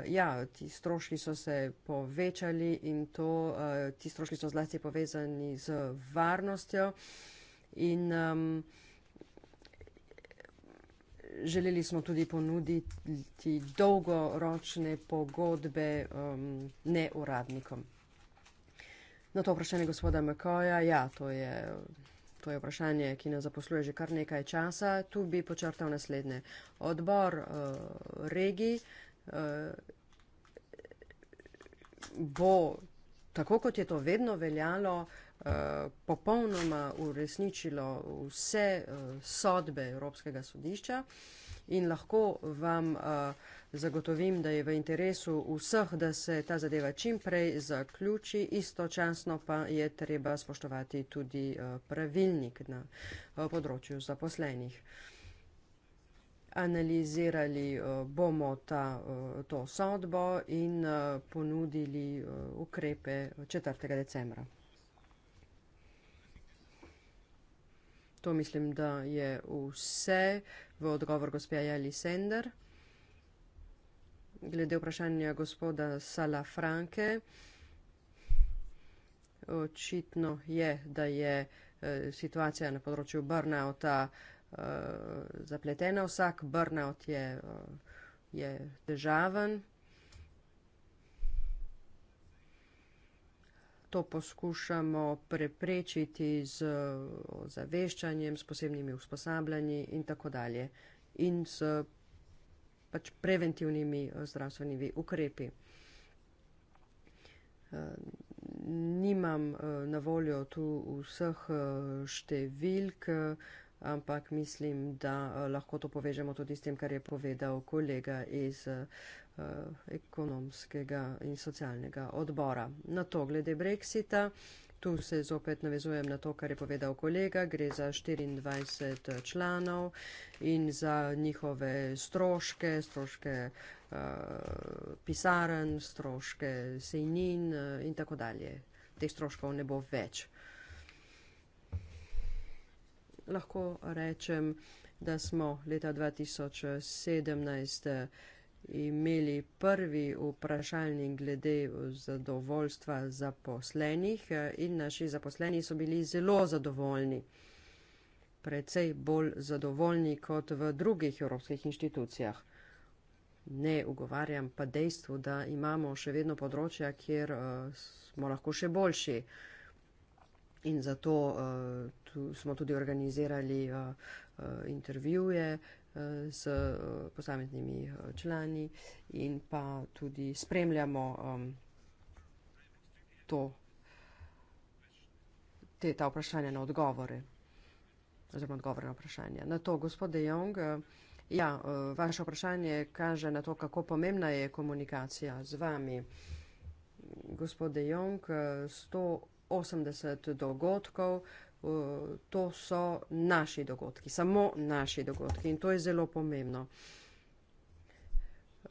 ja, ti stroški so se povečali in to, ti stroški so zlasti povezani z varnostjo. In um, želeli smo tudi ponuditi dolgoročne pogodbe um, neuradnikom. Na to vprašanje gospoda Mekoja, ja, to je, to je vprašanje, ki nas zaposluje že kar nekaj časa. Tu bi počrtal naslednje. Odbor uh, regij uh, bo, tako kot je to vedno veljalo, uh, Eh, popolnoma uresničilo vse uh, sodbe Evropskega sodišča in lahko vam uh, zagotovim, da je v interesu vseh, da se ta zadeva čim prej zaključi, istočasno pa je treba spoštovati tudi uh, pravilnik na uh, področju zaposlenih. Analizirali uh, bomo ta, uh, to sodbo in uh, ponudili uh, ukrepe 4. decembra. To mislim, da je vse v odgovor gospe Ajali Sender. Glede vprašanja gospoda Sala Franke, očitno je, da je eh, situacija na področju burnouta eh, zapletena. Vsak burnout je, eh, je težaven. to poskušamo preprečiti z eh, zaveščanjem, s posebnimi usposabljanji in tako dalje in s pač preventivnimi eh, zdravstvenimi ukrepi. Eh, nimam na voljo tu vseh številk, ampak mislim, da lahko to povežemo tudi s tem, kar je povedal kolega iz Eh, ekonomskega in socialnega odbora. Na to glede Brexita, tu se zopet navezujem na to, kar je povedal kolega, gre za 24 članov in za njihove stroške, stroške uh, eh, pisaren, stroške sejnin uh, in tako dalje. Teh stroškov ne bo več. Lahko rečem, da smo leta 2017 imeli prvi vprašalnik glede zadovoljstva zaposlenih eh, in naši zaposleni so bili zelo zadovoljni, precej bolj zadovoljni kot v drugih evropskih inštitucijah. Ne ugovarjam pa dejstvu, da imamo še vedno področja, kjer eh, smo lahko še boljši. In zato uh, tu smo tudi organizirali uh, uh, intervjuje uh, s eh, posameznimi eh, člani in pa tudi spremljamo um, to, te ta vprašanja na odgovore, oziroma odgovore na vprašanja. Na to, gospod De Jong, eh, ja, vaše vprašanje kaže na to, kako pomembna je komunikacija z vami. Gospod De Jong, 180 dogodkov, Eh, to so naši dogodki, samo naši dogodki in to je zelo pomembno.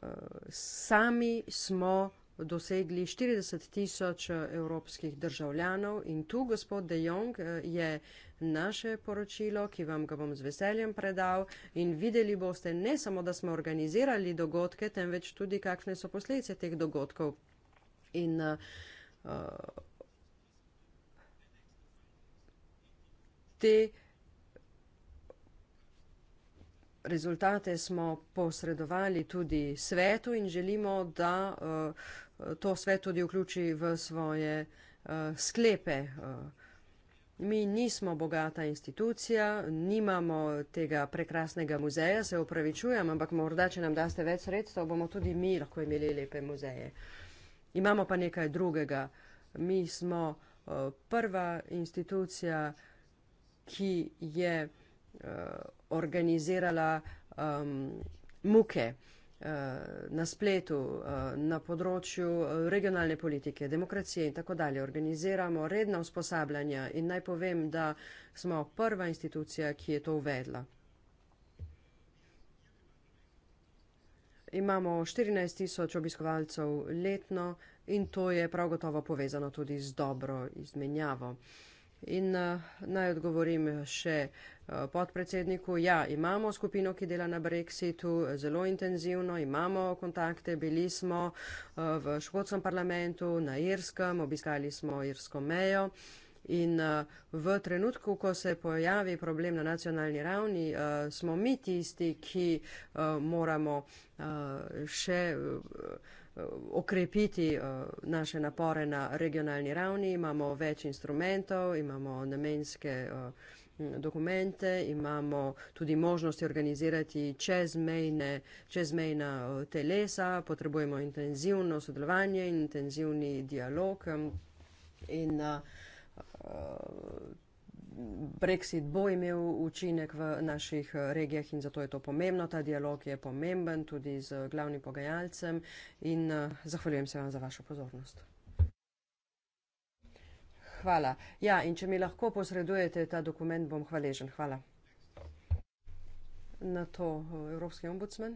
Eh, sami smo dosegli 40 tisoč eh, evropskih državljanov in tu gospod De Jong je naše poročilo, ki vam ga bom z veseljem predal in videli boste ne samo, da smo organizirali dogodke, temveč tudi kakšne so posledice teh dogodkov. In uh, te rezultate smo posredovali tudi svetu in želimo, da eh, to svet tudi vključi v svoje eh, sklepe. Eh. Mi nismo bogata institucija, nimamo tega prekrasnega muzeja, se upravičujem, ampak morda, če nam daste več sredstev, bomo tudi mi lahko imeli lepe muzeje. Imamo pa nekaj drugega. Mi smo prva institucija, ki ki je uh, organizirala um, muke eh, na spletu, eh, na področju regionalne politike, demokracije in tako dalje. Organiziramo redna usposabljanja in naj povem, da smo prva institucija, ki je to uvedla. Imamo 14 tisoč obiskovalcev letno in to je prav gotovo povezano tudi z dobro izmenjavo. In eh, naj odgovorim še eh, podpredsedniku. Ja, imamo skupino, ki dela na Brexitu eh, zelo intenzivno, imamo kontakte, bili smo v škotskem parlamentu, na Irskem, obiskali smo Irsko mejo. In v trenutku, ko se pojavi problem na nacionalni ravni, smo mi tisti, ki moramo še Eh, okrepiti eh, naše napore na regionalni ravni, imamo več instrumentov, imamo namenske eh, dokumente, imamo tudi možnosti organizirati čezmejne, čezmejna telesa, potrebujemo intenzivno sodelovanje, intenzivni dialog in Brexit bo imel učinek v naših eh, regijah in zato je to pomembno. Ta dialog je pomemben tudi z glavnim pogajalcem in eh, zahvaljujem se vam za vašo pozornost. Hvala. Ja, in če mi lahko posredujete ta dokument, bom hvaležen. Hvala. Na to eh, Evropski ombudsman.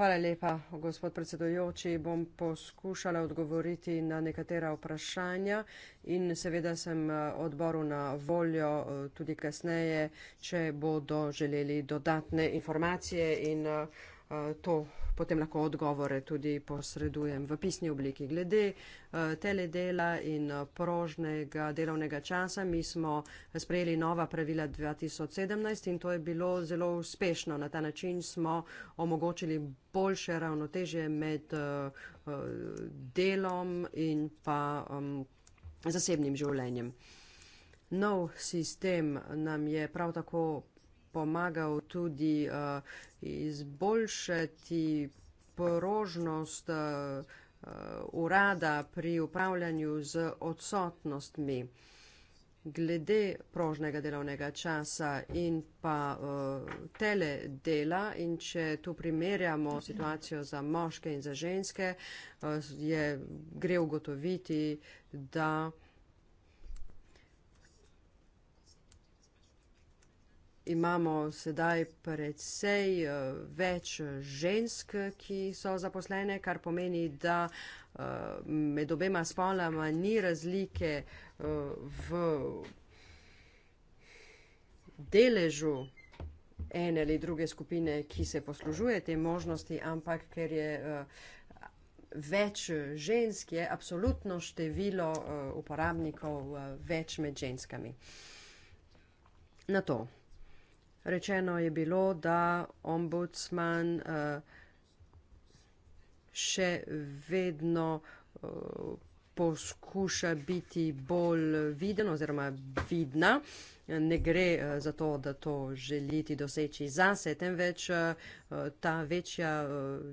Hvala lepa, gospod predsedojoči. Bom poskušala odgovoriti na nekatera vprašanja in seveda sem eh, odboru na voljo eh, tudi kasneje, če bodo želeli dodatne informacije in eh, to potem lahko odgovore tudi posredujem v pisni obliki. Glede eh, teledela in eh, prožnega delovnega časa, mi smo sprejeli nova pravila 2017 in to je bilo zelo uspešno. Na ta način smo omogočili boljše ravnotežje med eh, delom in pa zasebnim življenjem. Nov sistem nam je prav tako pomagal tudi eh, izboljšati porožnost eh, urada pri upravljanju z odsotnostmi. Glede prožnega delovnega časa in pa uh, teledela in če tu primerjamo situacijo za moške in za ženske, uh, je, gre ugotoviti, da uh, imamo sedaj predvsej eh, več žensk, ki so zaposlene, kar pomeni, da eh, med obema spolama ni razlike eh, v deležu ene ali druge skupine, ki se poslužuje te možnosti, ampak ker je več žensk, je absolutno število uporabnikov več med ženskami. Na to. Rečeno je bilo, da ombudsman eh, še vedno eh, poskuša biti bolj viden oziroma vidna. Ne gre eh, za to, da to želiti doseči zase, temveč ta večja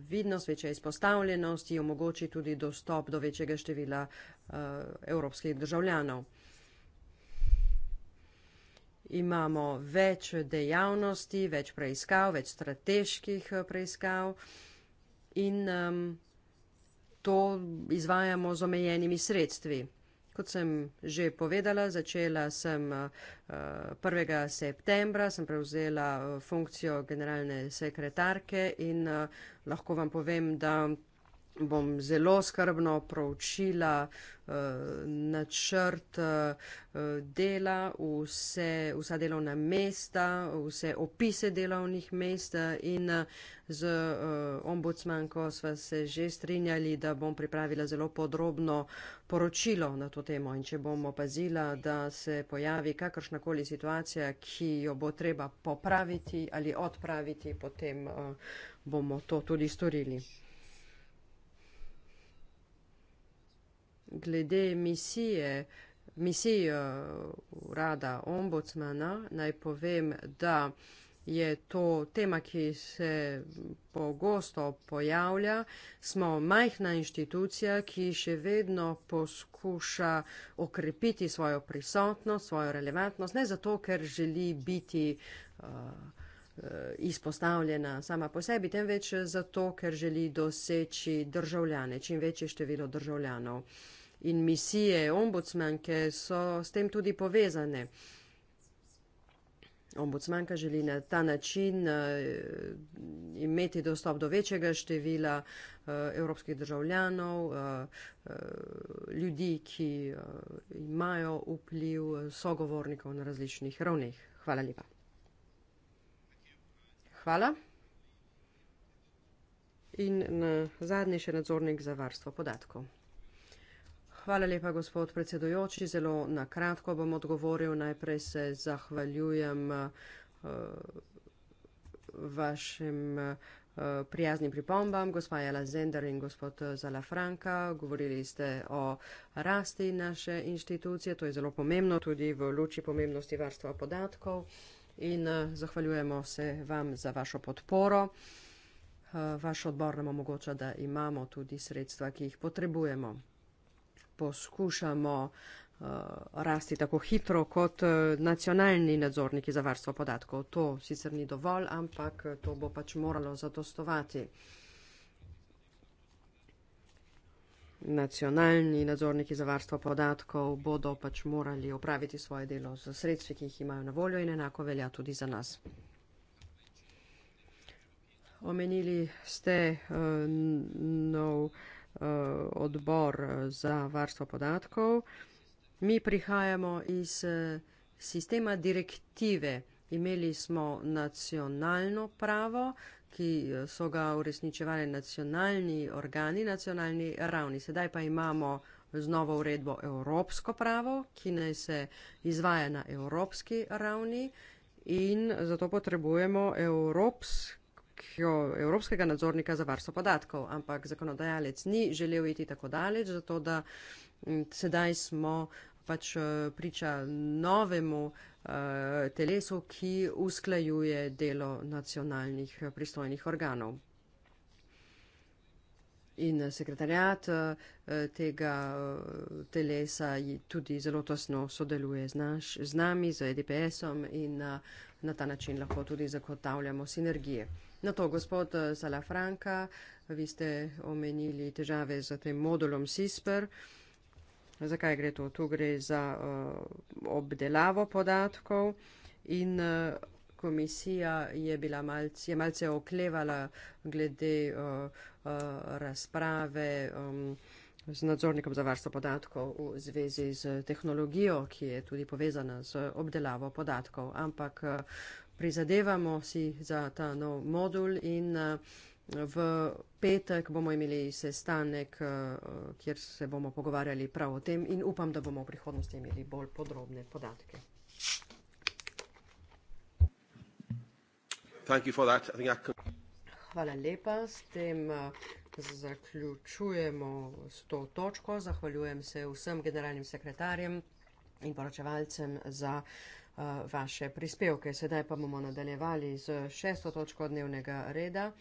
vidnost, večja izpostavljenost ji omogoči tudi dostop do večjega števila evropskih državljanov imamo več dejavnosti, več preiskav, več strateških eh, preiskav in um, to izvajamo z omejenimi sredstvi. Kot sem že povedala, začela sem 1. Eh, septembra, sem prevzela eh, funkcijo generalne sekretarke in lahko vam povem, da bom zelo skrbno proučila uh, načrt uh, dela, vse, vsa delovna mesta, vse opise delovnih mest eh, in uh, z uh, ombudsmanko sva se že strinjali, da bom pripravila zelo podrobno poročilo na to temo in če bom opazila, da se pojavi kakršnakoli situacija, ki jo bo treba popraviti ali odpraviti, potem uh, bomo to tudi storili. glede misije, misijo urada ombudsmana, naj povem, da je to tema, ki se pogosto pojavlja. Smo majhna inštitucija, ki še vedno poskuša okrepiti svojo prisotnost, svojo relevantnost, ne zato, ker želi biti uh, izpostavljena sama po sebi, temveč zato, ker želi doseči državljane, čim večje število državljanov. Uh, in misije ombudsmanke so s tem tudi povezane. Ombudsmanka želi na ta način uh, imeti dostop do večjega števila uh, evropskih državljanov, uh, uh, ljudi, ki uh, imajo vpliv sogovornikov na različnih ravneh. Hvala lepa. Hvala. In na zadnji še nadzornik za varstvo podatkov. Hvala lepa, gospod predsedujoči. Zelo na kratko bom odgovoril. Najprej se zahvaljujem uh, vašim uh, prijaznim pripombam, gospa Jela Zender in gospod eh, Zalafranka. Govorili ste o rasti naše inštitucije. To je zelo pomembno tudi v luči pomembnosti varstva podatkov. In uh, zahvaljujemo se vam za vašo podporo. Vaš odbor nam omogoča, da imamo tudi sredstva, ki jih potrebujemo poskušamo uh, rasti tako hitro kot eh, nacionalni nadzorniki za varstvo podatkov. To sicer ni dovolj, ampak eh, to bo pač moralo zadostovati. Nacionalni nadzorniki za varstvo podatkov bodo pač morali opraviti svoje delo z sredstvi, ki jih imajo na voljo in enako velja tudi za nas. Omenili ste uh, nov. No, Eh, odbor za varstvo podatkov. Mi prihajamo iz eh, sistema direktive. Imeli smo nacionalno pravo, ki eh, so ga uresničevali nacionalni organi, nacionalni ravni. Sedaj pa imamo z novo uredbo evropsko pravo, ki naj se izvaja na evropski ravni in zato potrebujemo evropsko voljo evropskega nadzornika za varstvo podatkov, ampak zakonodajalec ni želel iti tako daleč, zato da sedaj smo pač eh, priča novemu eh, telesu, ki usklajuje delo nacionalnih eh, pristojnih organov. In sekretarjat tega telesa tudi zelo tasno sodeluje z, naš, z nami, z EDPS-om in na, na ta način lahko tudi zagotavljamo sinergije. Na to, gospod eh, Salafranka, vi ste omenili težave z tem modulom CISPR. Zakaj gre to? Tu gre za uh, obdelavo podatkov in uh, komisija je bila malce, je malce oklevala glede uh, uh, razprave um, z nadzornikom za varstvo podatkov v zvezi z tehnologijo, ki je tudi povezana z obdelavo podatkov. Ampak uh, prizadevamo si za ta nov modul in eh, v petek bomo imeli sestanek, eh, kjer se bomo pogovarjali prav o tem in upam, da bomo v prihodnosti imeli bolj podrobne podatke. Hvala lepa, s tem eh, zaključujemo s to točko. Zahvaljujem se vsem generalnim sekretarjem in poročevalcem za pogovor uh, vaše prispevke. Sedaj pa bomo nadaljevali z šesto točko dnevnega reda,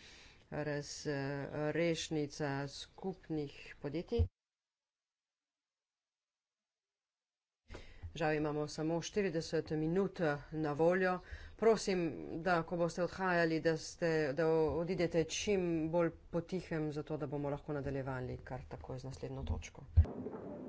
razrešnica skupnih podjetij. Žal imamo samo 40 minut na voljo. Prosim, da ko boste odhajali, da, ste, da odidete čim bolj potihem, zato da bomo lahko nadaljevali kar tako z naslednjo točko. Thank you.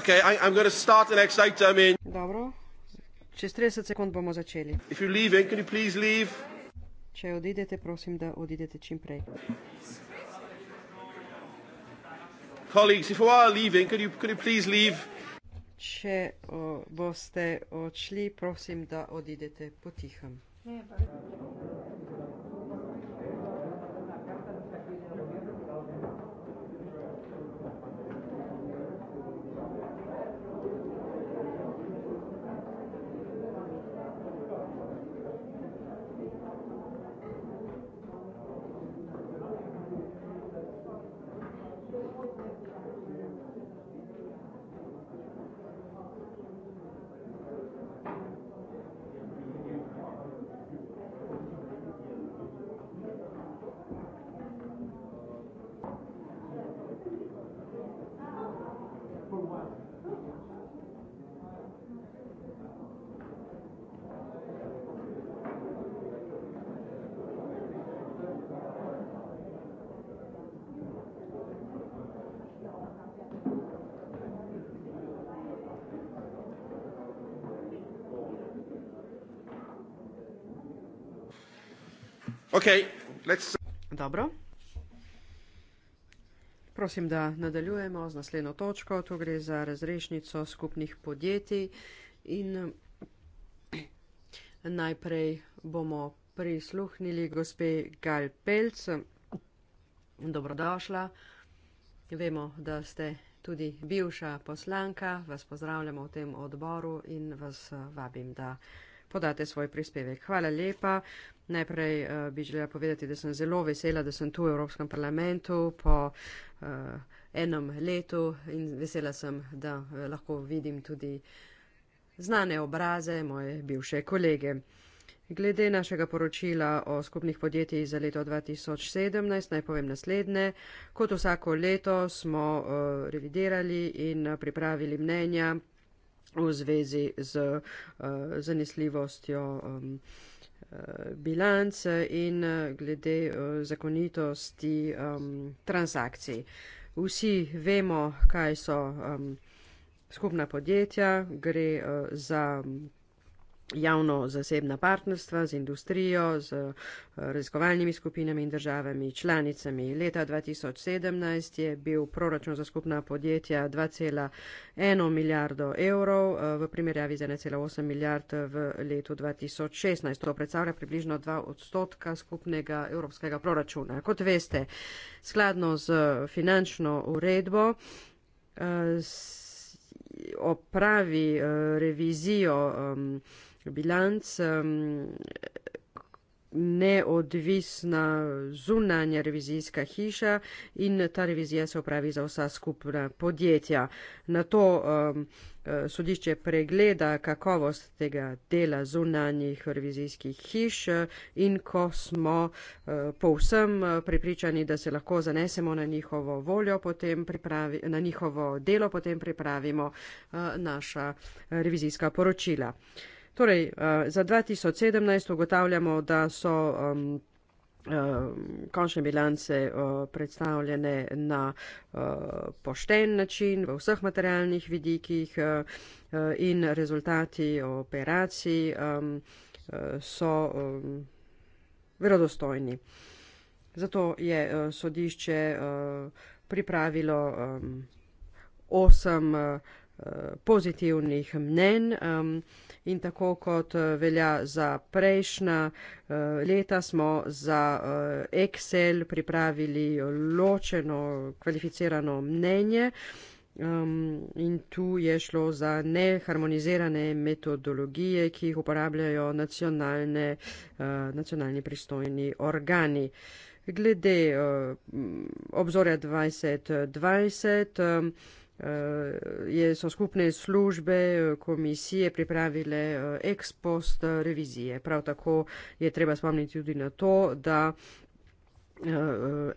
Okay, I, I'm going to start the next item in. Dobro. Čez 30 sekund bomo začeli. If you're leaving, can you please leave? Če odidete, prosim, da odidete čim prej. Colleagues, if you are leaving, can you, can you please leave? Če o, boste odšli, prosim, da odidete potihem. Ne, pa. Okay, let's... Dobro. Prosim, da nadaljujemo z naslednjo točko. Tu gre za razrešnico skupnih podjetij in najprej bomo prisluhnili gospe Gal Pelc. Dobrodošla. Vemo, da ste tudi bivša poslanka. Vas pozdravljamo v tem odboru in vas vabim, da podate svoj prispevek. Hvala lepa. Najprej uh, bi želela povedati, da sem zelo vesela, da sem tu v Evropskem parlamentu po uh, enem letu in vesela sem, da eh, lahko vidim tudi znane obraze moje bivše kolege. Glede našega poročila o skupnih podjetjih za leto 2017 naj povem naslednje. Kot vsako leto smo uh, revidirali in pripravili mnenja v zvezi z uh, zanesljivostjo um, uh, bilance in uh, glede uh, zakonitosti um, transakcij. Vsi vemo, kaj so um, skupna podjetja, gre uh, za. Um, javno-zasebna partnerstva z industrijo, z eh, raziskovalnimi skupinami in državami, članicami. Leta 2017 je bil proračun za skupna podjetja 2,1 milijardo evrov eh, v primerjavi z 1,8 milijard eh, v letu 2016. To predstavlja približno 2 odstotka skupnega evropskega proračuna. Kot veste, skladno z finančno uredbo, opravi revizijo um, bilanc, neodvisna zunanja revizijska hiša in ta revizija se opravi za vsa skupna podjetja. Na to um, sodišče pregleda kakovost tega dela zunanjih revizijskih hiš e, in ko smo uh, povsem pripričani, da se lahko zanesemo na njihovo voljo, pripravi, na njihovo delo, potem pripravimo uh, naša revizijska poročila. Uh, Torej, eh, za 2017 ugotavljamo, da so um, um, končne bilance uh, predstavljene na uh, pošten način v vseh materialnih vidikih uh, uh, in rezultati operacij um, uh, so um, verodostojni. Zato je uh, sodišče uh, pripravilo um, osem uh, pozitivnih mnen um, in tako kot uh, velja za prejšnja uh, leta smo za uh, Excel pripravili ločeno kvalificirano mnenje um, in tu je šlo za neharmonizirane metodologije, ki jih uporabljajo nacionalne, uh, nacionalni pristojni organi. Glede uh, obzorja 2020. Um, Eh, je so skupne službe eh, komisije pripravile eh, ex post revizije. Prav tako je treba spomniti tudi na to, da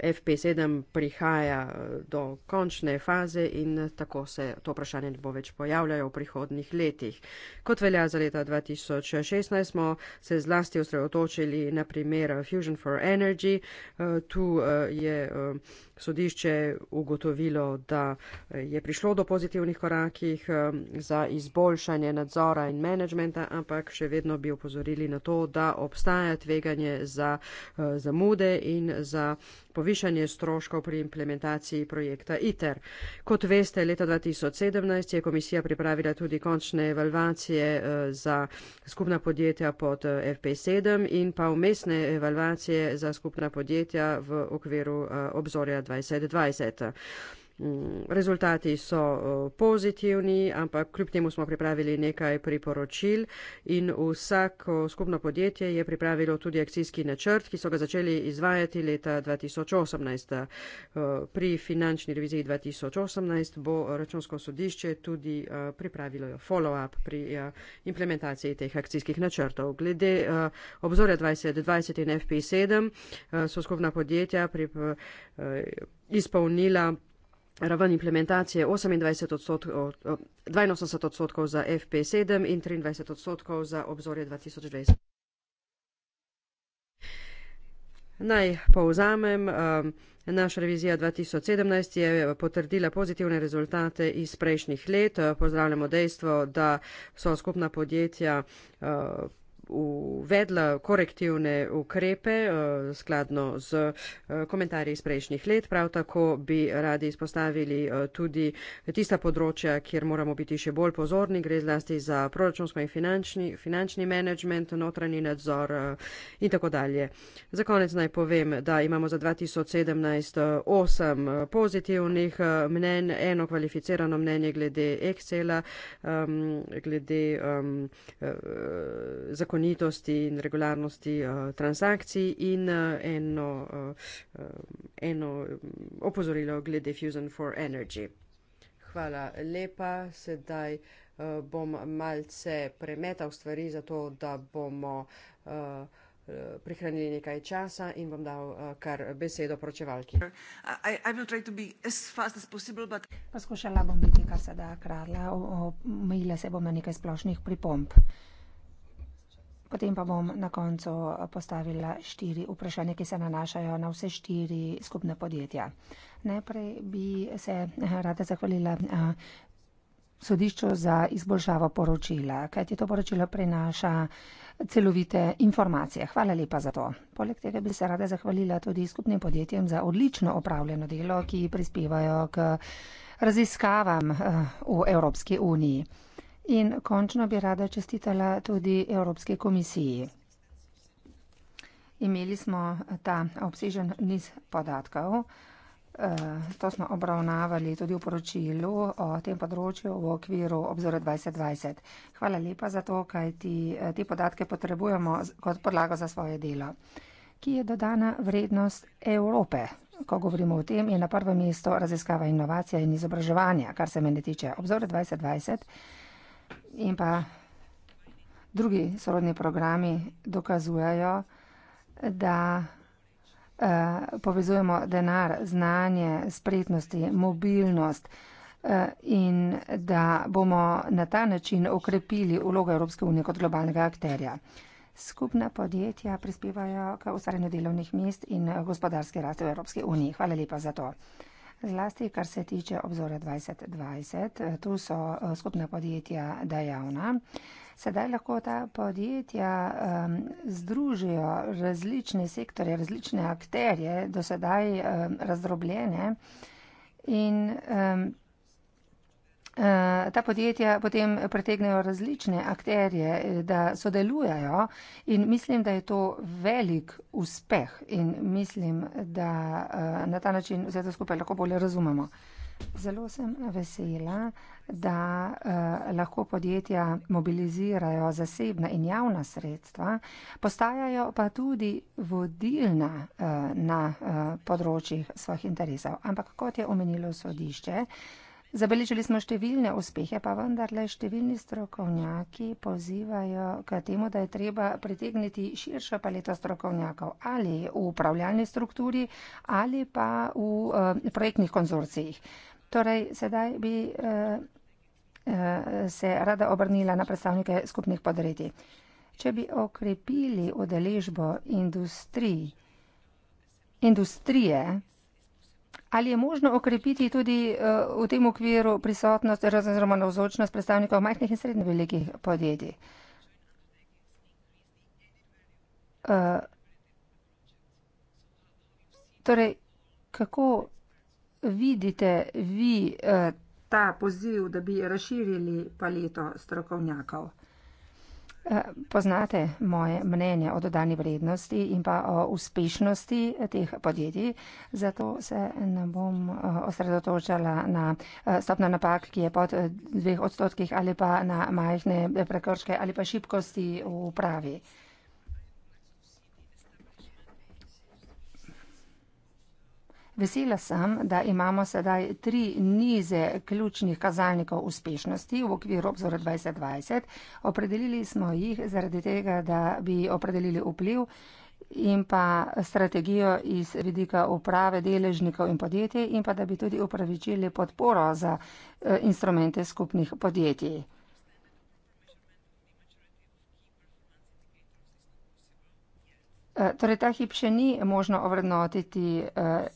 FP7 prihaja do končne faze in tako se to vprašanje ne bo več pojavljalo v prihodnih letih. Kot velja za leta 2016, smo se zlasti osredotočili na primer Fusion for Energy. Tu je sodišče ugotovilo, da eh, je prišlo do pozitivnih korakih eh, za izboljšanje nadzora in menedžmenta, ampak še vedno bi opozorili na to, da obstaja tveganje za eh, zamude in za povišanje stroškov pri implementaciji projekta ITER. Kot veste, leta 2017 je komisija pripravila tudi končne evalvacije eh, za skupna podjetja pod eh, FP7 in pa umestne evalvacije za skupna podjetja v okviru eh, obzorja 2020. Mm, rezultati so pozitivni, ampak kljub temu smo pripravili nekaj priporočil in vsako skupno podjetje je pripravilo tudi akcijski načrt, ki so ga začeli izvajati leta 2018. Pri finančni reviziji 2018 bo računsko sodišče tudi pripravilo follow-up pri implementaciji teh akcijskih načrtov. Glede obzorja 2020 in FP7 so skupna podjetja izpolnila raven implementacije 28 odstotkov, 82 odstotkov za FP7 in 23 odstotkov za obzorje 2020. Naj povzamem, um, naša revizija 2017 je potrdila pozitivne rezultate iz prejšnjih let. Pozdravljamo dejstvo, da so skupna podjetja uh, uvedla korektivne ukrepe eh, skladno z eh, komentarji iz prejšnjih let. Prav tako bi radi izpostavili eh, tudi tista področja, kjer moramo biti še bolj pozorni. Gre zlasti za proračunsko in finančni, finančni menedžment, notranji nadzor in tako dalje. Za konec naj povem, da imamo za 2017 osem pozitivnih mnen, eno kvalificirano mnenje glede Excela, ehm, glede um, ehm, zakonodajnega zakonitosti in regularnosti uh, transakcij in uh, eno, uh, eno mm, opozorilo glede Fusion for Energy. Hvala lepa. Sedaj uh, bom malce premetal stvari, zato da bomo uh, prihranili nekaj časa in bom dal uh, kar besedo pročevalki. Poskušala bom biti kar se da kratka, omejila se bom na nekaj splošnih pripomb. Uh, Potem pa bom na koncu eh, postavila štiri vprašanja, ki se nanašajo na vse štiri skupne podjetja. Najprej bi se eh, rada zahvalila eh, sodišču za izboljšavo poročila, kajti to poročilo prenaša celovite informacije. Hvala lepa za to. Poleg tega bi se rada zahvalila tudi skupnim podjetjem za odlično opravljeno delo, ki prispevajo k raziskavam v Evropski uniji in končno bi rada čestitala tudi Evropski komisiji. Imeli smo ta obsežen niz podatkov, eh, to smo obravnavali tudi v poročilu o tem področju v okviru obzora 2020. Hvala lepa za to, kaj ti eh, te podatke potrebujemo kot podlago za svoje delo. Ki je dodana vrednost Evrope? Ko govorimo o tem, je na prvem mestu raziskava inovacija in izobraževanja, kar se meni tiče obzora 2020. In pa drugi sorodni programi dokazujejo, da eh, povezujemo denar, znanje, spretnosti, mobilnost eh, in da bomo na ta način okrepili vlogo Evropske unije kot globalnega akterja. Skupna podjetja prispevajo k ustvarjanju delovnih mest in gospodarske rasti v Evropski uniji. Hvala lepa za to. Zlasti, kar se tiče obzora 2020, tu so eh, skupna podjetja dejavna. Sedaj lahko ta podjetja um, združijo različne sektore, različne akterje, do sedaj um, razdrobljene in um, Eh, ta podjetja potem pretegnejo različne akterje, eh, da sodelujajo in mislim, da je to velik uspeh in mislim, da eh, na ta način vse to skupaj lahko bolje razumemo. Zelo sem vesela, da lahko podjetja mobilizirajo zasebna in javna sredstva, postajajo pa tudi vodilna na področjih svojih interesov. Ampak kot je omenilo sodišče, Zabeležili smo številne uspehe, pa vendarle številni strokovnjaki pozivajo k temu, da je treba pritegniti širšo paleto strokovnjakov ali v upravljalni strukturi ali pa v uh, projektnih konzorcijih. Torej, sedaj bi uh, uh, se rada obrnila na predstavnike skupnih podreti. Če bi okrepili odeležbo industrije, Ali je možno okrepiti tudi uh, v tem okviru prisotnost oziroma navzočnost predstavnikov majhnih in srednjih velikih podjetij? Uh, torej, kako vidite vi uh, ta poziv, da bi razširili paleto strokovnjakov? Eh, poznate moje mnenje o dodani vrednosti in pa o uspešnosti teh podjetij, zato se ne bom eh, osredotočala na eh, stopno napak, ki je pod dveh odstotkih ali pa na majhne prekrške ali pa šibkosti v pravi. Vesela sem, da imamo sedaj tri nize ključnih kazalnikov uspešnosti v okviru obzora 2020. Opredelili smo jih zaradi tega, da bi opredelili vpliv in pa strategijo iz vidika uprave deležnikov in podjetij in pa da bi tudi upravičili podporo za eh, instrumente skupnih podjetij. Eh, torej, ta hip še ni možno ovrednotiti eh,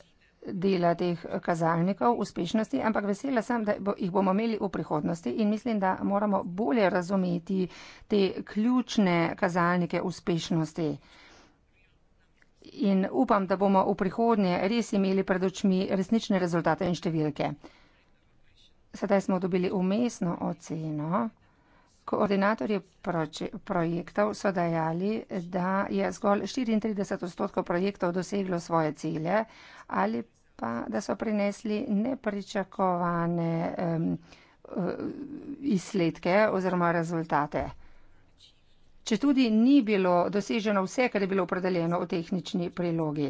dela teh eh, kazalnikov uspešnosti, ampak vesela sem, da jih bomo imeli v prihodnosti in mislim, da moramo bolje razumeti te ključne kazalnike uspešnosti. In upam, da bomo v prihodnje res imeli pred očmi resnične rezultate in številke. Sedaj smo dobili umestno oceno. Koordinatorji projektov so dajali, da je zgolj 34 odstotkov projektov doseglo svoje cilje ali pa da so prinesli nepričakovane um, izsledke oziroma rezultate. Če tudi ni bilo doseženo vse, kar je bilo opredeljeno v tehnični prilogi.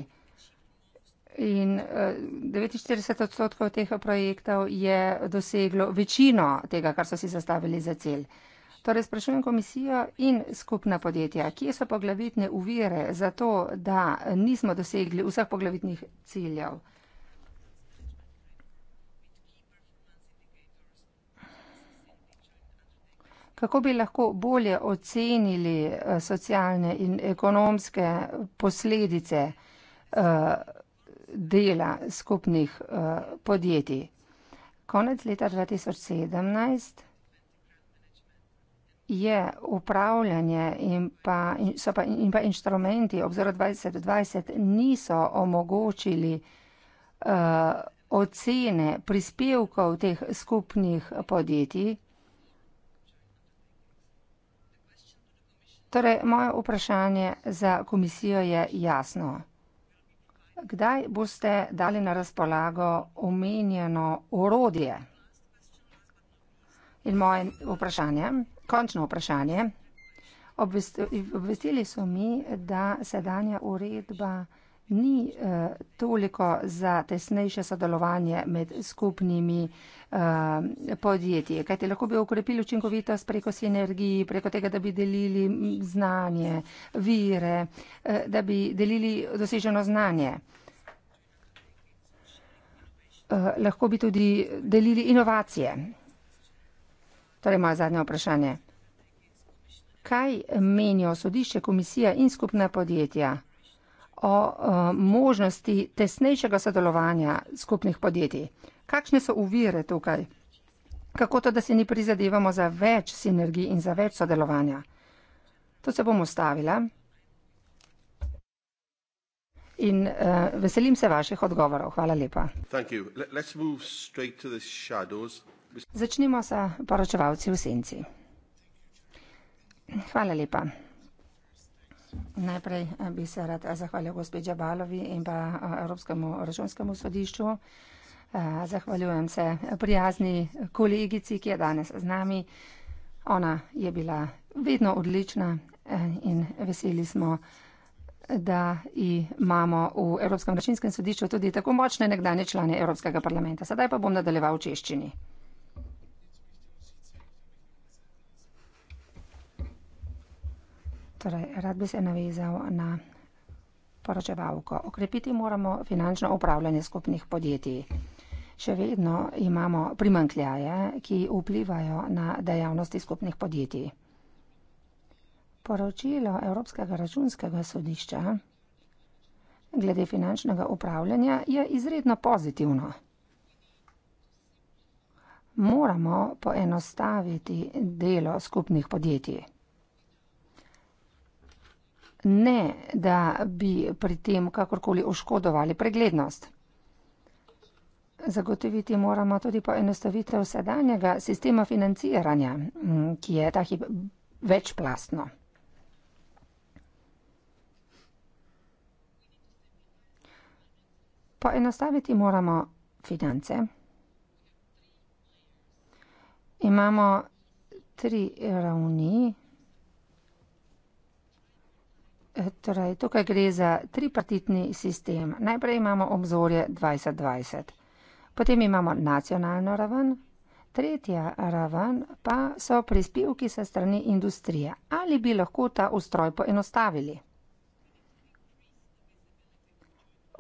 In 49 eh, odstotkov teh projektov je doseglo večino tega, kar so si zastavili za cel. Torej sprašujem komisijo in skupna podjetja, kje so poglavitne uvire za to, da nismo dosegli vseh poglavitnih ciljev. Kako bi lahko bolje ocenili eh, socialne in ekonomske posledice eh, dela skupnih eh, podjetij? Konec leta 2017 je upravljanje in pa, so pa, in pa inštrumenti obzora 2020 niso omogočili uh, ocene prispevkov teh skupnih podjetij. Torej, moje vprašanje za komisijo je jasno. Kdaj boste dali na razpolago omenjeno orodje? In moje vprašanje, končno vprašanje, obvestili so mi, da sedanja uredba ni eh, toliko za tesnejše sodelovanje med skupnimi eh, podjetji. Kajte, lahko bi ukrepili učinkovitost preko sinergiji, preko tega, da bi delili znanje, vire, eh, da bi delili doseženo znanje. Eh, lahko bi tudi delili inovacije. Torej, moja zadnja vprašanje. Kaj menijo sodišče, komisija in skupna podjetja? o uh, možnosti tesnejšega sodelovanja skupnih podjetij. Kakšne so uvire tukaj? Kako to, da si ni prizadevamo za več sinergij in za več sodelovanja? To se bom ustavila. In uh, veselim se vaših odgovorov. Hvala lepa. Začnimo sa poročevalci v senci. Hvala lepa. Najprej eh, bi se rad eh, zahvalil gospod Džabalovi in pa eh, Evropskemu računskemu sodišču. Zahvaljujem se prijazni kolegici, ki je danes z nami. Ona je bila vedno odlična in veseli smo, da imamo v Evropskem računskem sodišču tudi tako močne nekdanje člane Evropskega parlamenta. Sedaj pa bom nadaljeval v češčini. Torej, rad bi se navezal na poročevalko. Okrepiti moramo finančno upravljanje skupnih podjetij. Še vedno imamo primankljaje, ki vplivajo na dejavnosti skupnih podjetij. Poročilo Evropskega računskega sodišča glede finančnega upravljanja je izredno pozitivno. Moramo poenostaviti delo skupnih podjetij ne da bi pri tem kakorkoli oškodovali preglednost. Zagotoviti moramo tudi poenostavitev sedanjega sistema financiranja, ki je ta hip večplastno. Poenostaviti moramo finance. Imamo tri ravni. Eh, torej, tukaj gre za tripartitni sistem. Najprej imamo obzorje 2020, potem imamo nacionalno raven, tretja raven pa so prispevki se strani industrije. Ali bi lahko ta ustroj poenostavili?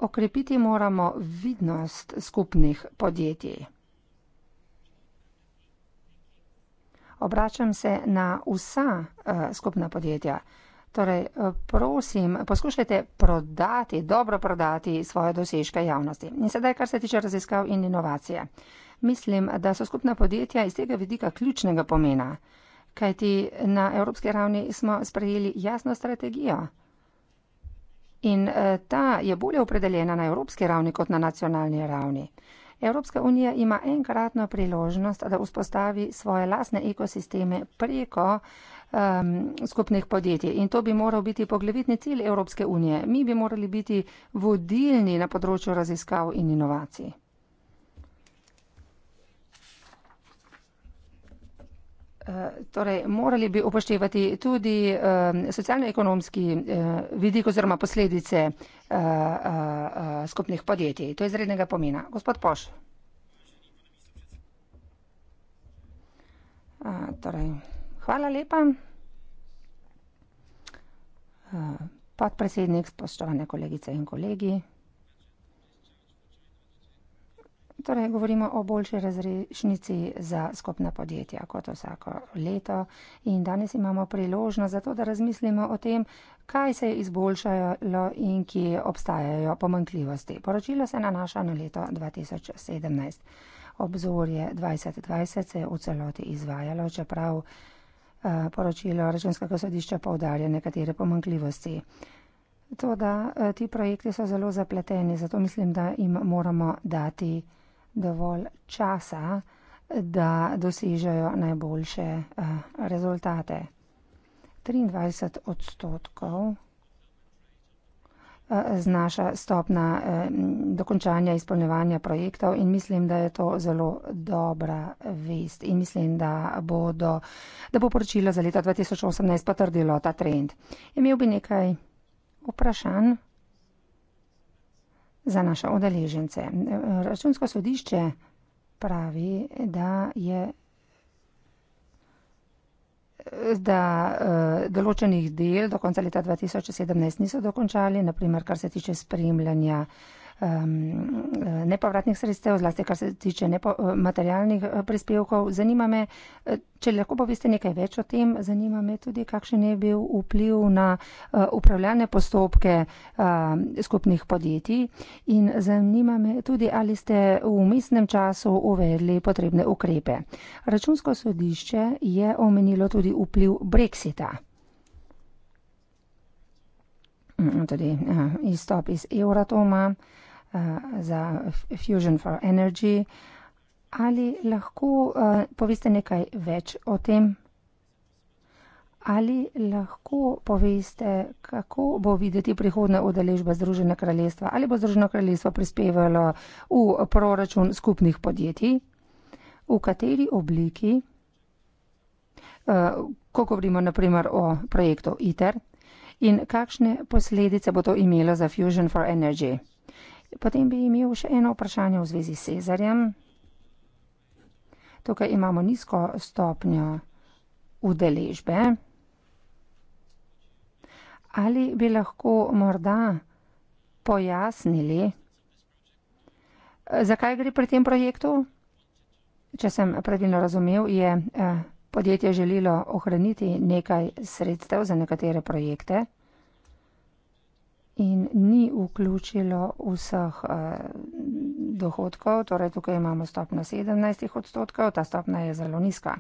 Okrepiti moramo vidnost skupnih podjetij. Obračam se na vsa uh, skupna podjetja. Torej, eh, prosim, poskušajte prodati, dobro prodati svoje dosežke javnosti. In sedaj, kar se tiče raziskav in inovacije. Mislim, da so skupna podjetja iz tega vidika ključnega pomena, kajti na evropski ravni smo sprejeli jasno strategijo. In eh, ta je bolje opredeljena na evropski ravni kot na nacionalni ravni. Evropska unija ima enkratno priložnost, da vzpostavi svoje lasne ekosisteme preko um, skupnih podjetij. In to bi moral biti poglavitni cilj Evropske unije. Mi bi morali biti vodilni na področju raziskav in inovacij. Uh, torej, morali bi upoštevati tudi um, socialno-ekonomski uh, vidik oziroma posledice uh, uh, uh, skupnih podjetij. To je izrednega pomena. Gospod Poš. Uh, torej. Hvala lepa. Eh, podpredsednik, spoštovane kolegice in kolegi. Torej, govorimo o boljši razrešnici za skupna podjetja kot vsako leto in danes imamo priložnost za to, da razmislimo o tem, kaj se je izboljšalo in kje obstajajo pomankljivosti. Poročilo se nanaša na leto 2017. Obzorje 2020 se je v celoti izvajalo, čeprav Eh, poročilo Računskega sodišča povdarja nekatere pomankljivosti. To, da eh, ti projekti so zelo zapleteni, zato mislim, da jim moramo dati dovolj časa, da dosežejo najboljše eh, rezultate. 23 odstotkov Eh, znaša stopna eh, dokončanja izpolnjevanja projektov in mislim, da je to zelo dobra vest in mislim, da, bodo, da bo poročilo za leto 2018 potrdilo ta trend. Imel bi nekaj vprašanj za naše odeležence. Računsko sodišče pravi, da je da eh, določenih del do konca leta 2017 niso dokončali, naprimer kar se tiče spremljanja um, nepovratnih sredstev, zlasti kar se tiče nepo, eh, materialnih eh, prispevkov. Zanima me, če lahko poveste nekaj več o tem, zanima me tudi, kakšen je bil vpliv na uh, upravljanje postopke uh, skupnih podjetij in zanima me tudi, ali ste v umestnem času uvedli potrebne ukrepe. Računsko sodišče je omenilo tudi vpliv Brexita. Mm, tudi ja, izstop iz Euratoma. Uh, Eh, za Fusion for Energy. Ali lahko eh, poveste nekaj več o tem? Ali lahko poveste, kako bo videti prihodna udeležba Združene kraljestva? Ali bo Združeno kraljestvo prispevalo v proračun skupnih podjetij? V kateri obliki? Eh, ko govorimo naprimer o projektu ITER in kakšne posledice bo to imelo za Fusion for Energy? Potem bi imel še eno vprašanje v zvezi s Cezarjem. Tukaj imamo nizko stopnjo udeležbe. Ali bi lahko morda pojasnili, zakaj gre pri tem projektu? Če sem pravilno razumel, je eh, podjetje želelo ohraniti nekaj sredstev za nekatere projekte ni vključilo vseh eh, dohodkov, torej tukaj imamo stopno 17 odstotkov, ta stopna je zelo nizka.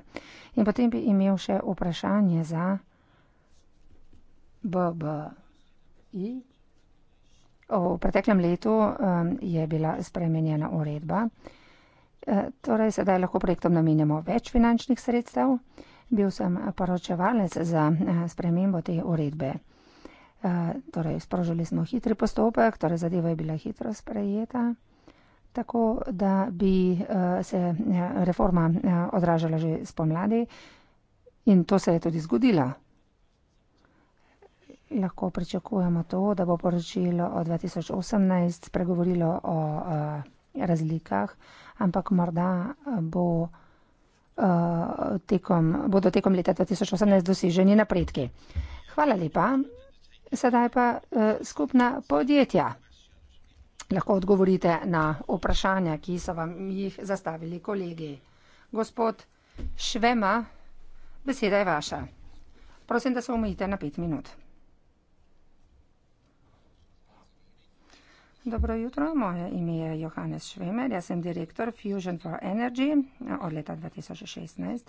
In potem bi imel še vprašanje za BBI. V preteklem letu je bila spremenjena uredba, e, torej sedaj lahko projektom namenjamo več finančnih sredstev. Bil sem poročevalec za eh, spremembo te uredbe. Eh, torej sprožili smo hitri postopek, torej zadeva je bila hitro sprejeta, tako da bi eh, se eh, reforma odražala že spomladi in to se je tudi zgodilo. Lahko pričakujemo to, da bo poročilo od 2018 spregovorilo o razlikah, ampak morda bo tekom, bodo tekom leta 2018 doseženi napredki. Hvala lepa. Sedaj pa eh, skupna podjetja. Lahko odgovorite na vprašanja, ki so vam jih zastavili kolegi. Gospod Švema, beseda je vaša. Prosim, da se omejite na pet minut. Dobro jutro, moje ime je Johannes Švemer, jaz sem direktor Fusion for Energy eh, od leta 2016.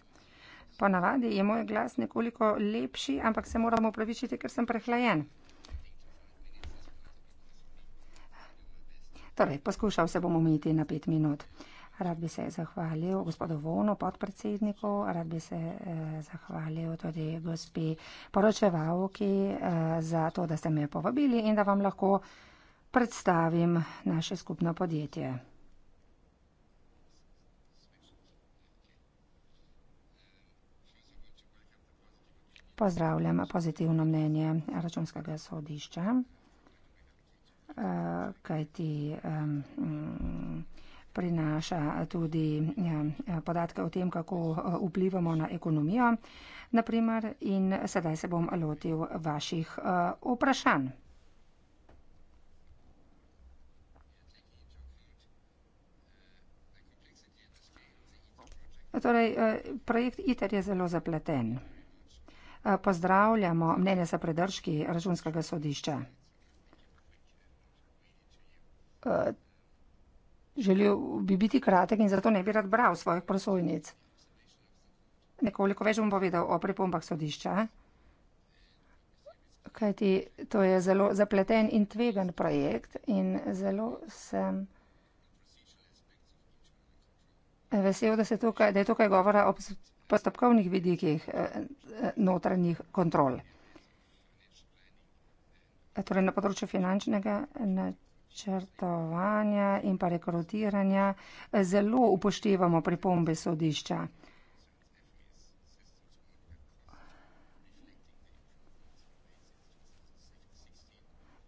Ponavadi je moj glas nekoliko lepši, ampak se moram upravičiti, ker sem prehlajen. Torej, poskušal se bom umiti na pet minut. Rad bi se zahvalil gospodu Vonu, podpredsedniku, rad bi se eh, zahvalil tudi gospi poročevalki eh, za to, da ste me povabili in da vam lahko predstavim naše skupno podjetje. pozdravljam pozitivno mnenje računskega sodišča, eh, kajti mm, prinaša tudi eh, podatke o tem, kako eh, vplivamo na ekonomijo, naprimer, in sedaj se bom lotil vaših vprašanj. Torej, projekt ITER je zelo zapleten. Eh, pozdravljamo mnenje za predržki Računskega sodišča. Eh, želel bi biti kratek in zato ne bi rad bral svojih prosojnic. Nekoliko več bom povedal o pripombah sodišča, kajti to je zelo zapleten in tvegan projekt in zelo sem vesel, da, se tukaj, da je tukaj govora o postopkovnih vidikih eh, eh, notranjih kontrol. Eh, torej na področju finančnega načrtovanja in pa rekrutiranja zelo upoštevamo pripombe sodišča.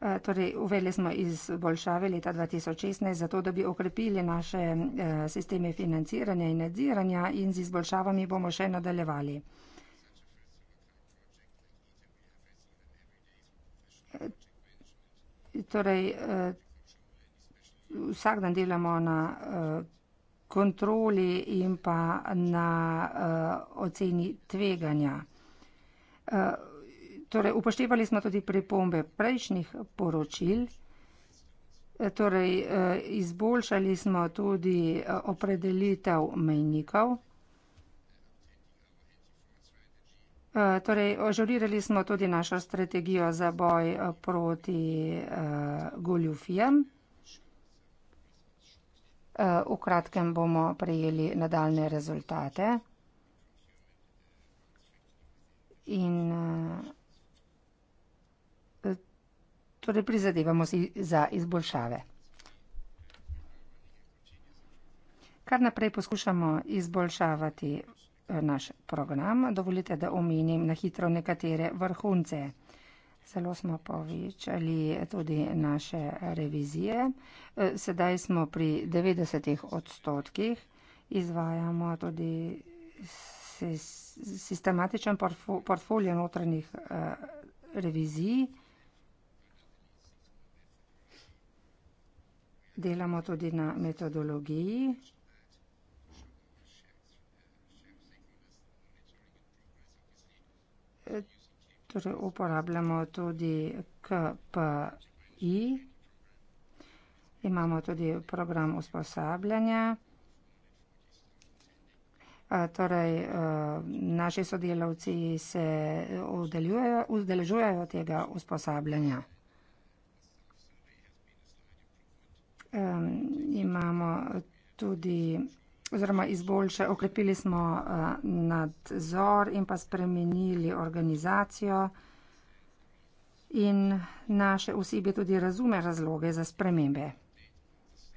Eh, torej, uvedli smo izboljšave leta 2016, zato da bi okrepili naše eh, sisteme financiranja in nadziranja in z izboljšavami bomo še nadaljevali. Eh, torej, vsak dan delamo na kontroli in pa na oceni tveganja. Torej, upoštevali smo tudi pripombe prejšnjih poročil, e, torej e, izboljšali smo tudi e, opredelitev mejnikov, torej ažurirali smo tudi našo strategijo za boj proti goljufijam. V kratkem bomo prejeli nadaljnje rezultate. In torej prizadevamo si za izboljšave. Kar naprej poskušamo izboljšavati eh, naš program, dovolite, da omenim na hitro nekatere vrhunce. Zelo smo povečali tudi naše revizije. Eh, sedaj smo pri 90 odstotkih, izvajamo tudi sistematičen portfolio notranjih eh, revizij. Delamo tudi na metodologiji. Torej uporabljamo tudi KPI. Imamo tudi program usposabljanja. Torej, naši sodelavci se udeležujejo tega usposabljanja. imamo tudi oziroma izboljša, okrepili smo eh, nadzor in pa spremenili organizacijo. In naše osebje tudi razume razloge za spremembe.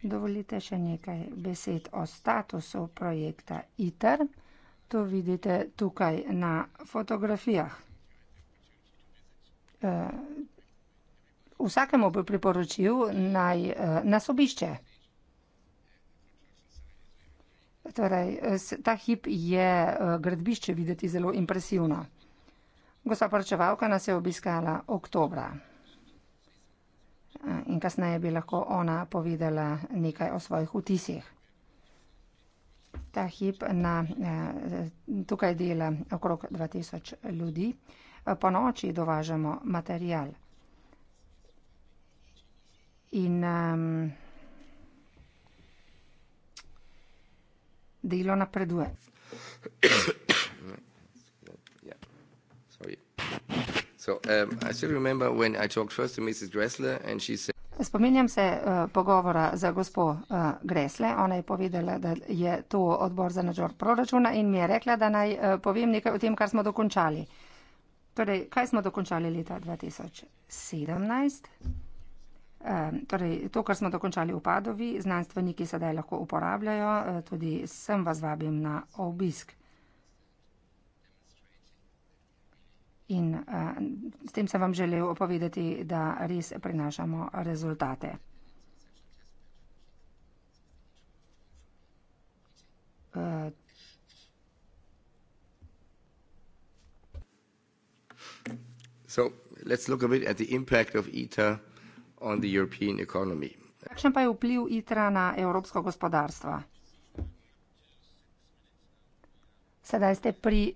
Dovolite še nekaj besed o statusu projekta ITER. To vidite tukaj na fotografijah. Eh, vsakemu bi priporočil, naj eh, nas obišče. Torej, ta hip je eh, gradbišče videti zelo impresivno. Gospa poročevalka nas je obiskala oktobra. Eh, in kasneje bi lahko ona povedala nekaj o svojih vtisih. Ta hip na, tukaj dela okrog 2000 ljudi. Po noči dovažamo material. In um, delo napreduje. Um, Spominjam se uh, pogovora za gospod uh, Gresle. Ona je povedala, da je to odbor za nadzor proračuna in mi je rekla, da naj uh, povem nekaj o tem, kar smo dokončali. Torej, kaj smo dokončali leta 2017? torej to, kar smo dokončali v Padovi, znanstveniki sedaj lahko uporabljajo, e, tudi sem vas vabim na obisk. In uh, s tem sem vam želel povedati, da res prinašamo rezultate. Uh. So, let's look a bit at the impact of ITER on the European economy. Kakšen pa je vpliv ITRA na evropsko gospodarstvo? Sedaj ste pri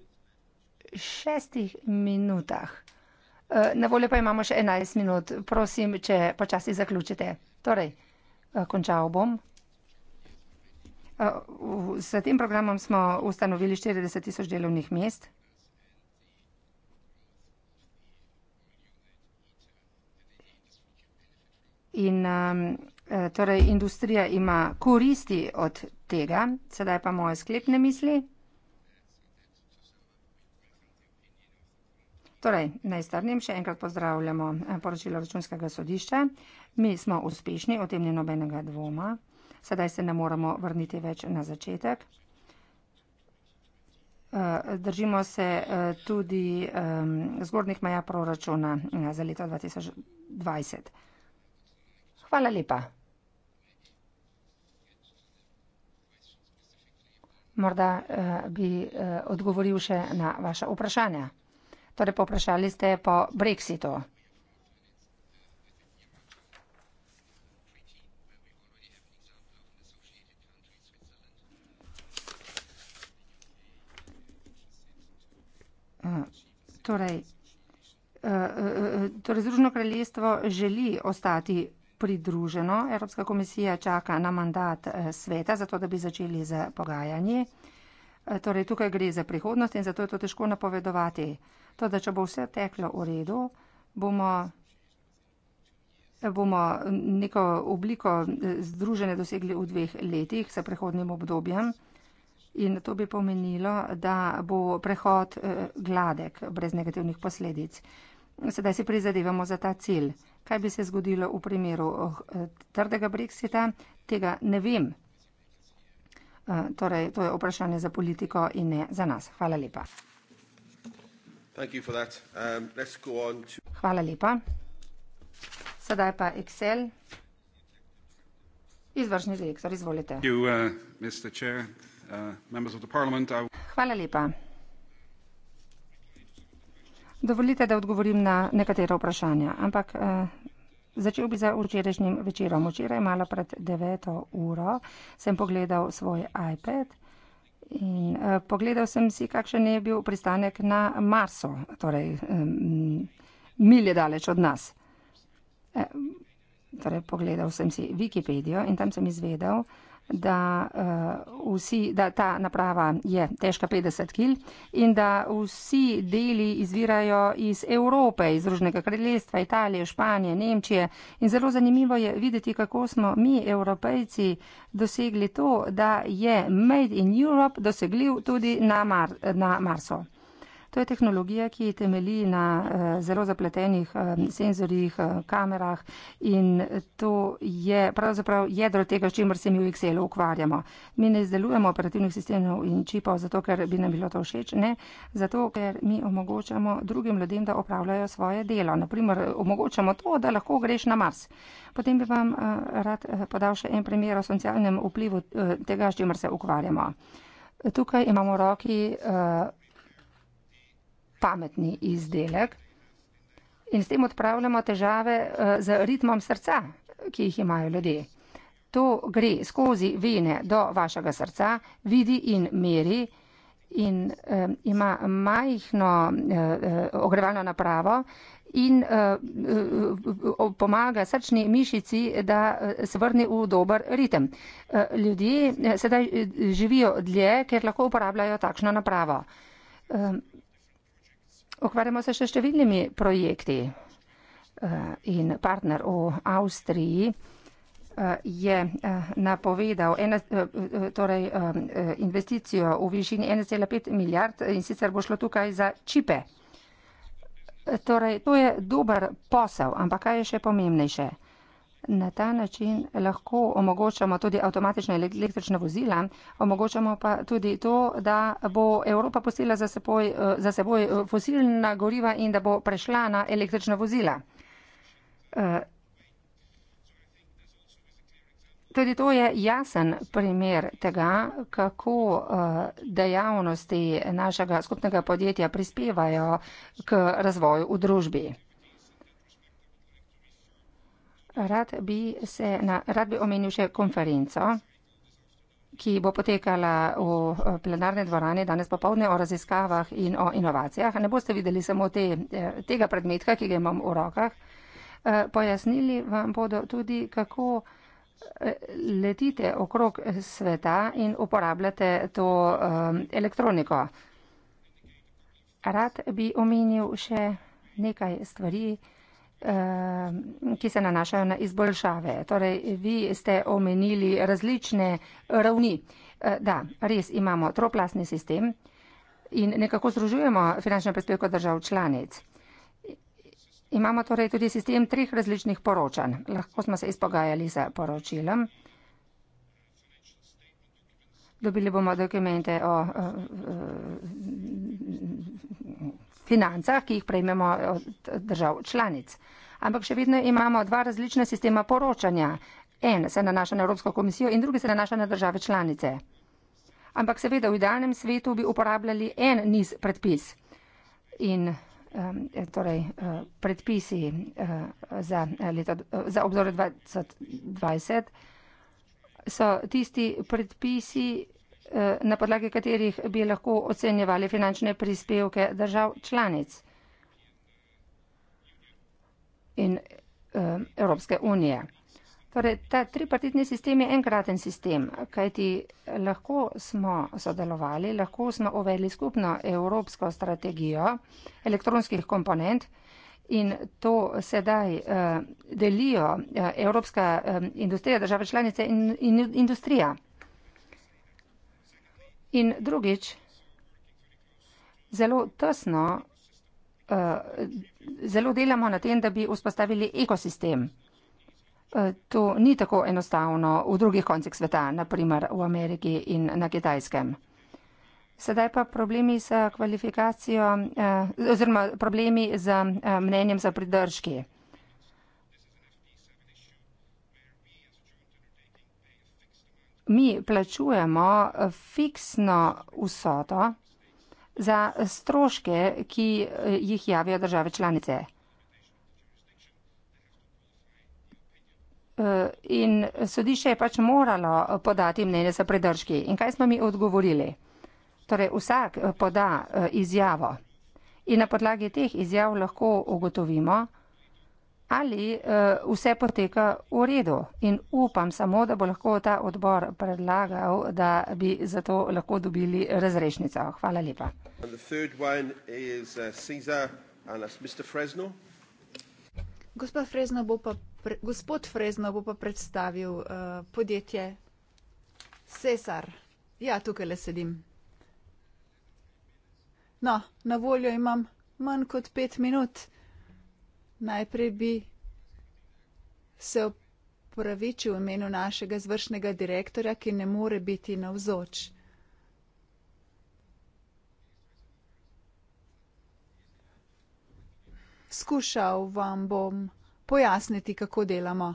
šestih minutah. Eh, na voljo pa imamo še 11 minut. Prosim, če počasi zaključite. Torej, eh, končal bom. Eh, s tem programom smo ustanovili 40 tisoč delovnih mest. In um, eh, torej industrija ima koristi od tega, sedaj pa moje sklepne misli. Torej, naj strnem, še enkrat pozdravljamo eh, poročilo računskega sodišča. Mi smo uspešni, o tem ni nobenega dvoma. Sedaj se ne moramo vrniti več na začetek. Eh, držimo se tudi zgornjih maja proračuna za leto 2020. Hvala lepa. Morda eh, bi eh, odgovoril še na vaša vprašanja. Torej, poprašali ste po brexitu. Eh, torej, eh, eh, eh, torej Združeno kraljestvo želi ostati pridruženo. Evropska komisija čaka na mandat eh, sveta, zato da bi začeli z pogajanji. Eh, torej, tukaj gre za prihodnost in zato je to težko napovedovati. To, da če bo vse teklo v redu, bomo, bomo neko obliko eh, združene dosegli v dveh letih s prehodnim obdobjem. In to bi pomenilo, da bo prehod gladek, brez negativnih posledic. Sedaj si prizadevamo za ta cilj kaj bi se zgodilo v primeru oh, eh, trdega brexita, tega ne vem. Eh, torej, to je vprašanje za politiko in ne za nas. Hvala lepa. Um, Hvala lepa. Sedaj pa Excel. Izvršni direktor, izvolite. Uh, uh, Hvala lepa. Dovolite, da odgovorim na nekatera vprašanja, ampak eh, Začel bi za včerajšnjim večerom. Včeraj, malo pred 9. uro, sem pogledal svoj iPad in uh, pogledal sem si, kakšen je bil pristanek na Marsu, torej um, milje daleč od nas. E, torej, pogledal sem si Wikipedijo in tam sem izvedel, da, uh, vsi, da ta naprava je težka 50 kg in da vsi deli izvirajo iz Evrope, iz Združenega kraljestva, Italije, Španije, Nemčije. In zelo zanimivo je videti, kako smo mi, evropejci, dosegli to, da je Made in Europe dosegljiv tudi na, Mar na Marso. To je tehnologija, ki temelji na eh, zelo zapletenih eh, senzorjih, eh, kamerah in to je pravzaprav jedro tega, s čimer se mi v Excelu ukvarjamo. Mi ne izdelujemo operativnih sistemov in čipov, zato ker bi nam bilo to všeč, ne, zato ker mi omogočamo drugim ljudem, da opravljajo svoje delo. Naprimer, omogočamo to, da lahko greš na Mars. Potem bi vam rad podal še en primer o socialnem vplivu tega, s čimer se ukvarjamo. Tukaj imamo roki. Uh, pametni izdelek in s tem odpravljamo težave eh, z ritmom srca, ki jih imajo ljudje. To gre skozi vene do vašega srca, vidi in meri in eh, ima majhno eh, eh ogrevalno napravo in eh, eh pomaga srčni mišici, da se vrne v dober ritem. Ljudje sedaj živijo dlje, ker lahko uporabljajo takšno napravo. Ukvarjamo se še številnimi projekti eh, in partner v Avstriji eh, je eh, napovedal ena, torej, investicijo v višini 1,5 milijard in sicer bo šlo tukaj za čipe. Torej, to je dober posel, ampak kaj je še pomembnejše? Na ta način lahko omogočamo tudi avtomatična električna vozila, omogočamo pa tudi to, da bo Evropa pustila za seboj, eh, za seboj eh, fosilna goriva in da bo prešla na električna vozila. Eh, tudi to je jasen primer tega, kako dejavnosti našega skupnega podjetja prispevajo k razvoju v družbi rad bi, se na, rad bi omenil še konferenco, ki bo potekala v eh, plenarni dvorani danes popovdne o raziskavah in o inovacijah. Ne boste videli samo te, eh, tega predmetka, ki ga imam v rokah. Eh, pojasnili vam bodo tudi, kako letite okrog sveta in uporabljate to elektroniko. Rad bi omenil še nekaj stvari, Eh, ki se nanašajo na izboljšave. Torej, vi ste omenili različne ravni. Eh, da, res imamo troplastni sistem in nekako združujemo finančno prispevko držav članic. Imamo torej tudi sistem treh različnih poročanj. Lahko smo se izpogajali za poročilom. Dobili bomo dokumente o uh, uh, financah, ki jih prejmemo od držav članic ampak še vedno imamo dva različna sistema poročanja. En se nanaša na Evropsko komisijo in drugi se nanaša na države članice. Ampak seveda v idealnem svetu bi uporabljali en niz predpis. In torej eh, predpisi eh, za, eh, leto, za obzore 2020 so tisti predpisi, na podlagi katerih bi lahko ocenjevali finančne prispevke držav članic in um, Evropske unije. Torej, ta tripartitni sistem je enkraten sistem, kajti lahko smo sodelovali, lahko smo uvedli skupno evropsko strategijo elektronskih komponent in to sedaj uh, delijo uh, evropska um, industrija, države članice in, in industrija. In drugič, zelo tesno Eh, zelo delamo na tem, da bi vzpostavili ekosistem. Eh, to ni tako enostavno v drugih koncih sveta, naprimer v Ameriki in na Kitajskem. Sedaj pa problemi z kvalifikacijo eh, oziroma problemi z mnenjem za pridržki. Mi plačujemo fiksno vsoto za stroške, ki eh, jih javijo države članice. Eh, in sodišče je pač moralo podati mnenje za predržki. In kaj smo mi odgovorili? Torej, vsak eh, poda izjavo. In na podlagi teh izjav lahko ugotovimo, ali uh, vse poteka v redu. In upam samo, da bo lahko ta odbor predlagal, da bi zato lahko dobili razrešnico. Hvala lepa. Uh, Frezno pa, pre, gospod Frezno bo pa predstavil uh, podjetje Cesar. Ja, tukaj le sedim. No, na voljo imam manj kot pet minut. Najprej bi se opravičil v imenu našega izvršnega direktorja, ki ne more biti navzoč. Skušal vam bom pojasniti, kako delamo.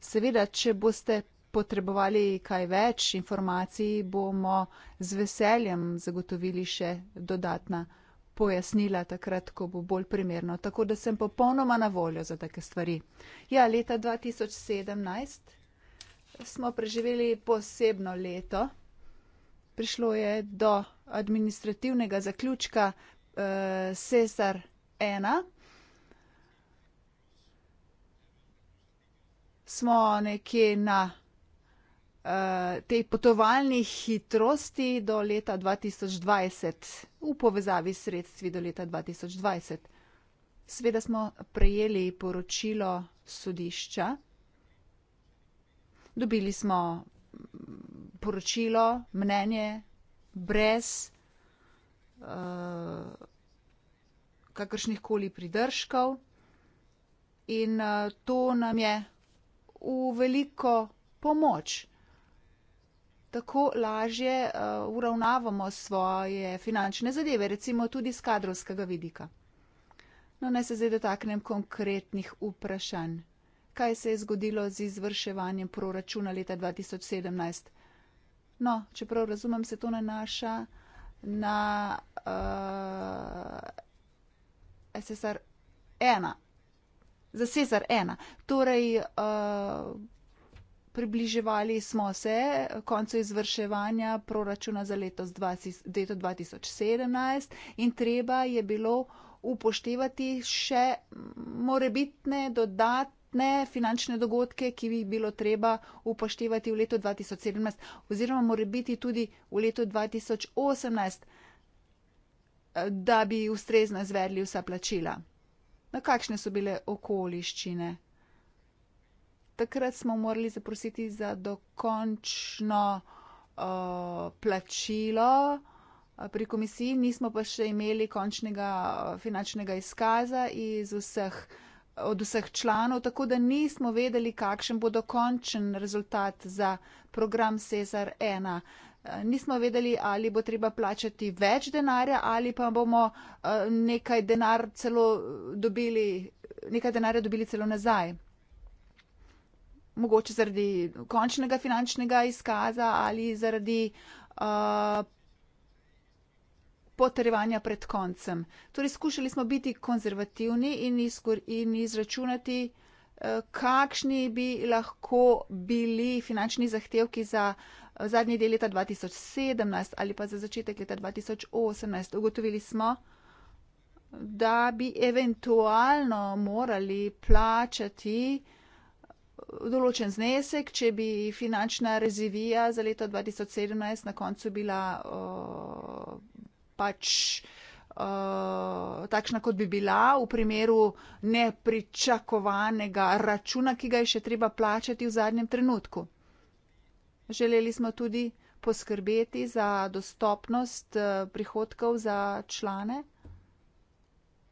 Seveda, če boste potrebovali kaj več informacij, bomo z veseljem zagotovili še dodatna pojasnila takrat, ko bo bolj primerno. Tako da sem popolnoma na voljo za take stvari. Ja, leta 2017 smo preživeli posebno leto. Prišlo je do administrativnega zaključka eh, Cesar 1. Smo nekje na Eh, te potovalne hitrosti do leta 2020 v povezavi s sredstvi do leta 2020. Sveda smo prejeli poročilo sodišča, dobili smo mm, poročilo, mnenje, brez uh, eh, kakršnih koli pridržkov in uh, to nam je v veliko pomoč tako lažje uh, uravnavamo svoje finančne zadeve, recimo tudi z kadrovskega vidika. No, naj se zdaj dotaknem konkretnih vprašanj. Kaj se je zgodilo z izvrševanjem proračuna leta 2017? No, čeprav razumem, se to nanaša na uh, eh, SSR 1, za SSR 1. Torej, uh, približevali smo se koncu izvrševanja proračuna za leto 2017 in treba je bilo upoštevati še morebitne dodatne finančne dogodke, ki bi jih bilo treba upoštevati v letu 2017 oziroma morebiti tudi v letu 2018, eh, da bi ustrezno izvedli vsa plačila. Na kakšne so bile okoliščine? takrat smo morali zaprositi za dokončno uh, plačilo uh, pri komisiji, nismo pa še imeli končnega uh, finančnega izkaza iz vseh, od vseh članov, tako da nismo vedeli, kakšen bo dokončen rezultat za program Cezar 1. Uh, nismo vedeli, ali bo treba plačati več denarja ali pa bomo nekaj, denar celo dobili, nekaj denarja dobili celo nazaj mogoče zaradi končnega finančnega izkaza ali zaradi uh, potrjevanja pred koncem. Torej, skušali smo biti konzervativni in, izkor, in izračunati, uh, kakšni bi lahko bili finančni zahtevki za eh, zadnji del leta 2017 ali pa za začetek leta 2018. Ugotovili smo, da bi eventualno morali plačati uh, določen znesek, če bi finančna rezivija za leto 2017 na koncu bila uh, pač uh, takšna, kot bi bila v primeru nepričakovanega računa, ki ga je še treba plačati v zadnjem trenutku. Želeli smo tudi poskrbeti za dostopnost e, prihodkov za člane,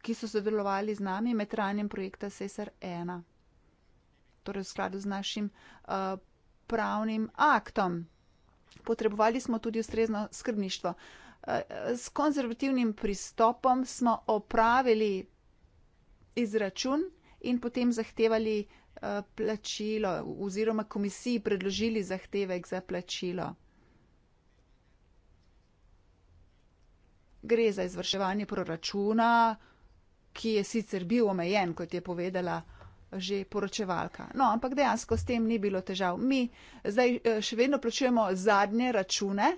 ki so sodelovali z nami med ranjem projekta SESR 1 torej v skladu z našim uh, pravnim aktom. Potrebovali smo tudi ustrezno skrbništvo. Uh, s konzervativnim pristopom smo opravili izračun in potem zahtevali uh, plačilo oziroma komisiji predložili zahtevek za plačilo. Gre za izvrševanje proračuna, ki je sicer bil omejen, kot je povedala že poročevalka. No, ampak dejansko s tem ni bilo težav. Mi zdaj eh, še vedno plačujemo zadnje račune,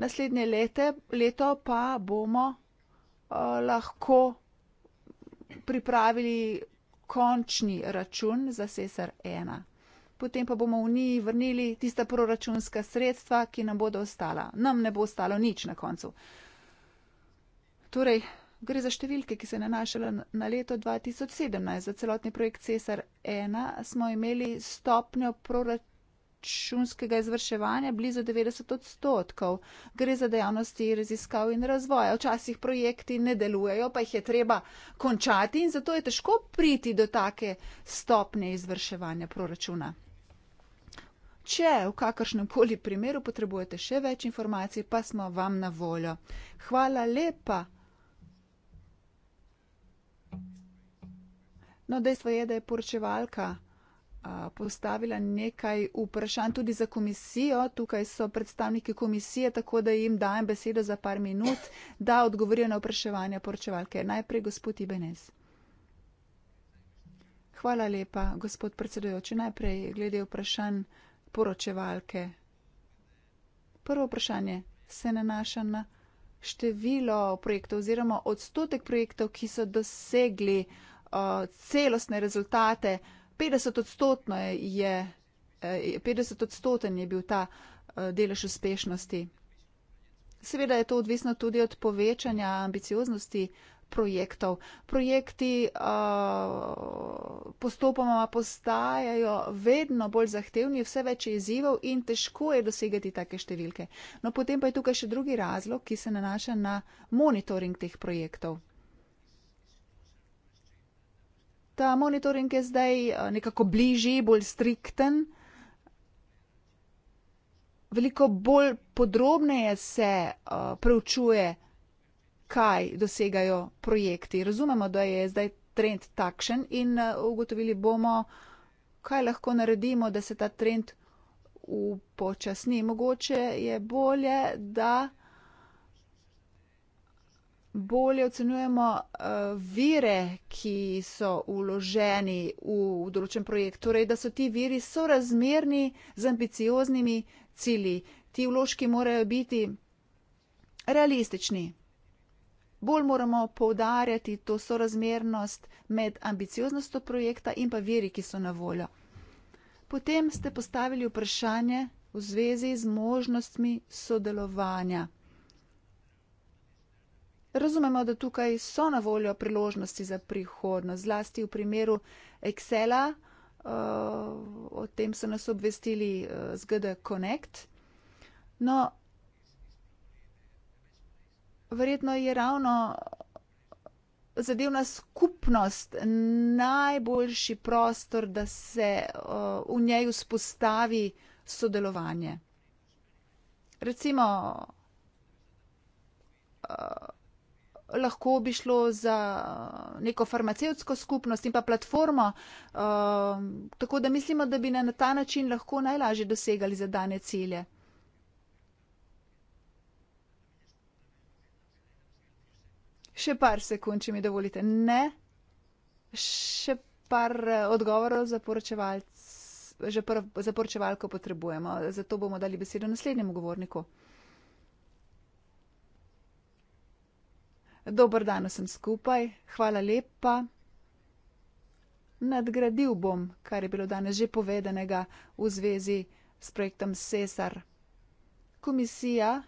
naslednje lete, leto pa bomo uh, lahko pripravili končni račun za SESR 1. Potem pa bomo v njih vrnili tista proračunska sredstva, ki nam bodo ostala. Nam ne bo ostalo nič na koncu. Torej, Gre za številke, ki se nanašajo na leto 2017. Za celotni projekt CSR1 smo imeli stopnjo proračunskega izvrševanja blizu 90 odstotkov. Gre za dejavnosti raziskav in razvoja. Včasih projekti ne delujejo, pa jih je treba končati in zato je težko priti do take stopnje izvrševanja proračuna. Če v kakršnem koli primeru potrebujete še več informacij, pa smo vam na voljo. Hvala lepa. No, dejstvo je, da je poročevalka postavila nekaj vprašanj tudi za komisijo. Tukaj so predstavniki komisije, tako da jim dajem besedo za par minut, da odgovorijo na vpraševanja poročevalke. Najprej gospod Ibenez. Hvala lepa, gospod predsedojoči. Najprej glede vprašanj poročevalke. Prvo vprašanje se nanaša na število projektov oziroma odstotek projektov, ki so dosegli Eh, celostne rezultate. 50-odstotno je, je, eh, 50 je bil ta eh, delež uspešnosti. Seveda je to odvisno tudi od povečanja ambicioznosti projektov. Projekti uh, postopoma postajajo vedno bolj zahtevni, vse več je izzivov in težko je dosegati take številke. No, potem pa je tukaj še drugi razlog, ki se nanaša na monitoring teh projektov. ta monitoring je zdaj eh, nekako bližji, bolj strikten. Veliko bolj podrobneje se uh, preučuje, kaj dosegajo projekti. Razumemo, da je zdaj trend takšen in uh, ugotovili bomo, kaj lahko naredimo, da se ta trend upočasni. Mogoče je bolje, da bolje ocenjujemo uh, vire, ki so uloženi v, v določen projekt. Torej, da so ti viri sorazmerni z ambicioznimi cilji. Ti vložki morajo biti realistični. Bolj moramo povdarjati to sorazmernost med ambicioznostjo projekta in pa viri, ki so na voljo. Potem ste postavili vprašanje v zvezi z možnostmi sodelovanja. Razumemo, da tukaj so na voljo priložnosti za prihodnost, zlasti v primeru Excela, eh, o tem so nas obvestili eh, z GD Connect. No, verjetno je ravno eh, zadevna skupnost najboljši prostor, da se v njej vzpostavi sodelovanje. Recimo, lahko bi šlo za neko farmacevtsko skupnost in pa platformo, uh, tako da mislimo, da bi na ta način lahko najlažje dosegali zadane cilje. Še par sekund, če mi dovolite. Ne, še par eh, odgovorov za poročevalce. Že prvo zaporčevalko potrebujemo, zato bomo dali besedo naslednjemu govorniku. Dober dan vsem skupaj, hvala lepa. Nadgradil bom, kar je bilo danes že povedanega v zvezi s projektom Sesar. Komisija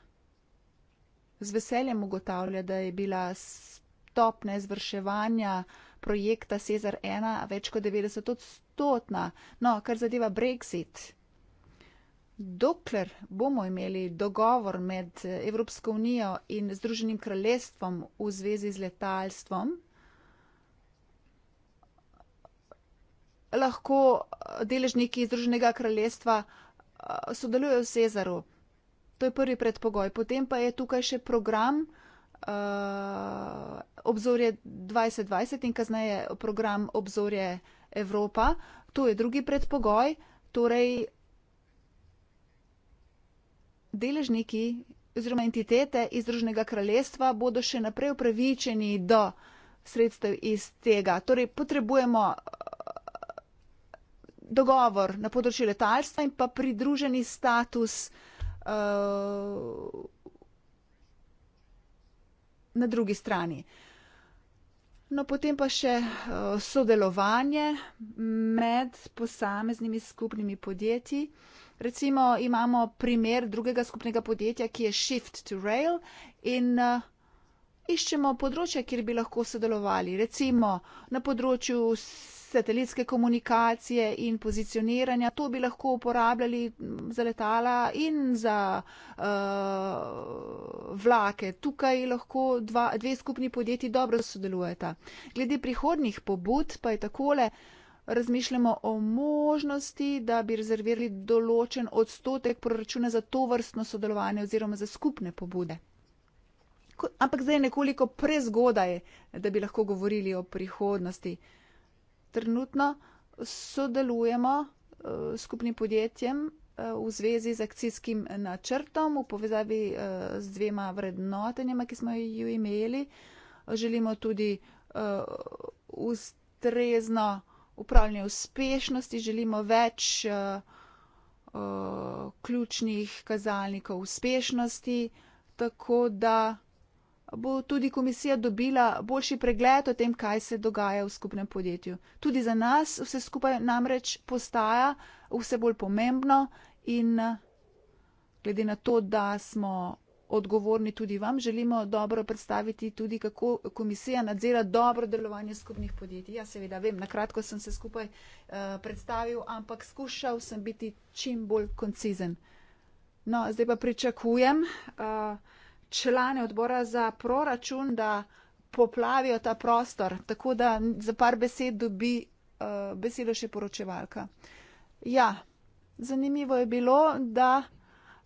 z veseljem ugotavlja, da je bila stopnja izvrševanja projekta Sesar ena več kot devetdesetodstotna. No, kar zadeva brexit, Dokler bomo imeli dogovor med Evropsko unijo in Združenim kraljestvom v zvezi z letalstvom, lahko deležniki Združenega kraljestva eh, sodelujejo v Cezaru. To je prvi predpogoj. Potem pa je tukaj še program uh, obzorje 2020 in kasneje program obzorje Evropa. To je drugi predpogoj. Torej, deležniki oziroma entitete iz Združenega kraljestva bodo še naprej upravičeni do sredstev iz tega. Torej, potrebujemo eh, dogovor na področju letalstva in pa pridruženi status eh, na drugi strani. No, potem pa še eh, sodelovanje med posameznimi skupnimi podjetji. Recimo imamo primer drugega skupnega podjetja, ki je Shift to Rail in eh, iščemo področja, kjer bi lahko sodelovali. Recimo na področju satelitske komunikacije in pozicioniranja, to bi lahko uporabljali mm, za letala in za uh, vlake. Tukaj lahko dva, dve skupni podjetji dobro sodelujeta. Glede prihodnjih pobud pa je takole razmišljamo o možnosti, da bi rezervirali določen odstotek proračuna za to vrstno sodelovanje oziroma za skupne pobude. Ampak zdaj je nekoliko prezgodaj, da bi lahko govorili o prihodnosti. Trenutno sodelujemo eh, s skupnim podjetjem eh, v zvezi z akcijskim načrtom v povezavi eh, z dvema vrednotenjama, ki smo jo imeli. Želimo tudi ustrezno uh, upravljanje uspešnosti, želimo več uh, uh, ključnih kazalnikov uspešnosti, tako da bo tudi komisija dobila boljši pregled o tem, kaj se dogaja v skupnem podjetju. Tudi za nas vse skupaj namreč postaja vse bolj pomembno in eh, glede na to, da smo odgovorni tudi vam, želimo dobro predstaviti tudi, kako komisija nadzira dobro delovanje skupnih podjetij. Ja, seveda, vem, na kratko sem se skupaj uh, predstavil, ampak skušal sem biti čim bolj koncizen. No, zdaj pa pričakujem uh, člane odbora za proračun, da poplavijo ta prostor, tako da za par besed dobi uh, besedo še poročevalka. Ja, zanimivo je bilo, da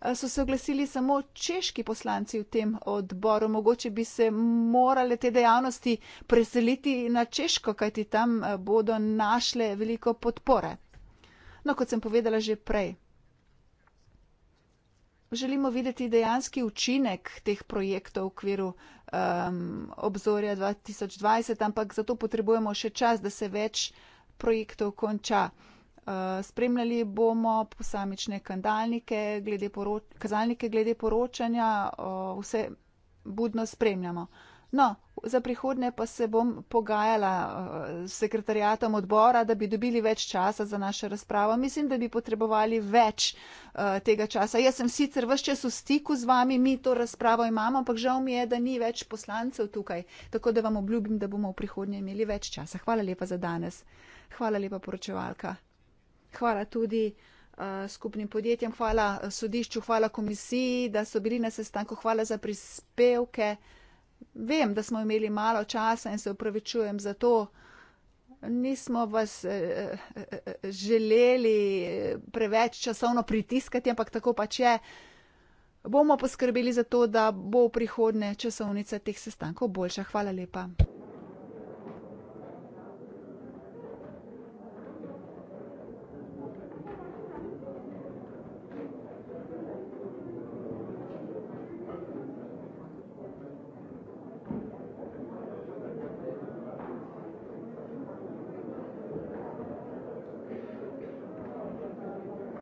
Eh, so se oglasili samo češki poslanci v tem odboru. Mogoče bi se morale te dejavnosti preseliti na češko, kajti tam eh, bodo našle veliko podpore. No, kot sem povedala že prej. Želimo videti dejanski učinek teh projektov v okviru um, obzorja 2020, ampak za to potrebujemo še čas, da se več projektov konča. Eh, spremljali bomo posamične kazalnike glede, poroč kazalnike glede poročanja, vse budno spremljamo. No, za prihodne pa se bom pogajala eh, s sekretarjatom odbora, da bi dobili več časa za našo razpravo. Mislim, da bi potrebovali več eh, tega časa. Jaz sem sicer vse čas v stiku z vami, mi to razpravo imamo, ampak žal mi je, da ni več poslancev tukaj. Tako da vam obljubim, da bomo v prihodnje imeli več časa. Hvala lepa za danes. Hvala lepa poročevalka hvala tudi eh, skupnim podjetjem, hvala eh, sodišču, hvala komisiji, da so bili na sestanku, hvala za prispevke. Vem, da smo imeli malo časa in se upravičujem za to. Nismo vas eh, želeli preveč časovno pritiskati, ampak tako pač je. Bomo poskrbeli za to, da bo prihodne časovnice teh sestankov boljša. Hvala lepa.